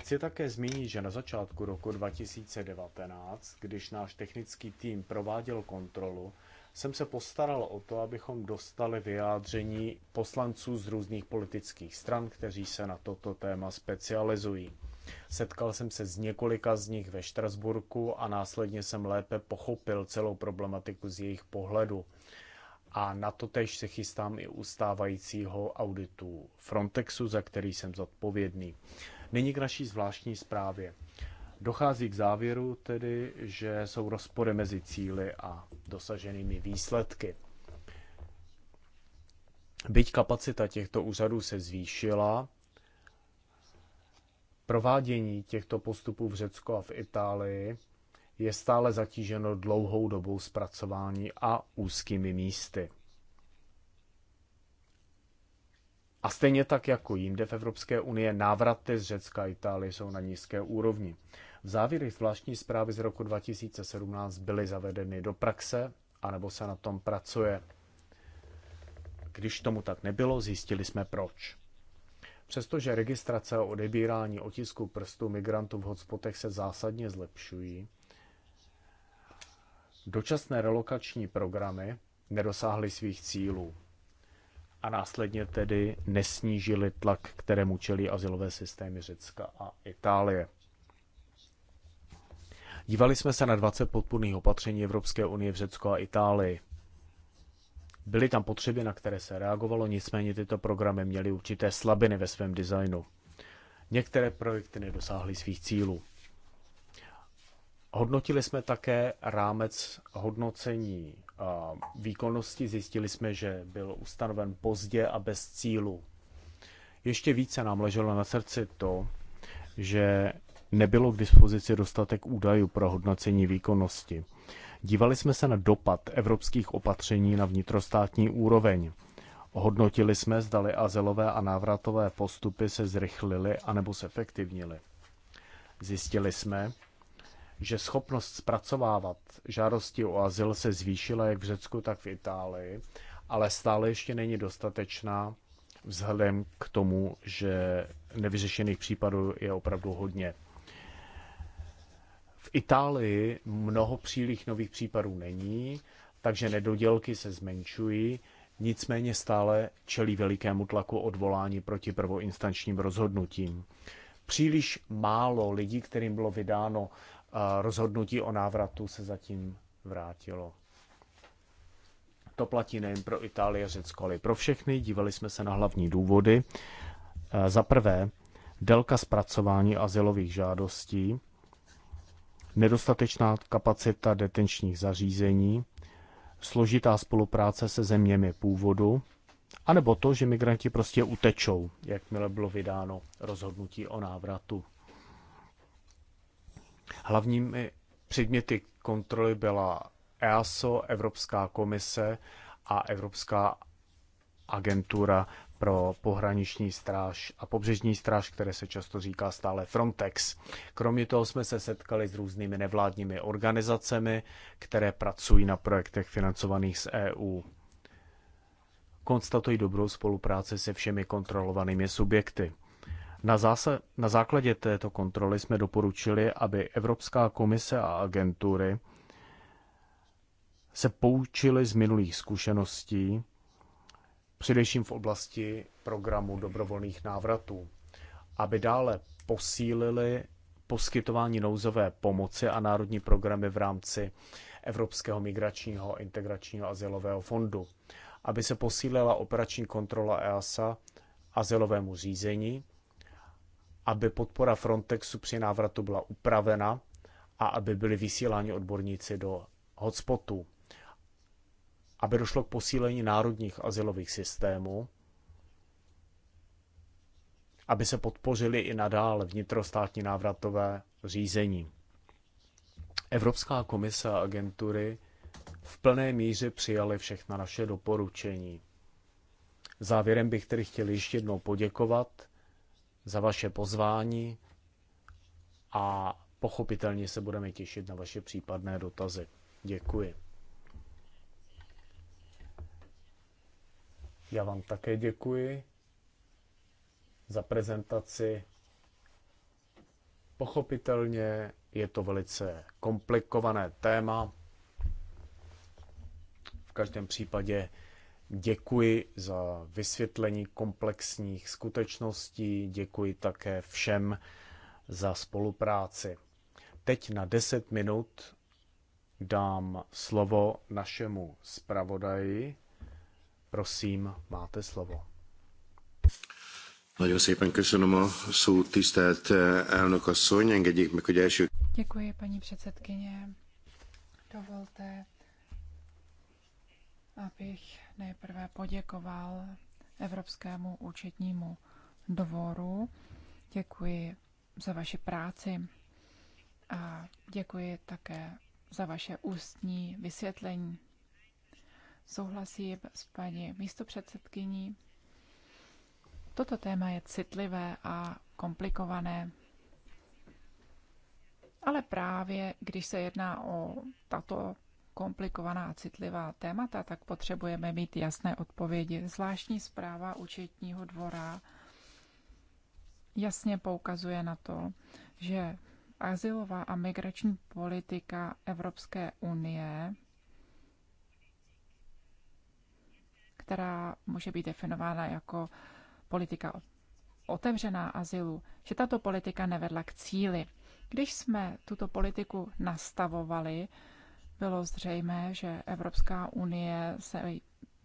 [SPEAKER 4] Chci také zmínit, že na začátku roku 2019, když náš technický tým prováděl kontrolu, jsem se postaral o to, abychom dostali vyjádření poslanců z různých politických stran, kteří se na toto téma specializují. Setkal jsem se s několika z nich ve Štrasburku a následně jsem lépe pochopil celou problematiku z jejich pohledu. A na to tež se chystám i ustávajícího auditu Frontexu, za který jsem zodpovědný. Nyní k naší zvláštní zprávě. Dochází k závěru tedy, že jsou rozpory mezi cíly a dosaženými výsledky. Byť kapacita těchto úřadů se zvýšila, provádění těchto postupů v Řecku a v Itálii je stále zatíženo dlouhou dobou zpracování a úzkými místy. A stejně tak jako jinde v Evropské unii, návraty z Řecka a Itálie jsou na nízké úrovni. V závěrech zvláštní zprávy z roku 2017 byly zavedeny do praxe, anebo se na tom pracuje. Když tomu tak nebylo, zjistili jsme proč. Přestože registrace a odebírání otisku prstů migrantů v hotspotech se zásadně zlepšují, dočasné relokační programy nedosáhly svých cílů a následně tedy nesnížili tlak, kterému čelí asilové systémy Řecka a Itálie. Dívali jsme se na 20 podpůrných opatření Evropské unie v Řecku a Itálii. Byly tam potřeby, na které se reagovalo, nicméně tyto programy měly určité slabiny ve svém designu. Některé projekty nedosáhly svých cílů. Hodnotili jsme také rámec hodnocení výkonnosti. Zjistili jsme, že byl ustanoven pozdě a bez cílu. Ještě více nám leželo na srdci to, že nebylo k dispozici dostatek údajů pro hodnocení výkonnosti. Dívali jsme se na dopad evropských opatření na vnitrostátní úroveň. Hodnotili jsme, zdali azylové a návratové postupy se zrychlily anebo se efektivnily. Zjistili jsme, že schopnost zpracovávat žádosti o azyl se zvýšila jak v Řecku, tak v Itálii, ale stále ještě není dostatečná vzhledem k tomu, že nevyřešených případů je opravdu hodně. V Itálii mnoho příliš nových případů není, takže nedodělky se zmenšují, nicméně stále čelí velikému tlaku odvolání proti prvoinstančním rozhodnutím. Příliš málo lidí, kterým bylo vydáno rozhodnutí o návratu se zatím vrátilo. To platí nejen pro Itálii a Řecko, ale i pro všechny. Dívali jsme se na hlavní důvody. E, za prvé, délka zpracování asilových žádostí, nedostatečná kapacita detenčních zařízení, složitá spolupráce se zeměmi původu, anebo to, že migranti prostě utečou, jakmile bylo vydáno rozhodnutí o návratu. Hlavními předměty kontroly byla EASO, Evropská komise a Evropská agentura pro pohraniční stráž a pobřežní stráž, které se často říká stále Frontex. Kromě toho jsme se setkali s různými nevládními organizacemi, které pracují na projektech financovaných z EU. Konstatují dobrou spolupráci se všemi kontrolovanými subjekty. Na, zása- na základě této kontroly jsme doporučili, aby Evropská komise a agentury se poučily z minulých zkušeností, především v oblasti programu dobrovolných návratů, aby dále posílili poskytování nouzové pomoci a národní programy v rámci Evropského migračního integračního azylového fondu, aby se posílila operační kontrola EASA azylovému řízení, aby podpora Frontexu při návratu byla upravena a aby byli vysíláni odborníci do hotspotů, aby došlo k posílení národních azylových systémů, aby se podpořili i nadále vnitrostátní návratové řízení. Evropská komise a agentury v plné míře přijali všechna naše doporučení. Závěrem bych tedy chtěl ještě jednou poděkovat za vaše pozvání a pochopitelně se budeme těšit na vaše případné dotazy. Děkuji. Já vám také děkuji za prezentaci. Pochopitelně je to velice komplikované téma. V každém případě Děkuji za vysvětlení komplexních skutečností, děkuji také všem za spolupráci. Teď na 10 minut dám slovo našemu zpravodaji. Prosím, máte slovo. Eh, děkuji,
[SPEAKER 1] paní předsedkyně. Dovolte,
[SPEAKER 2] abych
[SPEAKER 1] nejprve poděkoval Evropskému účetnímu dvoru. Děkuji za vaši práci a děkuji také za vaše ústní vysvětlení. Souhlasím s paní místopředsedkyní. Toto téma je citlivé a komplikované. Ale právě když se jedná o tato komplikovaná a citlivá témata, tak potřebujeme mít jasné odpovědi. Zvláštní zpráva účetního dvora jasně poukazuje na to, že azylová a migrační politika Evropské unie, která může být definována jako politika otevřená azylu, že tato politika nevedla k cíli. Když jsme tuto politiku nastavovali, bylo zřejmé, že Evropská unie se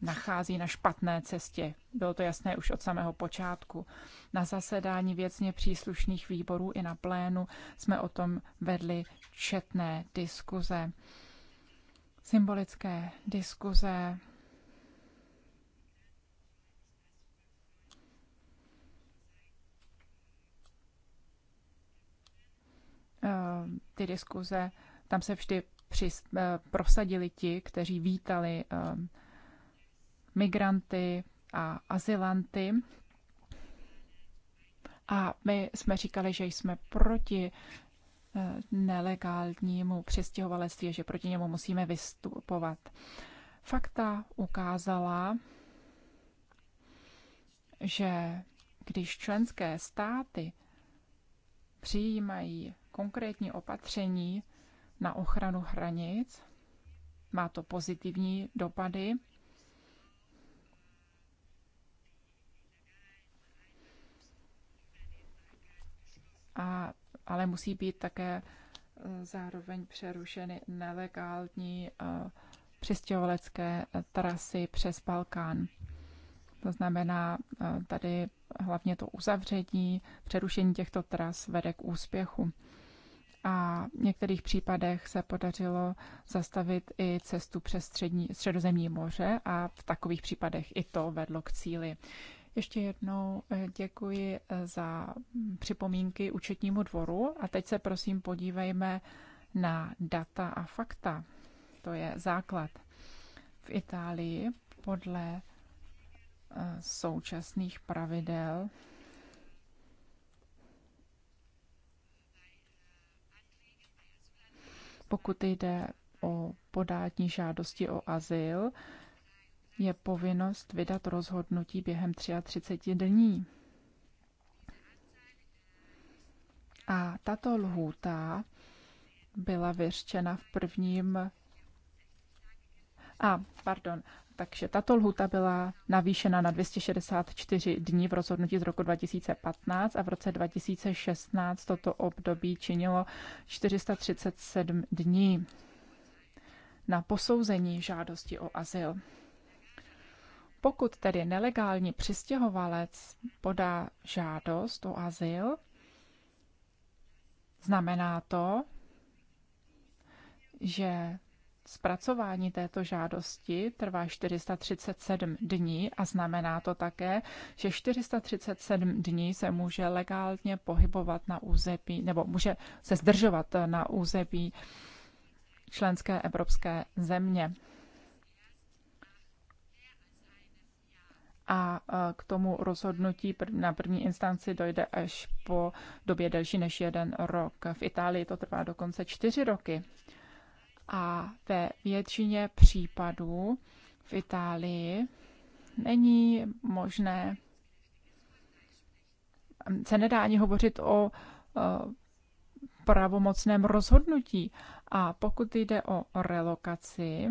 [SPEAKER 1] nachází na špatné cestě. Bylo to jasné už od samého počátku. Na zasedání věcně příslušných výborů i na plénu jsme o tom vedli četné diskuze. Symbolické diskuze, eh, ty diskuze, tam se vždy uh, prosadili ti, kteří vítali eh, migranty a azylanty. A my jsme říkali, že jsme proti eh, nelegálnímu přistěhovalectví, že proti němu musíme vystupovat. Fakta ukázala, že když členské státy přijímají konkrétní opatření, na ochranu hranic. Má to pozitivní dopady. A, ale musí být také e, zároveň přerušeny nelegální e, přistěhovalecké e, trasy přes Balkán. To znamená, tady hlavně to uzavření, přerušení těchto tras vede k úspěchu a v některých případech se podařilo zastavit i cestu přes střední, středozemní moře a v takových případech i to vedlo k cíli. Ještě jednou eh, děkuji eh, za mm, připomínky účetnímu dvoru a teď se prosím podívejme na data a fakta. To je základ. V Itálii podle eh, současných pravidel Pokud jde o podání žádosti o azyl, je povinnost vydat rozhodnutí během 33 dní. A tato lhůta byla vyřčena v prvním. A, pardon, takže tato lhuta byla navýšena na 264 dní v rozhodnutí z roku 2015 a v roce 2016 toto období činilo 437 dní na posouzení žádosti o azyl. Pokud tedy nelegální přistěhovalec podá žádost o azyl, znamená to, že Zpracování této žádosti trvá 437 dní a znamená to také, že 437 dní se může legálně pohybovat na území nebo může se zdržovat na území členské evropské země. a e, k tomu rozhodnutí na první instanci dojde až po době delší než jeden rok. V Itálii to trvá dokonce čtyři roky. A ve většině případů v Itálii není možné, se nedá ani hovořit o pravomocném rozhodnutí. A pokud jde o relokaci,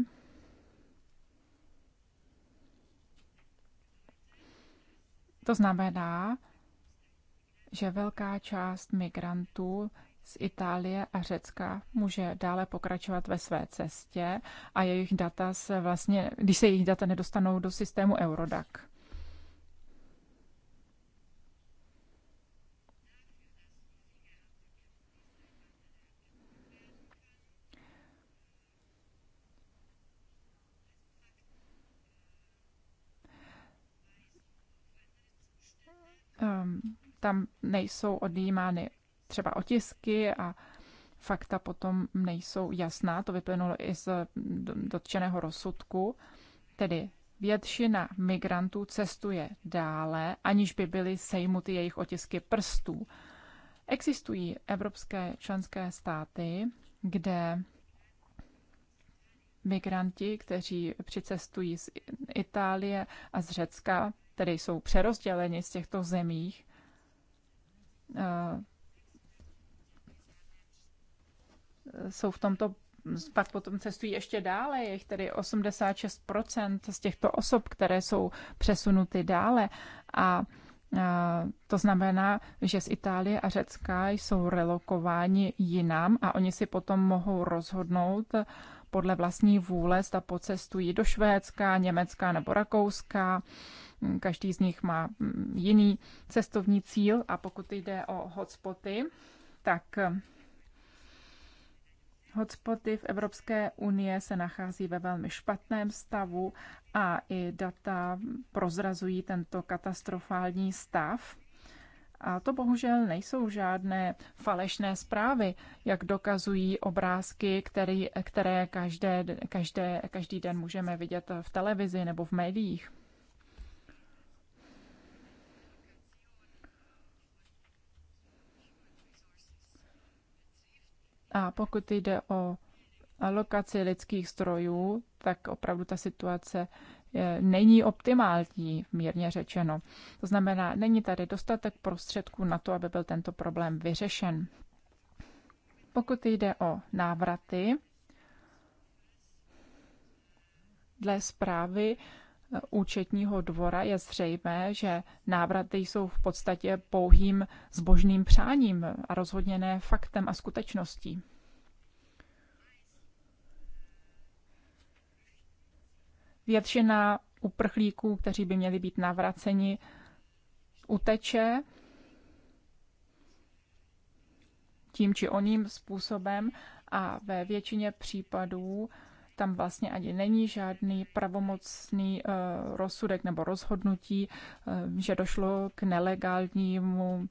[SPEAKER 1] to znamená, že velká část migrantů z Itálie a Řecka může dále pokračovat ve své cestě a jejich data se vlastně, když se jejich data nedostanou do systému Eurodac. Ehm, tam nejsou odjímány třeba otisky a fakta potom nejsou jasná. To vyplynulo i z dotčeného rozsudku. Tedy většina migrantů cestuje dále, aniž by byly sejmuty jejich otisky prstů. Existují evropské členské státy, kde migranti, kteří přicestují z Itálie a z Řecka, tedy jsou přerozděleni z těchto zemích, eh, jsou v tomto pak potom cestují ještě dále, je tedy 86% z těchto osob, které jsou přesunuty dále a to znamená, že z Itálie a Řecka jsou relokováni jinam a oni si potom mohou rozhodnout podle vlastní vůle, zda pocestují do Švédska, Německa nebo Rakouska. Každý z nich má mm, jiný cestovní cíl a pokud jde o hotspoty, tak Hotspoty v Evropské unie se nachází ve velmi špatném stavu a i data prozrazují tento katastrofální stav. A to bohužel nejsou žádné falešné zprávy, jak dokazují obrázky, který, které každé, každé, každý den můžeme vidět v televizi nebo v médiích. A pokud jde o lokaci lidských strojů, tak opravdu ta situace e, není optimální, mírně řečeno. To znamená, není tady dostatek prostředků na to, aby byl tento problém vyřešen. Pokud jde o návraty, dle zprávy účetního dvora je zřejmé, že návraty jsou v podstatě pouhým zbožným přáním a rozhodně ne faktem a skutečností. Většina uprchlíků, kteří by měli být navraceni, uteče tím či oným způsobem a ve většině případů tam vlastně ani není žádný pravomocný eh, rozsudek nebo rozhodnutí, eh, že došlo k nelegálnímu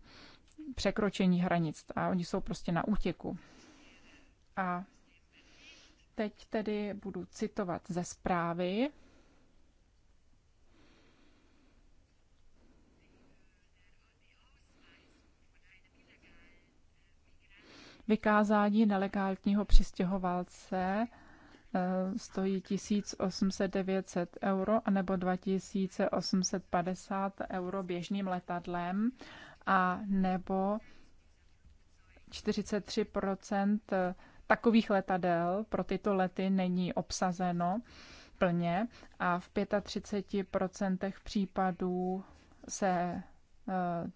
[SPEAKER 1] překročení hranic a oni jsou prostě na útěku. A teď tedy budu citovat ze zprávy. Vykázání nelegálního přistěhovalce Eh, stojí 1800-900 euro nebo 2850 euro běžným letadlem a nebo 43 eh, takových letadel pro tyto lety není obsazeno plně a v 35% případů se eh,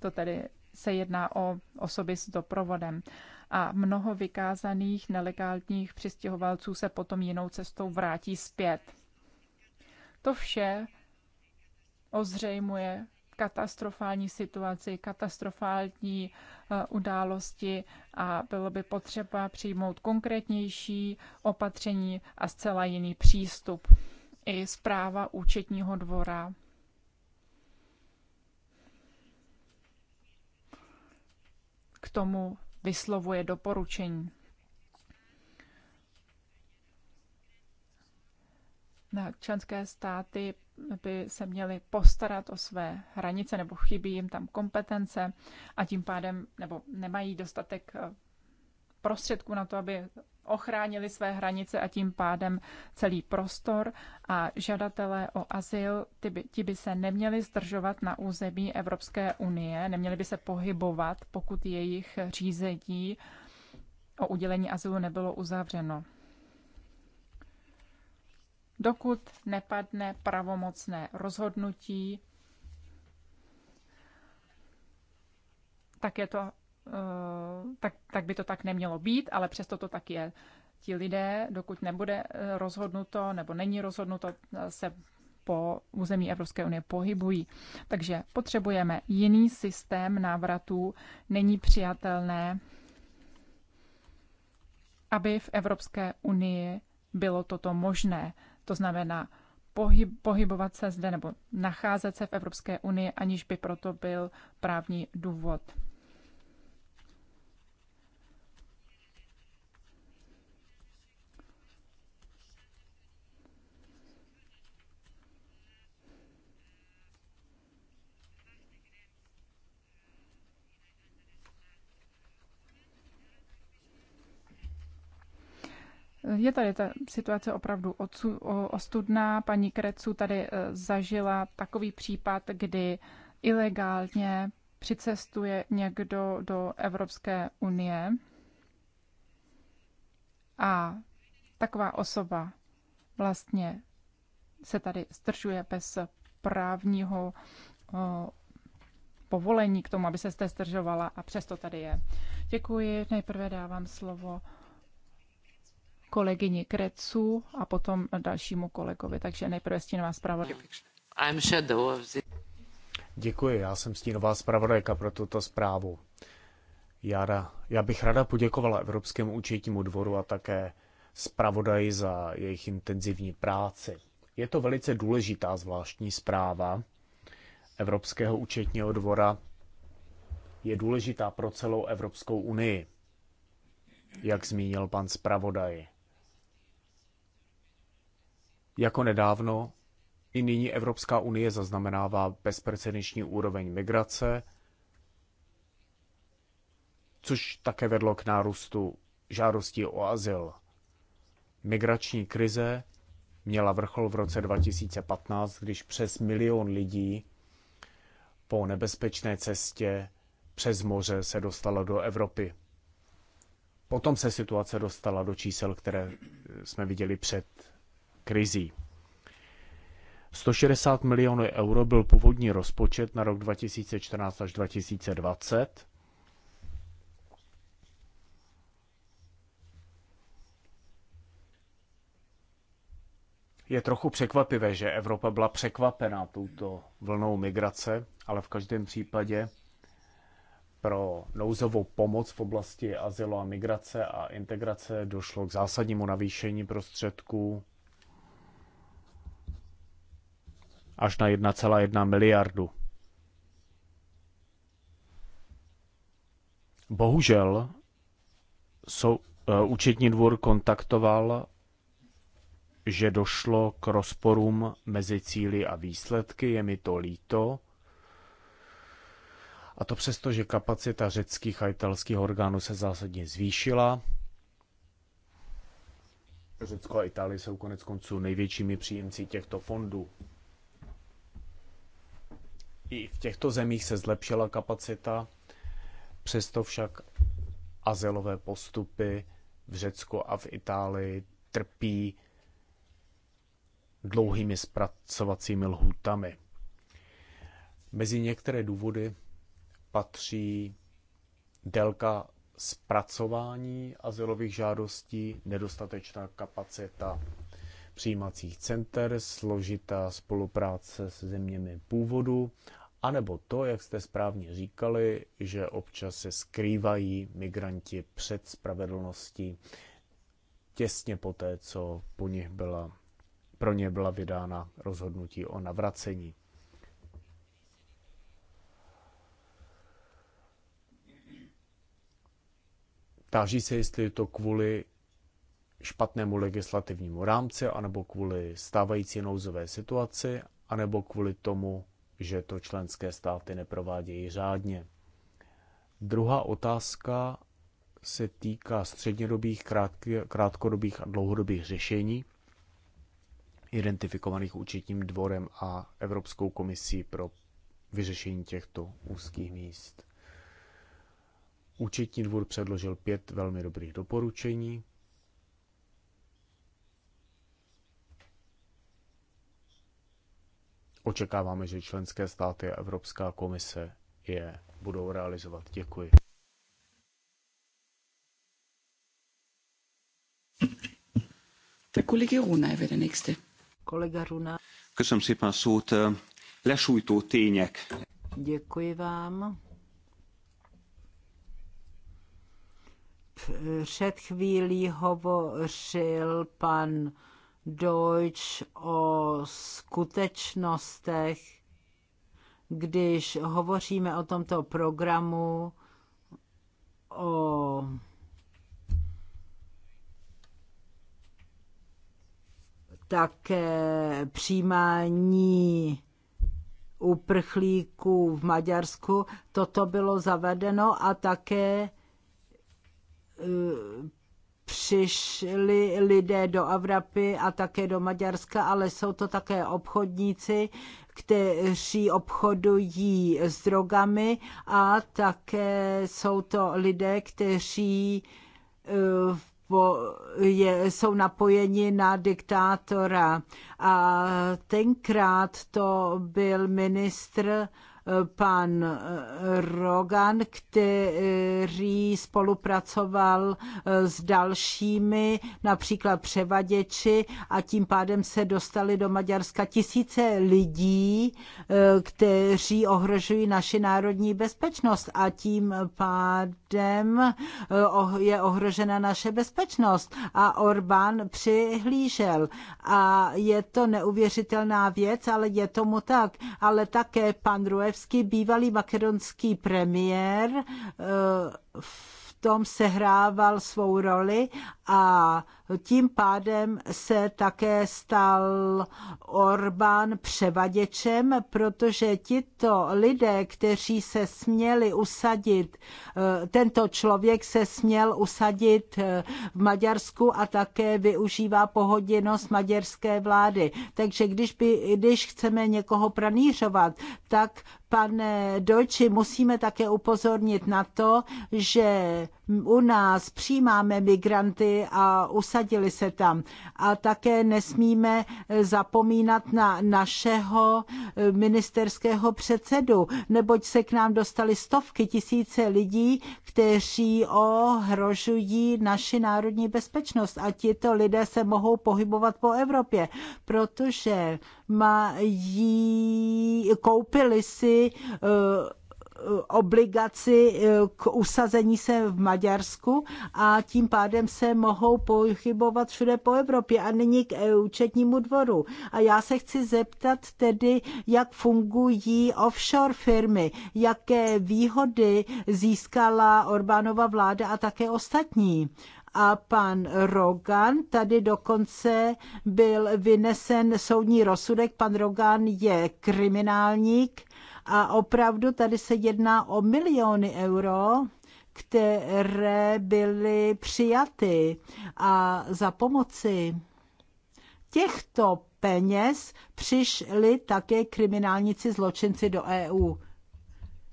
[SPEAKER 1] to tedy se jedná o osoby s doprovodem a mnoho vykázaných nelegálních přistěhovalců se potom jinou cestou vrátí zpět. To vše ozřejmuje katastrofální situaci, katastrofální eh, události a bylo by potřeba přijmout konkrétnější opatření a zcela jiný přístup. I zpráva účetního dvora k tomu vyslovuje doporučení. Na členské státy by se měly postarat o své hranice nebo chybí jim tam kompetence a tím pádem nebo nemají dostatek eh, prostředků na to, aby ochránili své hranice a tím pádem celý prostor a žadatelé o azyl, ti by, ti by se neměli zdržovat na území Evropské unie, neměli by se pohybovat, pokud jejich řízení o udělení azylu nebylo uzavřeno. Dokud nepadne pravomocné rozhodnutí, tak je to Eh, tak, tak by to tak nemělo být, ale přesto to tak je. Ti lidé, dokud nebude eh, rozhodnuto nebo není rozhodnuto, eh, se po území Evropské unie pohybují. Takže potřebujeme jiný systém návratů. Není přijatelné, aby v Evropské unii bylo toto možné. To znamená pohyb, pohybovat se zde nebo nacházet se v Evropské unii, aniž by proto byl právní důvod. Je tady ta situace opravdu ostudná. Paní Krecu tady e, zažila takový případ, kdy ilegálně přicestuje někdo do Evropské unie a taková osoba vlastně se tady stržuje bez právního povolení k tomu, aby se zde stržovala a přesto tady je. Děkuji. Nejprve dávám slovo kolegyni Krecu a potom dalšímu kolegovi. Takže nejprve stínová zpravodajka.
[SPEAKER 4] Děkuji, já jsem stínová zpravodajka pro tuto zprávu. Jara, já bych ráda poděkovala Evropskému účetnímu dvoru a také zpravodaji za jejich intenzivní práci. Je to velice důležitá zvláštní zpráva Evropského účetního dvora. Je důležitá pro celou Evropskou unii, jak zmínil pan zpravodaj. Jako nedávno, i nyní Evropská unie zaznamenává bezprecedenční úroveň migrace, což také vedlo k nárůstu žádostí o azyl. Migrační krize měla vrchol v roce 2015, když přes milion lidí po nebezpečné cestě přes moře se dostalo do Evropy. Potom se situace dostala do čísel, které jsme viděli před krizí. 160 milionů euro byl původní rozpočet na rok 2014 až 2020. Je trochu překvapivé, že Evropa byla překvapena touto vlnou migrace, ale v každém případě pro nouzovou pomoc v oblasti azylu a migrace a integrace došlo k zásadnímu navýšení prostředků až na 1,1 miliardu. Bohužel sou, uh, účetní dvůr kontaktoval, že došlo k rozporům mezi cíly a výsledky, je mi to líto. A to přesto, že kapacita řeckých a italských orgánů se zásadně zvýšila. Řecko a Itálie jsou konec konců největšími příjemci těchto fondů i v těchto zemích se zlepšila kapacita, přesto však azylové postupy v Řecku a v Itálii trpí dlouhými zpracovacími lhůtami. Mezi některé důvody patří délka zpracování azylových žádostí, nedostatečná kapacita přijímacích center, složitá spolupráce s zeměmi původu, anebo to, jak jste správně říkali, že občas se skrývají migranti před spravedlností těsně poté, co po nich byla, pro ně byla vydána rozhodnutí o navracení. Táží se, jestli je to kvůli špatnému legislativnímu rámci, anebo kvůli stávající nouzové situaci, anebo kvůli tomu, že to členské státy neprovádějí řádně. Druhá otázka se týká střednědobých, krátkodobých a dlouhodobých řešení, identifikovaných účetním dvorem a Evropskou komisí pro vyřešení těchto úzkých míst. Účetní dvůr předložil pět velmi dobrých doporučení, očekáváme, že členské státy a Evropská komise je budou realizovat. Děkuji.
[SPEAKER 3] A kolega Runa je vede nexte. Kolega Runa.
[SPEAKER 2] Köszönöm szépen a szót. Lesújtó tények.
[SPEAKER 3] Děkuji vám. Před chvílí hovořil pan Deutsch o skutečnostech, když hovoříme o tomto programu, o také přijímání uprchlíků v Maďarsku. Toto bylo zavedeno a také eh, přišli lidé do Evropy a také do Maďarska, ale jsou to také obchodníci, kteří obchodují s drogami a také jsou to lidé, kteří eh, jsou napojeni na diktátora. A tenkrát to byl ministr pan Rogan, který spolupracoval s dalšími, například převaděči a tím pádem se dostali do Maďarska tisíce lidí, kteří ohrožují naši národní bezpečnost a tím pádem eh, je ohrožena naše bezpečnost. A Orbán přihlížel. A je to neuvěřitelná věc, ale je tomu tak. Ale také pan Ruev Gruevski, bývalý makedonský premiér, eh, v tom sehrával svou roli a tím pádem se také stal Orbán převaděčem, protože tito lidé, kteří se směli usadit, eh, tento člověk se směl usadit eh, v Maďarsku a také využívá pohoděnost maďarské vlády. Takže když, by, když chceme někoho pranířovat, tak pane Dojči, musíme také upozornit na to, že u nás přijímáme migranty a usadili se tam. A také nesmíme zapomínat na našeho eh, ministerského předsedu, neboť se k nám dostali stovky tisíce lidí, kteří ohrožují naši národní bezpečnost. A tito lidé se mohou pohybovat po Evropě, protože mají, koupili si uh, Eh, obligaci eh, k usazení se v Maďarsku a tím pádem se mohou pochybovat všude po Evropě a nyní k eh, účetnímu dvoru. A já se chci zeptat tedy, jak fungují offshore firmy, jaké výhody získala Orbánova vláda a také ostatní a pan Rogan. Tady dokonce byl vynesen soudní rozsudek. Pan Rogan je kriminálník a opravdu tady se jedná o miliony euro, které byly přijaty a za pomoci těchto peněz přišli také kriminálníci zločinci do EU.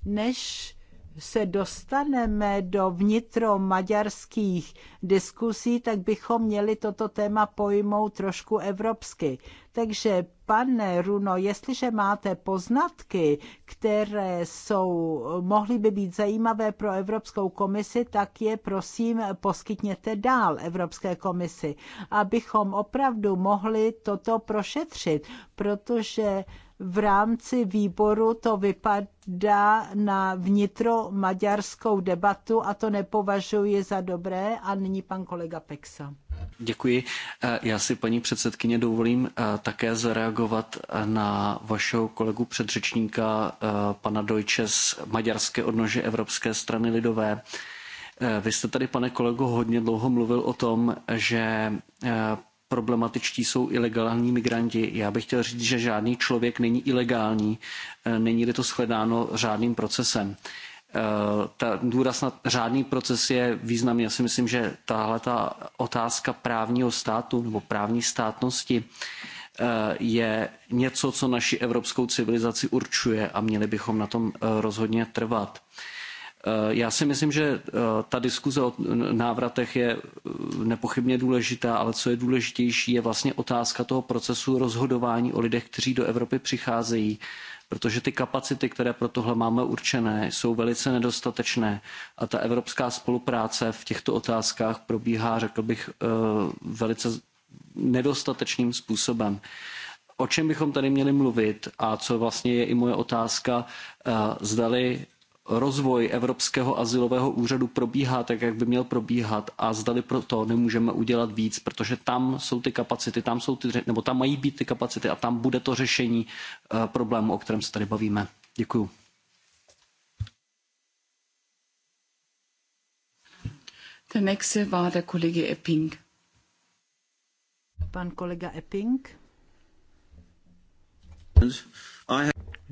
[SPEAKER 3] Než se dostaneme do vnitro maďarských diskusí, tak bychom měli toto téma pojmout trošku evropsky. Takže, pane Runo, jestliže máte poznatky, které jsou, mohly by být zajímavé pro Evropskou komisi, tak je prosím poskytněte dál Evropské komisi, abychom opravdu mohli toto prošetřit, protože v rámci výboru to vypadá na vnitro maďarskou debatu a to nepovažuji za dobré. A nyní pan kolega Peksa.
[SPEAKER 2] Děkuji. E, já si, paní předsedkyně, dovolím e, také zareagovat na vašeho kolegu předřečníka, e, pana Dojče z maďarské odnože Evropské strany lidové. Vy jste tady, pane kolego, hodně dlouho mluvil o tom, že problematičtí jsou ilegální migranti. Já bych chtěl říct, že žádný člověk není ilegální, eh, není-li to shledáno řádným procesem. Eh, ta důraz na řádný proces je významný. Já si myslím, že tahle ta otázka právního státu nebo právní státnosti eh, je něco, co naši evropskou civilizaci určuje a měli bychom na tom rozhodně trvat. Eh, já si myslím, že eh, ta diskuze o návratech je eh, nepochybně důležitá, ale co je důležitější, je vlastně otázka toho procesu rozhodování o lidech, kteří do Evropy přicházejí, protože ty kapacity, které pro tohle máme určené, jsou velice nedostatečné a ta evropská spolupráce v těchto otázkách probíhá, řekl bych, velice nedostatečným způsobem o čem bychom tady měli mluvit a co vlastně je i moje otázka, zdali rozvoj Evropského asilového úřadu probíhá tak, jak by měl probíhat a zdali pro to nemůžeme udělat víc, protože tam jsou ty kapacity, tam jsou ty, nebo tam mají být ty kapacity a tam bude to řešení eh, problému, o kterém se tady bavíme. Děkuju.
[SPEAKER 3] Der nächste war der Kollege Epping. Pan kolega Epping.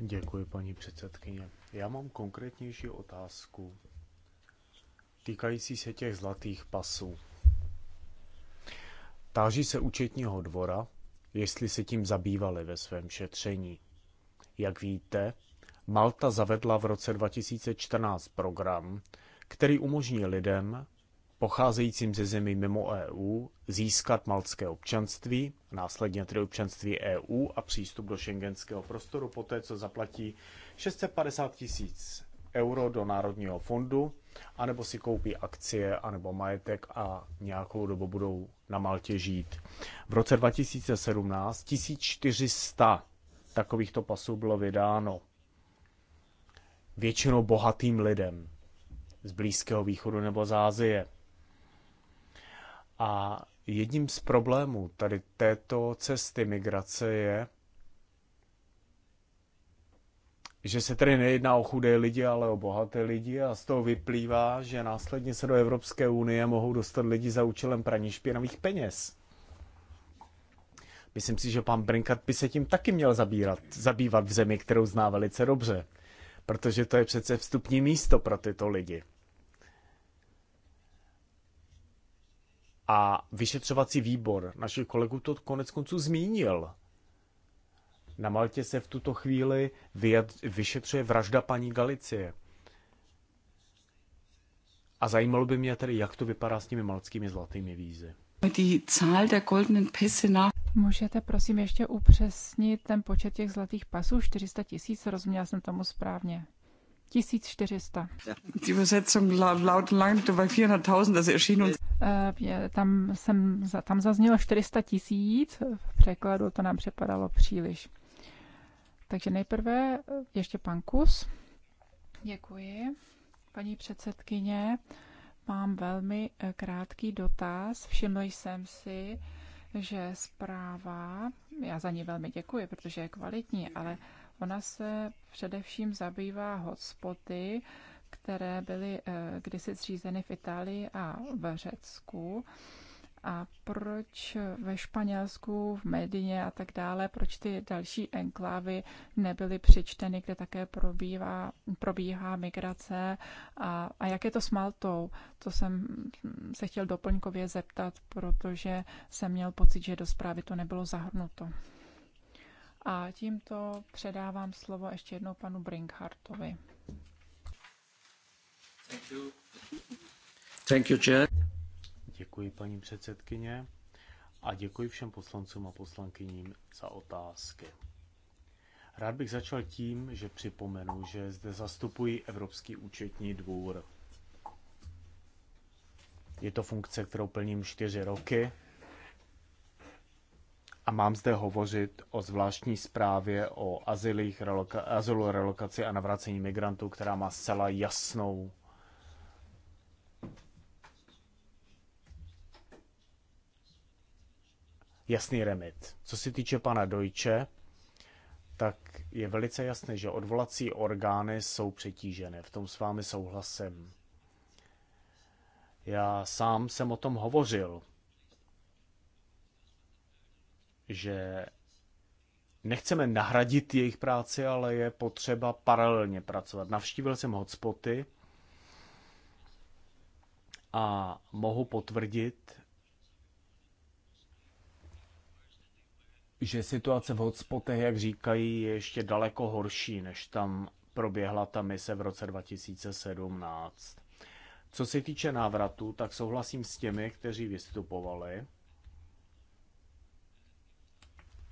[SPEAKER 4] Děkuji, paní předsedkyně. Já mám konkrétnější otázku týkající se těch zlatých pasů. Táží se účetního dvora, jestli se tím zabývali ve svém šetření. Jak víte, Malta zavedla v roce 2014 program, který umožní lidem pocházejícím ze zemí mimo EU získat maltské občanství, následně tedy občanství EU a přístup do šengenského prostoru poté, co zaplatí 650 tisíc euro do Národního fondu, anebo si koupí akcie, anebo majetek a nějakou dobu budou na Maltě žít. V roce 2017 1400 takovýchto pasů bylo vydáno. Většinou bohatým lidem z Blízkého východu nebo z Ázie. A jedním z problémů tady této cesty migrace je, že se tedy nejedná o chudé lidi, ale o bohaté lidi a z toho vyplývá, že následně se do Evropské unie mohou dostat lidi za účelem praní špinavých peněz. Myslím si, že pan Brinkat by se tím taky měl zabírat, zabývat v zemi, kterou zná velice dobře, protože to je přece vstupní místo pro tyto lidi. A vyšetřovací výbor našich kolegů to konec konců zmínil na Maltě se v tuto chvíli vyšetřuje vražda paní Galicie. A zajímalo by mě tedy, jak to vypadá s těmi maltskými zlatými vízy.
[SPEAKER 1] Můžete prosím ještě upřesnit ten počet těch zlatých pasů? 400 tisíc, rozuměla jsem tomu správně. 1400. Die eh, Tam, jsem, tam zaznělo 400 tisíc, v překladu to nám připadalo příliš. Takže nejprve eh, ještě pan Kus. Děkuji. Paní předsedkyně, mám velmi eh, krátký dotaz. Všiml jsem si, že zpráva, já za ní velmi děkuji, protože je kvalitní, ale ona se především zabývá hotspoty, které byly eh, kdysi zřízeny v Itálii a v Řecku. A proč ve Španělsku, v Medině a tak dále, proč ty další enklávy nebyly přičteny, kde také probíhá, probíhá migrace a, a jak je to s Maltou? To jsem se chtěl doplňkově zeptat, protože jsem měl pocit, že do zprávy to nebylo zahrnuto. A tímto předávám slovo ještě jednou panu Brinkhartovi.
[SPEAKER 4] Thank you. Thank you, Chair. Děkuji, paní předsedkyně, a děkuji všem poslancům a poslankyním za otázky. Rád bych začal tím, že připomenu, že zde zastupuji Evropský účetní dvůr. Je to funkce, kterou plním čtyři roky a mám zde hovořit o zvláštní zprávě o azylích, reloka, azylu, relokaci a navracení migrantů, která má zcela jasnou jasný remit. Co se týče pana Dojče, tak je velice jasné, že odvolací orgány jsou přetížené. V tom s vámi souhlasím. Já sám jsem o tom hovořil, že nechceme nahradit jejich práci, ale je potřeba paralelně pracovat. Navštívil jsem hotspoty a mohu potvrdit, že situace v hotspotech, jak říkají, je ještě daleko horší, než tam proběhla ta mise v roce 2017. Co se týče návratu, tak souhlasím s těmi, kteří vystupovali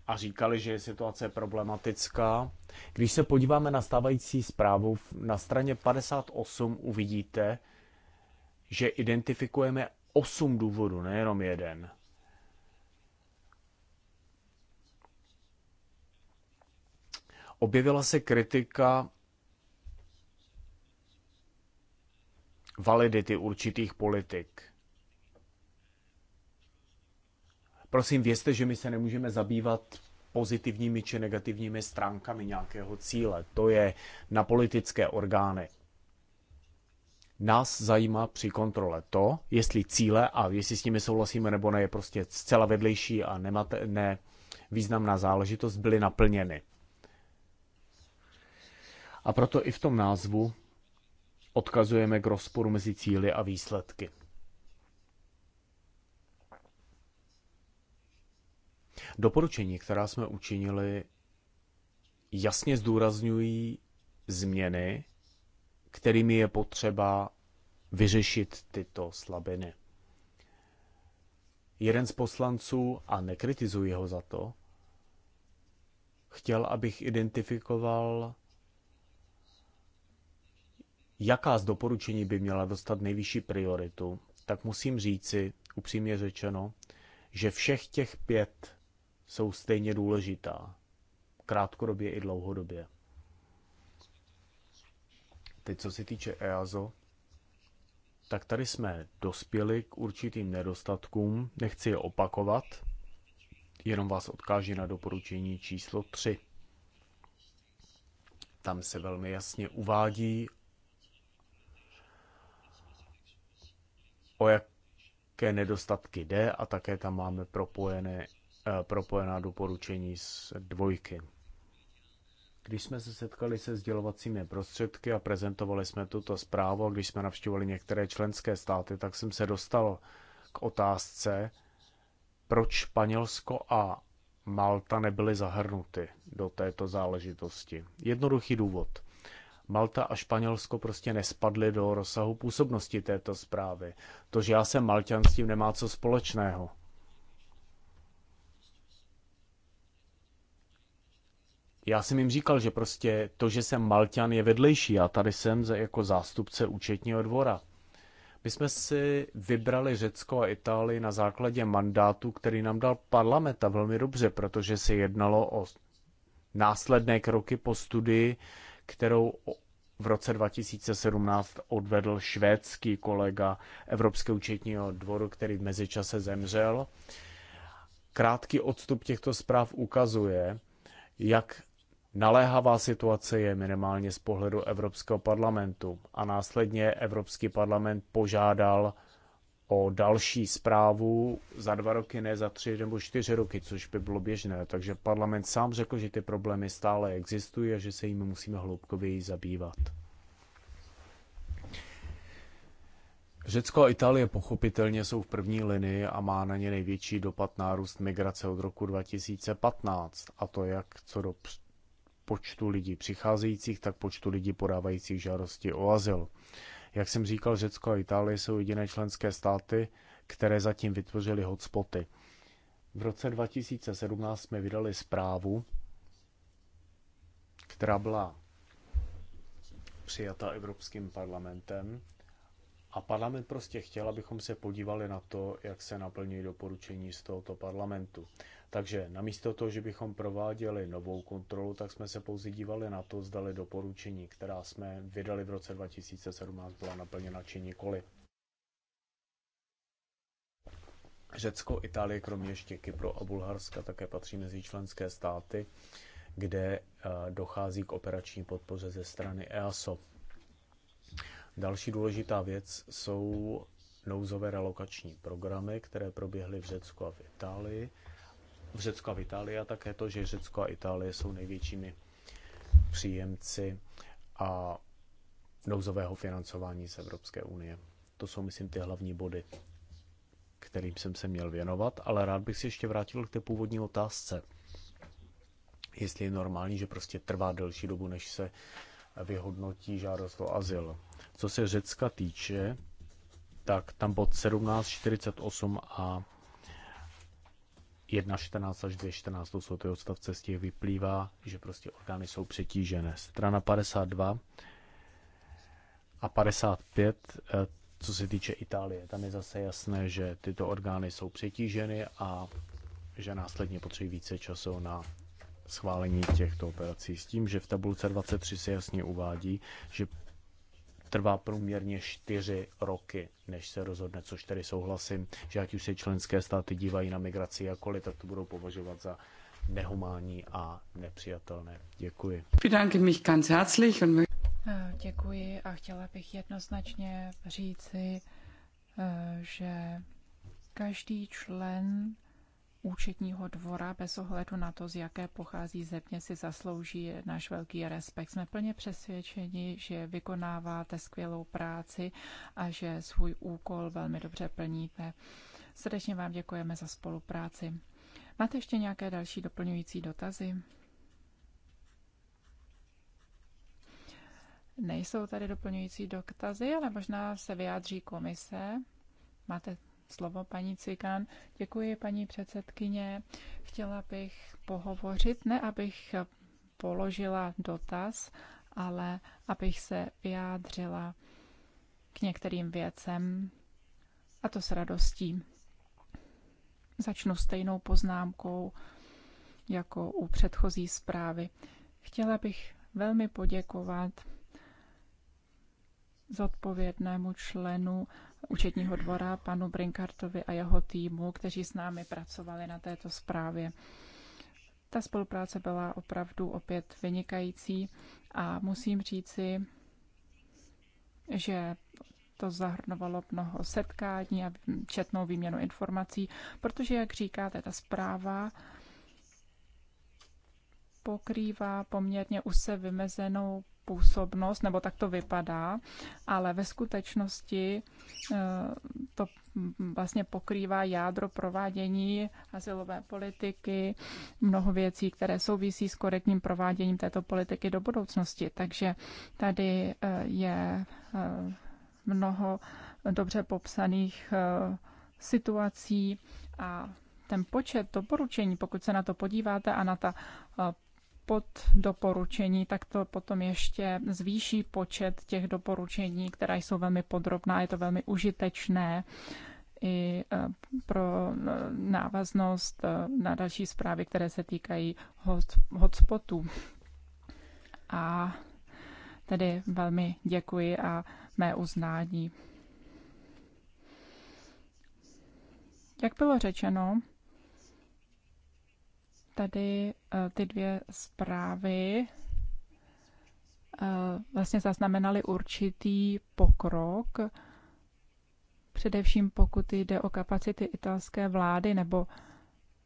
[SPEAKER 4] a říkali, že je situace problematická. Když se podíváme na stávající zprávu, na straně 58 uvidíte, že identifikujeme 8 důvodů, nejenom jeden – objevila se kritika validity určitých politik. Prosím, vězte, že my se nemůžeme zabývat pozitivními či negativními stránkami nějakého cíle. To je na politické orgány. Nás zajímá při kontrole to, jestli cíle a jestli s nimi souhlasíme nebo ne, je prostě zcela vedlejší a nemat, ne významná záležitost, byly naplněny. A proto i v tom názvu odkazujeme k rozporu mezi cíly a výsledky. Doporučení, která jsme učinili, jasně zdůrazňují změny, kterými je potřeba vyřešit tyto slabiny. Jeden z poslanců, a nekritizuji ho za to, chtěl, abych identifikoval jaká z doporučení by měla dostat nejvyšší prioritu, tak musím říci, upřímně řečeno, že všech těch pět jsou stejně důležitá. Krátkodobě i dlouhodobě. Teď, co se týče EASO, tak tady jsme dospěli k určitým nedostatkům, nechci je opakovat, jenom vás odkážu na doporučení číslo 3. Tam se velmi jasně uvádí o jaké nedostatky jde a také tam máme propojené, eh, propojená doporučení z dvojky. Když jsme se setkali se sdělovacími prostředky a prezentovali jsme tuto zprávu, a když jsme navštívili některé členské státy, tak jsem se dostal k otázce, proč Španělsko a Malta nebyly zahrnuty do této záležitosti. Jednoduchý důvod. Malta a Španělsko prostě nespadly do rozsahu působnosti této zprávy. To, že já jsem Malťan, s tím nemá co společného. Já jsem jim říkal, že prostě to, že jsem Malťan, je vedlejší. Já tady jsem jako zástupce účetního dvora. My jsme si vybrali Řecko a Itálii na základě mandátu, který nám dal parlament a velmi dobře, protože se jednalo o následné kroky po studii kterou v roce 2017 odvedl švédský kolega Evropského účetního dvoru, který v mezičase zemřel. Krátký odstup těchto zpráv ukazuje, jak naléhavá situace je minimálně z pohledu Evropského parlamentu. A následně Evropský parlament požádal o další zprávu za dva roky, ne za tři nebo čtyři roky, což by bylo běžné. Takže parlament sám řekl, že ty problémy stále existují a že se jimi musíme hloubkověji zabývat. Řecko a Itálie pochopitelně jsou v první linii a má na ně největší dopad nárůst migrace od roku 2015, a to jak co do počtu lidí přicházejících, tak počtu lidí podávajících žádosti o azyl. Jak jsem říkal, Řecko a Itálie jsou jediné členské státy, které zatím vytvořily hotspoty. V roce 2017 jsme vydali zprávu, která byla přijata Evropským parlamentem a parlament prostě chtěl, abychom se podívali na to, jak se naplní doporučení z tohoto parlamentu. Takže namísto toho, že bychom prováděli novou kontrolu, tak jsme se pouze dívali na to, zdali doporučení, která jsme vydali v roce 2017, byla naplněna či nikoli. Řecko, Itálie, kromě ještě Kypro a Bulharska, také patří mezi členské státy, kde eh, dochází k operační podpoře ze strany EASO. Další důležitá věc jsou nouzové relokační programy, které proběhly v Řecku a v Itálii. V Řecku a v Itálii a také to, že Řecko a Itálie jsou největšími příjemci a nouzového financování z Evropské unie. To jsou, myslím, ty hlavní body, kterým jsem se měl věnovat, ale rád bych se ještě vrátil k té původní otázce. Jestli je normální, že prostě trvá delší dobu, než se vyhodnotí žádost o azyl. Co se Řecka týče, tak tam bod 1748 a 1.14 až 2.14, to jsou ty odstavce, z těch vyplývá, že prostě orgány jsou přetížené. Strana 52 a 55, eh, co se týče Itálie, tam je zase jasné, že tyto orgány jsou přetíženy a že následně potřebují více času na schválení těchto operací. S tím, že v tabulce 23 se jasně uvádí, že trvá průměrně 4 roky, než se rozhodne, což tedy souhlasím, že ať už se členské státy dívají na migraci jakkoliv, tak to budou považovat za nehumání a nepřijatelné. Děkuji.
[SPEAKER 1] Eh, děkuji a chtěla bych jednoznačně říci, eh, že každý člen účetního dvora bez ohledu na to, z jaké pochází země, si zaslouží náš velký respekt. Jsme plně přesvědčeni, že vykonáváte skvělou práci a že svůj úkol velmi dobře plníte. Srdečně vám děkujeme za spolupráci. Máte ještě nějaké další doplňující dotazy? Nejsou tady doplňující dotazy, ale možná se vyjádří komise. Máte slovo paní Cikán. Děkuji, paní předsedkyně. Chtěla bych pohovořit, ne abych položila dotaz, ale abych se vyjádřila k některým věcem, a to s radostí. Začnu stejnou poznámkou jako u předchozí zprávy. Chtěla bych velmi poděkovat zodpovědnému členu účetního dvora, panu Brinkartovi a jeho týmu, kteří s námi pracovali na této zprávě. Ta spolupráce byla opravdu opět vynikající a musím říci, že to zahrnovalo mnoho setkání a četnou výměnu informací, protože, jak říkáte, ta zpráva pokrývá poměrně už se vymezenou působnost, nebo tak to vypadá, ale ve skutečnosti eh, to vlastně pokrývá jádro provádění asilové politiky, mnoho věcí, které souvisí s korektním prováděním této politiky do budoucnosti. Takže tady eh, je eh, mnoho dobře popsaných situací a ten počet doporučení, pokud se na to podíváte a na ta pod doporučení, tak to potom ještě zvýší počet těch doporučení, která jsou velmi podrobná, je to velmi užitečné i e, pro e, návaznost e, na další zprávy, které se týkají hotspotů. A tedy velmi děkuji a mé uznání. Jak bylo řečeno, tady eh, ty dvě zprávy eh, vlastně zaznamenaly určitý pokrok, především pokud jde o kapacity italské vlády, nebo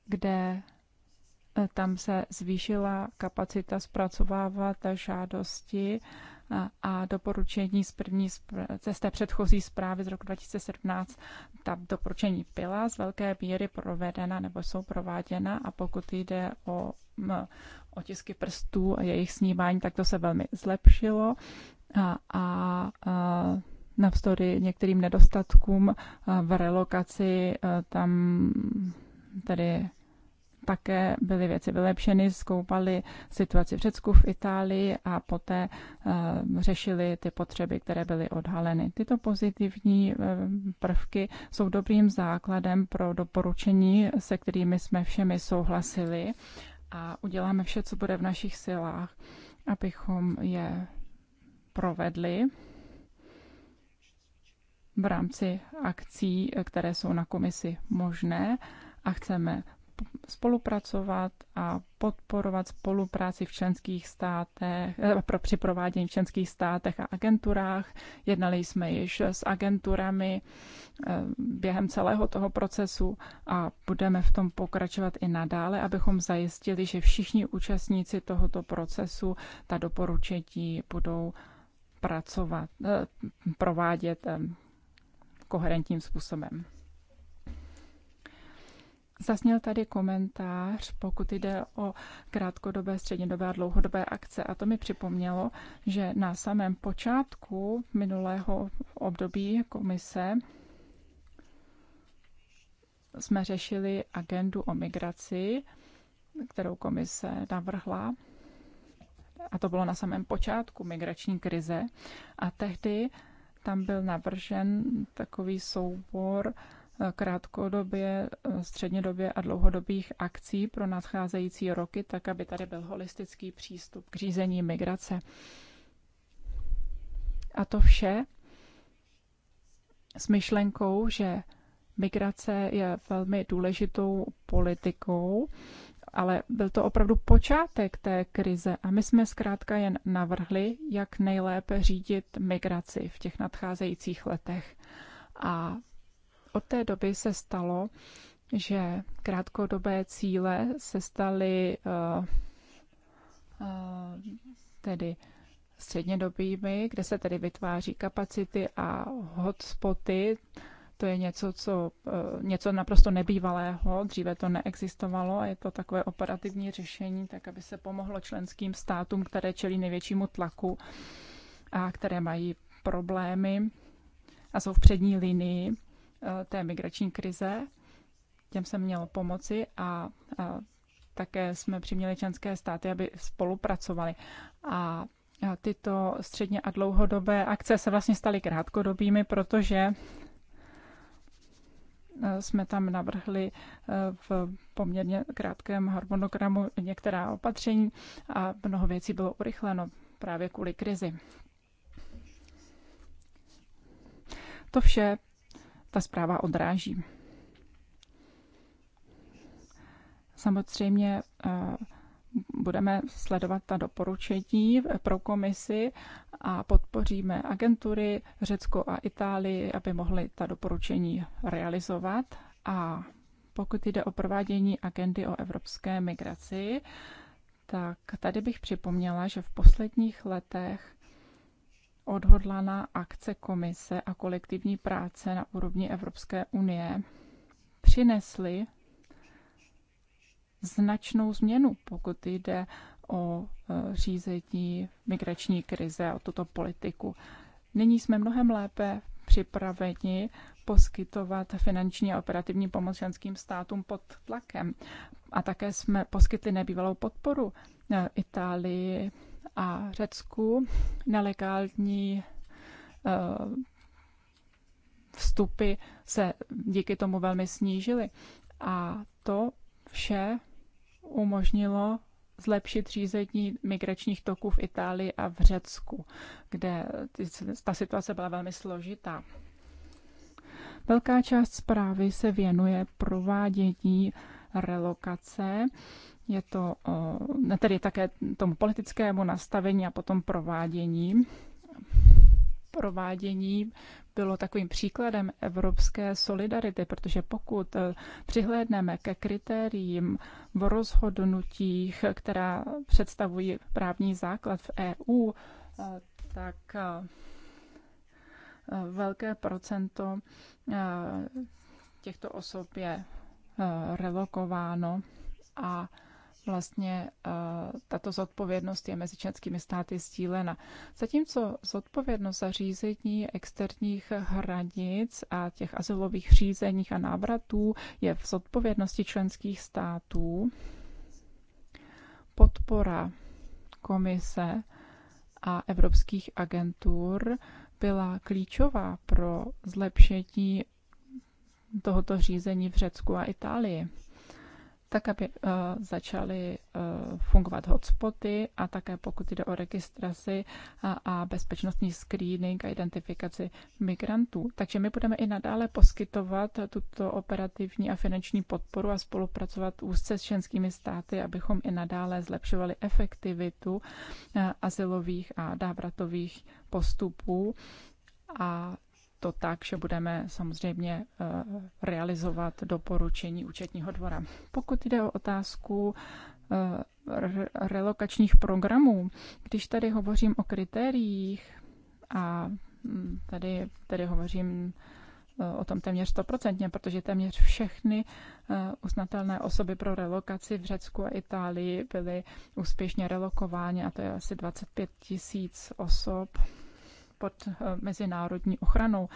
[SPEAKER 1] kde eh, tam se zvýšila kapacita zpracovávat žádosti a doporučení z, první, z té předchozí zprávy z roku 2017, ta doporučení byla z velké míry provedena nebo jsou prováděna a pokud jde o otisky prstů a jejich snímání, tak to se velmi zlepšilo a, a, a navzdory některým nedostatkům v relokaci tam tedy také byly věci vylepšeny, zkoupali situaci v Řecku, v Itálii a poté eh, řešili ty potřeby, které byly odhaleny. Tyto pozitivní eh, prvky jsou dobrým základem pro doporučení, se kterými jsme všemi souhlasili a uděláme vše, co bude v našich silách, abychom je provedli v rámci akcí, eh, které jsou na komisi možné a chceme spolupracovat a podporovat spolupráci v členských státech, eh, pro při provádění v členských státech a agenturách. Jednali jsme již s agenturami eh, během celého toho procesu a budeme v tom pokračovat i nadále, abychom zajistili, že všichni účastníci tohoto procesu ta doporučení budou pracovat, eh, provádět koherentním způsobem. Zasněl tady komentář, pokud jde o krátkodobé, střednědobé a dlouhodobé akce. A to mi připomnělo, že na samém počátku minulého období komise jsme řešili agendu o migraci, kterou komise navrhla. A to bylo na samém počátku migrační krize. A tehdy tam byl navržen takový soubor krátkodobě, eh, střednědobě a dlouhodobých akcí pro nadcházející roky, tak aby tady byl holistický přístup k řízení migrace. A to vše s myšlenkou, že migrace je velmi důležitou politikou, ale byl to opravdu počátek té krize a my jsme zkrátka jen navrhli, jak nejlépe řídit migraci v těch nadcházejících letech. A od té doby se stalo, že krátkodobé cíle se staly uh, uh, tedy střednědobými, kde se tedy vytváří kapacity a hotspoty. To je něco, co, uh, něco naprosto nebývalého, dříve to neexistovalo a je to takové operativní řešení, tak aby se pomohlo členským státům, které čelí největšímu tlaku a které mají problémy a jsou v přední linii Eh, té migrační krize. Těm se mělo pomoci a také jsme přiměli členské státy, aby spolupracovali. A tyto středně a dlouhodobé akce se vlastně staly krátkodobými, protože eh, jsme tam navrhli eh, v poměrně krátkém harmonogramu některá opatření a mnoho věcí bylo urychleno právě kvůli krizi. To vše ta zpráva odráží. Samozřejmě eh, budeme sledovat ta doporučení pro komisi a podpoříme agentury Řecko a Itálii, aby mohly ta doporučení realizovat. A pokud jde o provádění agendy o evropské migraci, tak tady bych připomněla, že v posledních letech odhodlaná akce komise a kolektivní práce na úrovni Evropské unie přinesly značnou změnu, pokud jde o e, řízení migrační krize, o tuto politiku. Nyní jsme mnohem lépe připraveni poskytovat finanční a operativní pomoc členským státům pod tlakem. A také jsme poskytli nebývalou podporu e, Itálii a Řecku nelegální eh, vstupy se díky tomu velmi snížily. A to vše umožnilo zlepšit řízení migračních toků v Itálii a v Řecku, kde ta situace byla velmi složitá. Velká část zprávy se věnuje provádění relokace je to tedy také tomu politickému nastavení a potom provádění. Provádění bylo takovým příkladem evropské solidarity, protože pokud e, přihlédneme ke kritériím v rozhodnutích, která představují právní základ v EU, e, tak e, velké procento těchto osob je relokováno a vlastně eh, tato zodpovědnost je mezi členskými státy sdílena. Zatímco zodpovědnost za řízení externích hranic a těch azylových řízeních a návratů je v zodpovědnosti členských států, podpora komise a evropských agentur byla klíčová pro zlepšení tohoto řízení v Řecku a Itálii tak aby eh, začaly eh, fungovat hotspoty a také pokud jde o registraci a, a bezpečnostní screening a identifikaci migrantů. Takže my budeme i nadále poskytovat tuto operativní a finanční podporu a spolupracovat úzce s členskými státy, abychom i nadále zlepšovali efektivitu eh, asilových a dávratových postupů a to tak, že budeme samozřejmě eh, realizovat doporučení účetního dvora. Pokud jde o otázku eh, relokačních programů, když tady hovořím o kritériích a mm, tady, tady hovořím eh, o tom téměř stoprocentně, protože téměř všechny uznatelné osoby pro relokaci v Řecku a Itálii byly úspěšně relokovány a to je asi 25 tisíc osob pod eh, mezinárodní ochranou.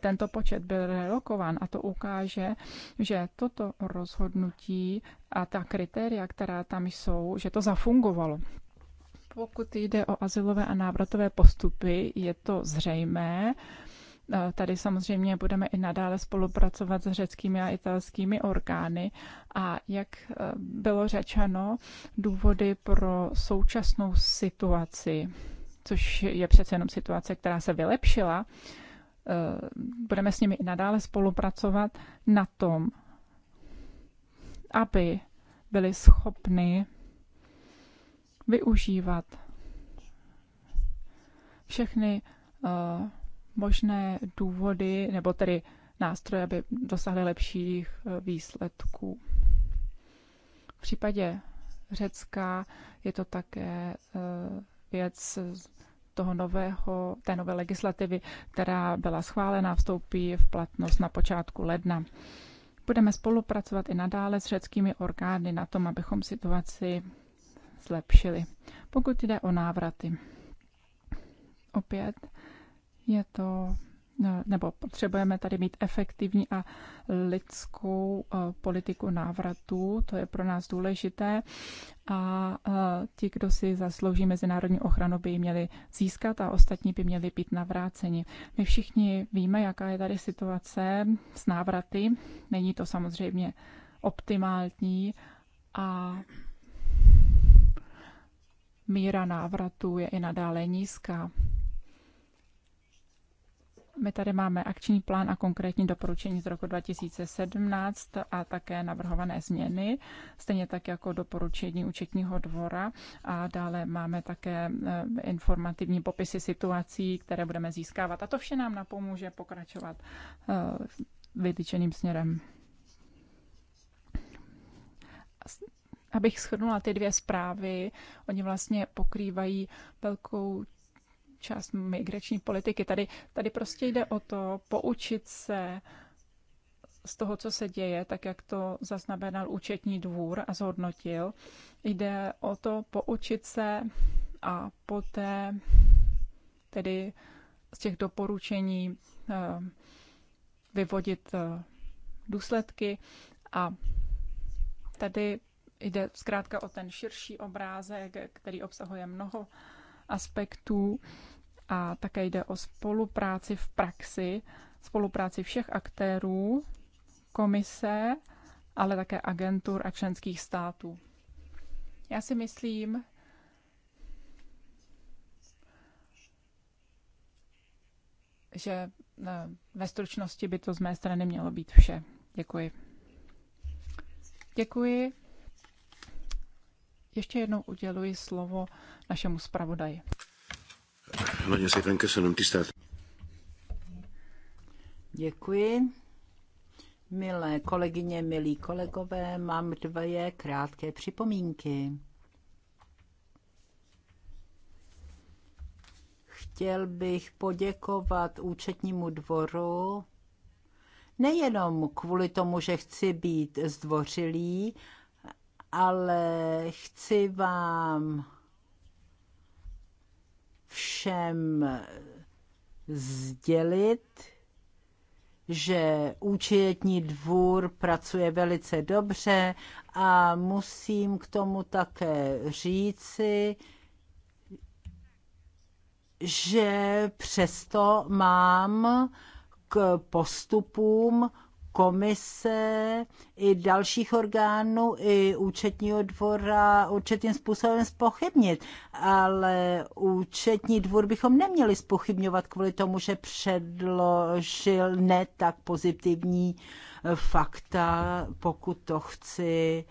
[SPEAKER 1] Tento počet byl relokován a to ukáže, že toto rozhodnutí a ta kritéria, která tam jsou, že to zafungovalo. Pokud jde o asilové a návratové postupy, je to zřejmé. Eh, tady samozřejmě budeme i nadále spolupracovat s řeckými a italskými orgány a jak eh, bylo řečeno, důvody pro současnou situaci což je přece jenom situace, která se vylepšila, eh, budeme s nimi i nadále spolupracovat na tom, aby byli schopni využívat všechny eh, možné důvody nebo tedy nástroje, aby dosahli lepších eh, výsledků. V případě Řecka je to také věc toho nového, té nové legislativy, která byla schválena, vstoupí v platnost na počátku ledna. Budeme spolupracovat i nadále s řeckými orgány na tom, abychom situaci zlepšili. Pokud jde o návraty, opět je to nebo potřebujeme tady mít efektivní a lidskou eh, politiku návratu, to je pro nás důležité a eh, ti, kdo si zaslouží mezinárodní ochranu, by ji měli získat a ostatní by měli být navráceni. My všichni víme, jaká je tady situace s návraty. Není to samozřejmě optimální a míra návratu je i nadále nízká. My tady máme akční plán a konkrétní doporučení z roku 2017 a také navrhované změny, stejně tak jako doporučení účetního dvora a dále máme také eh, informativní popisy situací, které budeme získávat. A to vše nám napomůže pokračovat eh, vytyčeným směrem. Abych shrnula ty dvě zprávy, oni vlastně pokrývají velkou část migrační politiky. Tady, tady prostě jde o to poučit se z toho, co se děje, tak jak to zaznamenal účetní dvůr a zhodnotil. Jde o to poučit se a poté tedy z těch doporučení eh, vyvodit eh, důsledky a tady jde zkrátka o ten širší obrázek, který obsahuje mnoho aspektů a také jde o spolupráci v praxi, spolupráci všech aktérů, komise, ale také agentur a členských států. Já si myslím, že eh, ve stručnosti by to z mé strany mělo být vše. Děkuji. Děkuji. Ještě jednou uděluji slovo našemu
[SPEAKER 3] zpravodaji.
[SPEAKER 4] Nagyon szépen tisztelt.
[SPEAKER 3] Děkuji. Milé kolegyně, milí kolegové, mám dvě krátké připomínky. Chtěl bych poděkovat účetnímu dvoru nejenom kvůli tomu, že chci být zdvořilý, ale chci vám všem sdělit, že účetní dvůr pracuje velice dobře a musím k tomu také říci, že přesto mám k postupům komise i dalších orgánů, i účetního dvora určitým způsobem spochybnit. Ale účetní dvor bychom neměli spochybňovat kvůli tomu, že předložil ne tak pozitivní fakta, pokud to chci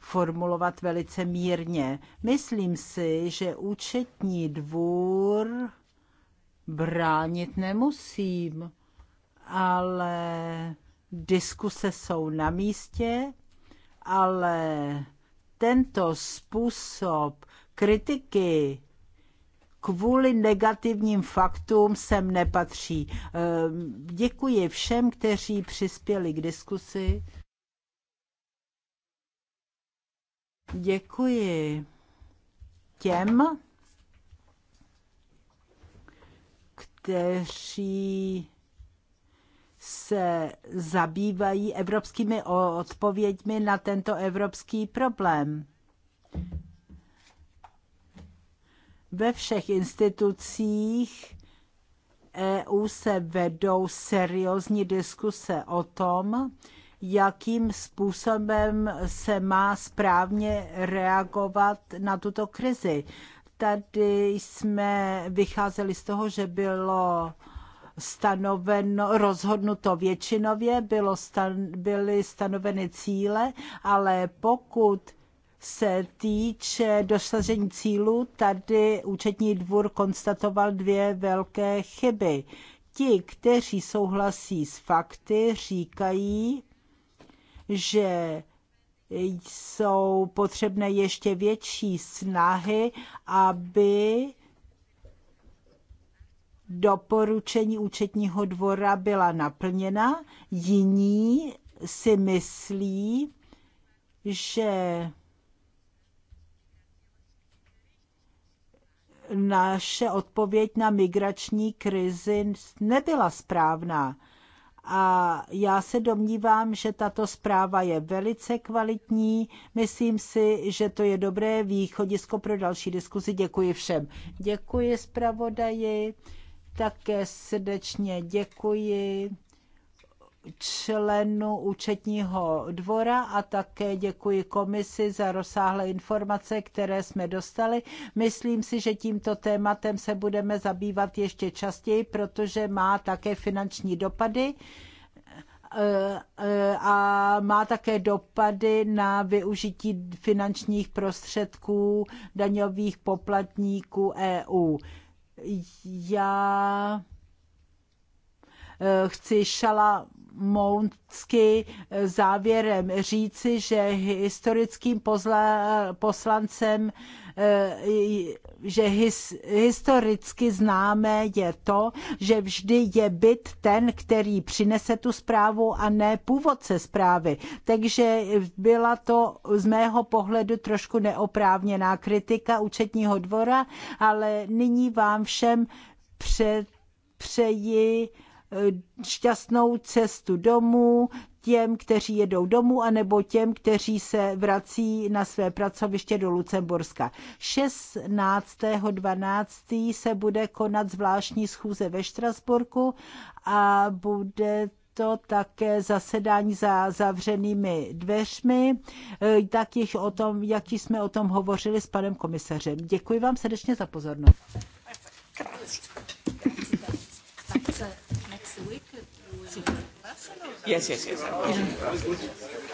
[SPEAKER 3] formulovat velice mírně. Myslím si, že účetní dvůr bránit nemusím, ale Diskuse jsou na místě, ale tento způsob kritiky kvůli negativním faktům sem nepatří. Ehm, děkuji všem, kteří přispěli k diskusi. Děkuji těm, kteří se zabývají evropskými odpověďmi na tento evropský problém. Ve všech institucích EU se vedou seriózní diskuse o tom, jakým způsobem se má správně reagovat na tuto krizi. Tady jsme vycházeli z toho, že bylo stanoveno, rozhodnuto většinově, bylo stan, byly stanoveny cíle, ale pokud se týče dosažení cílů, tady účetní dvůr konstatoval dvě velké chyby. Ti, kteří souhlasí s fakty, říkají, že jsou potřebné ještě větší snahy, aby doporučení účetního dvora byla naplněna, jiní si myslí, že naše odpověď na migrační krizi nebyla správná. A já se domnívám, že tato zpráva je velice kvalitní. Myslím si, že to je dobré východisko pro další diskuzi. Děkuji všem. Děkuji zpravodaji. Také srdečně děkuji členu účetního dvora a také děkuji komisi za rozsáhlé informace, které jsme dostali. Myslím si, že tímto tématem se budeme zabývat ještě častěji, protože má také finanční dopady eh, eh, a má také dopady na využití finančních prostředků daňových poplatníků EU. Já eh, chci šala Mounsky závěrem říci, že historickým poslancem, eh, že his, historicky známé je to, že vždy je byt ten, který přinese tu zprávu a ne původce zprávy. Takže byla to z mého pohledu trošku neoprávněná kritika účetního dvora, ale nyní vám všem před přeji šťastnou cestu domů těm, kteří jedou domů, anebo těm, kteří se vrací na své pracoviště do Lucemburska. 16.12. se bude konat zvláštní schůze ve Štrasburku a bude to také zasedání za zavřenými dveřmi, tak již o tom, jak jsme o tom hovořili s panem komisařem. Děkuji vám srdečně za pozornost. Yes, yes, yes.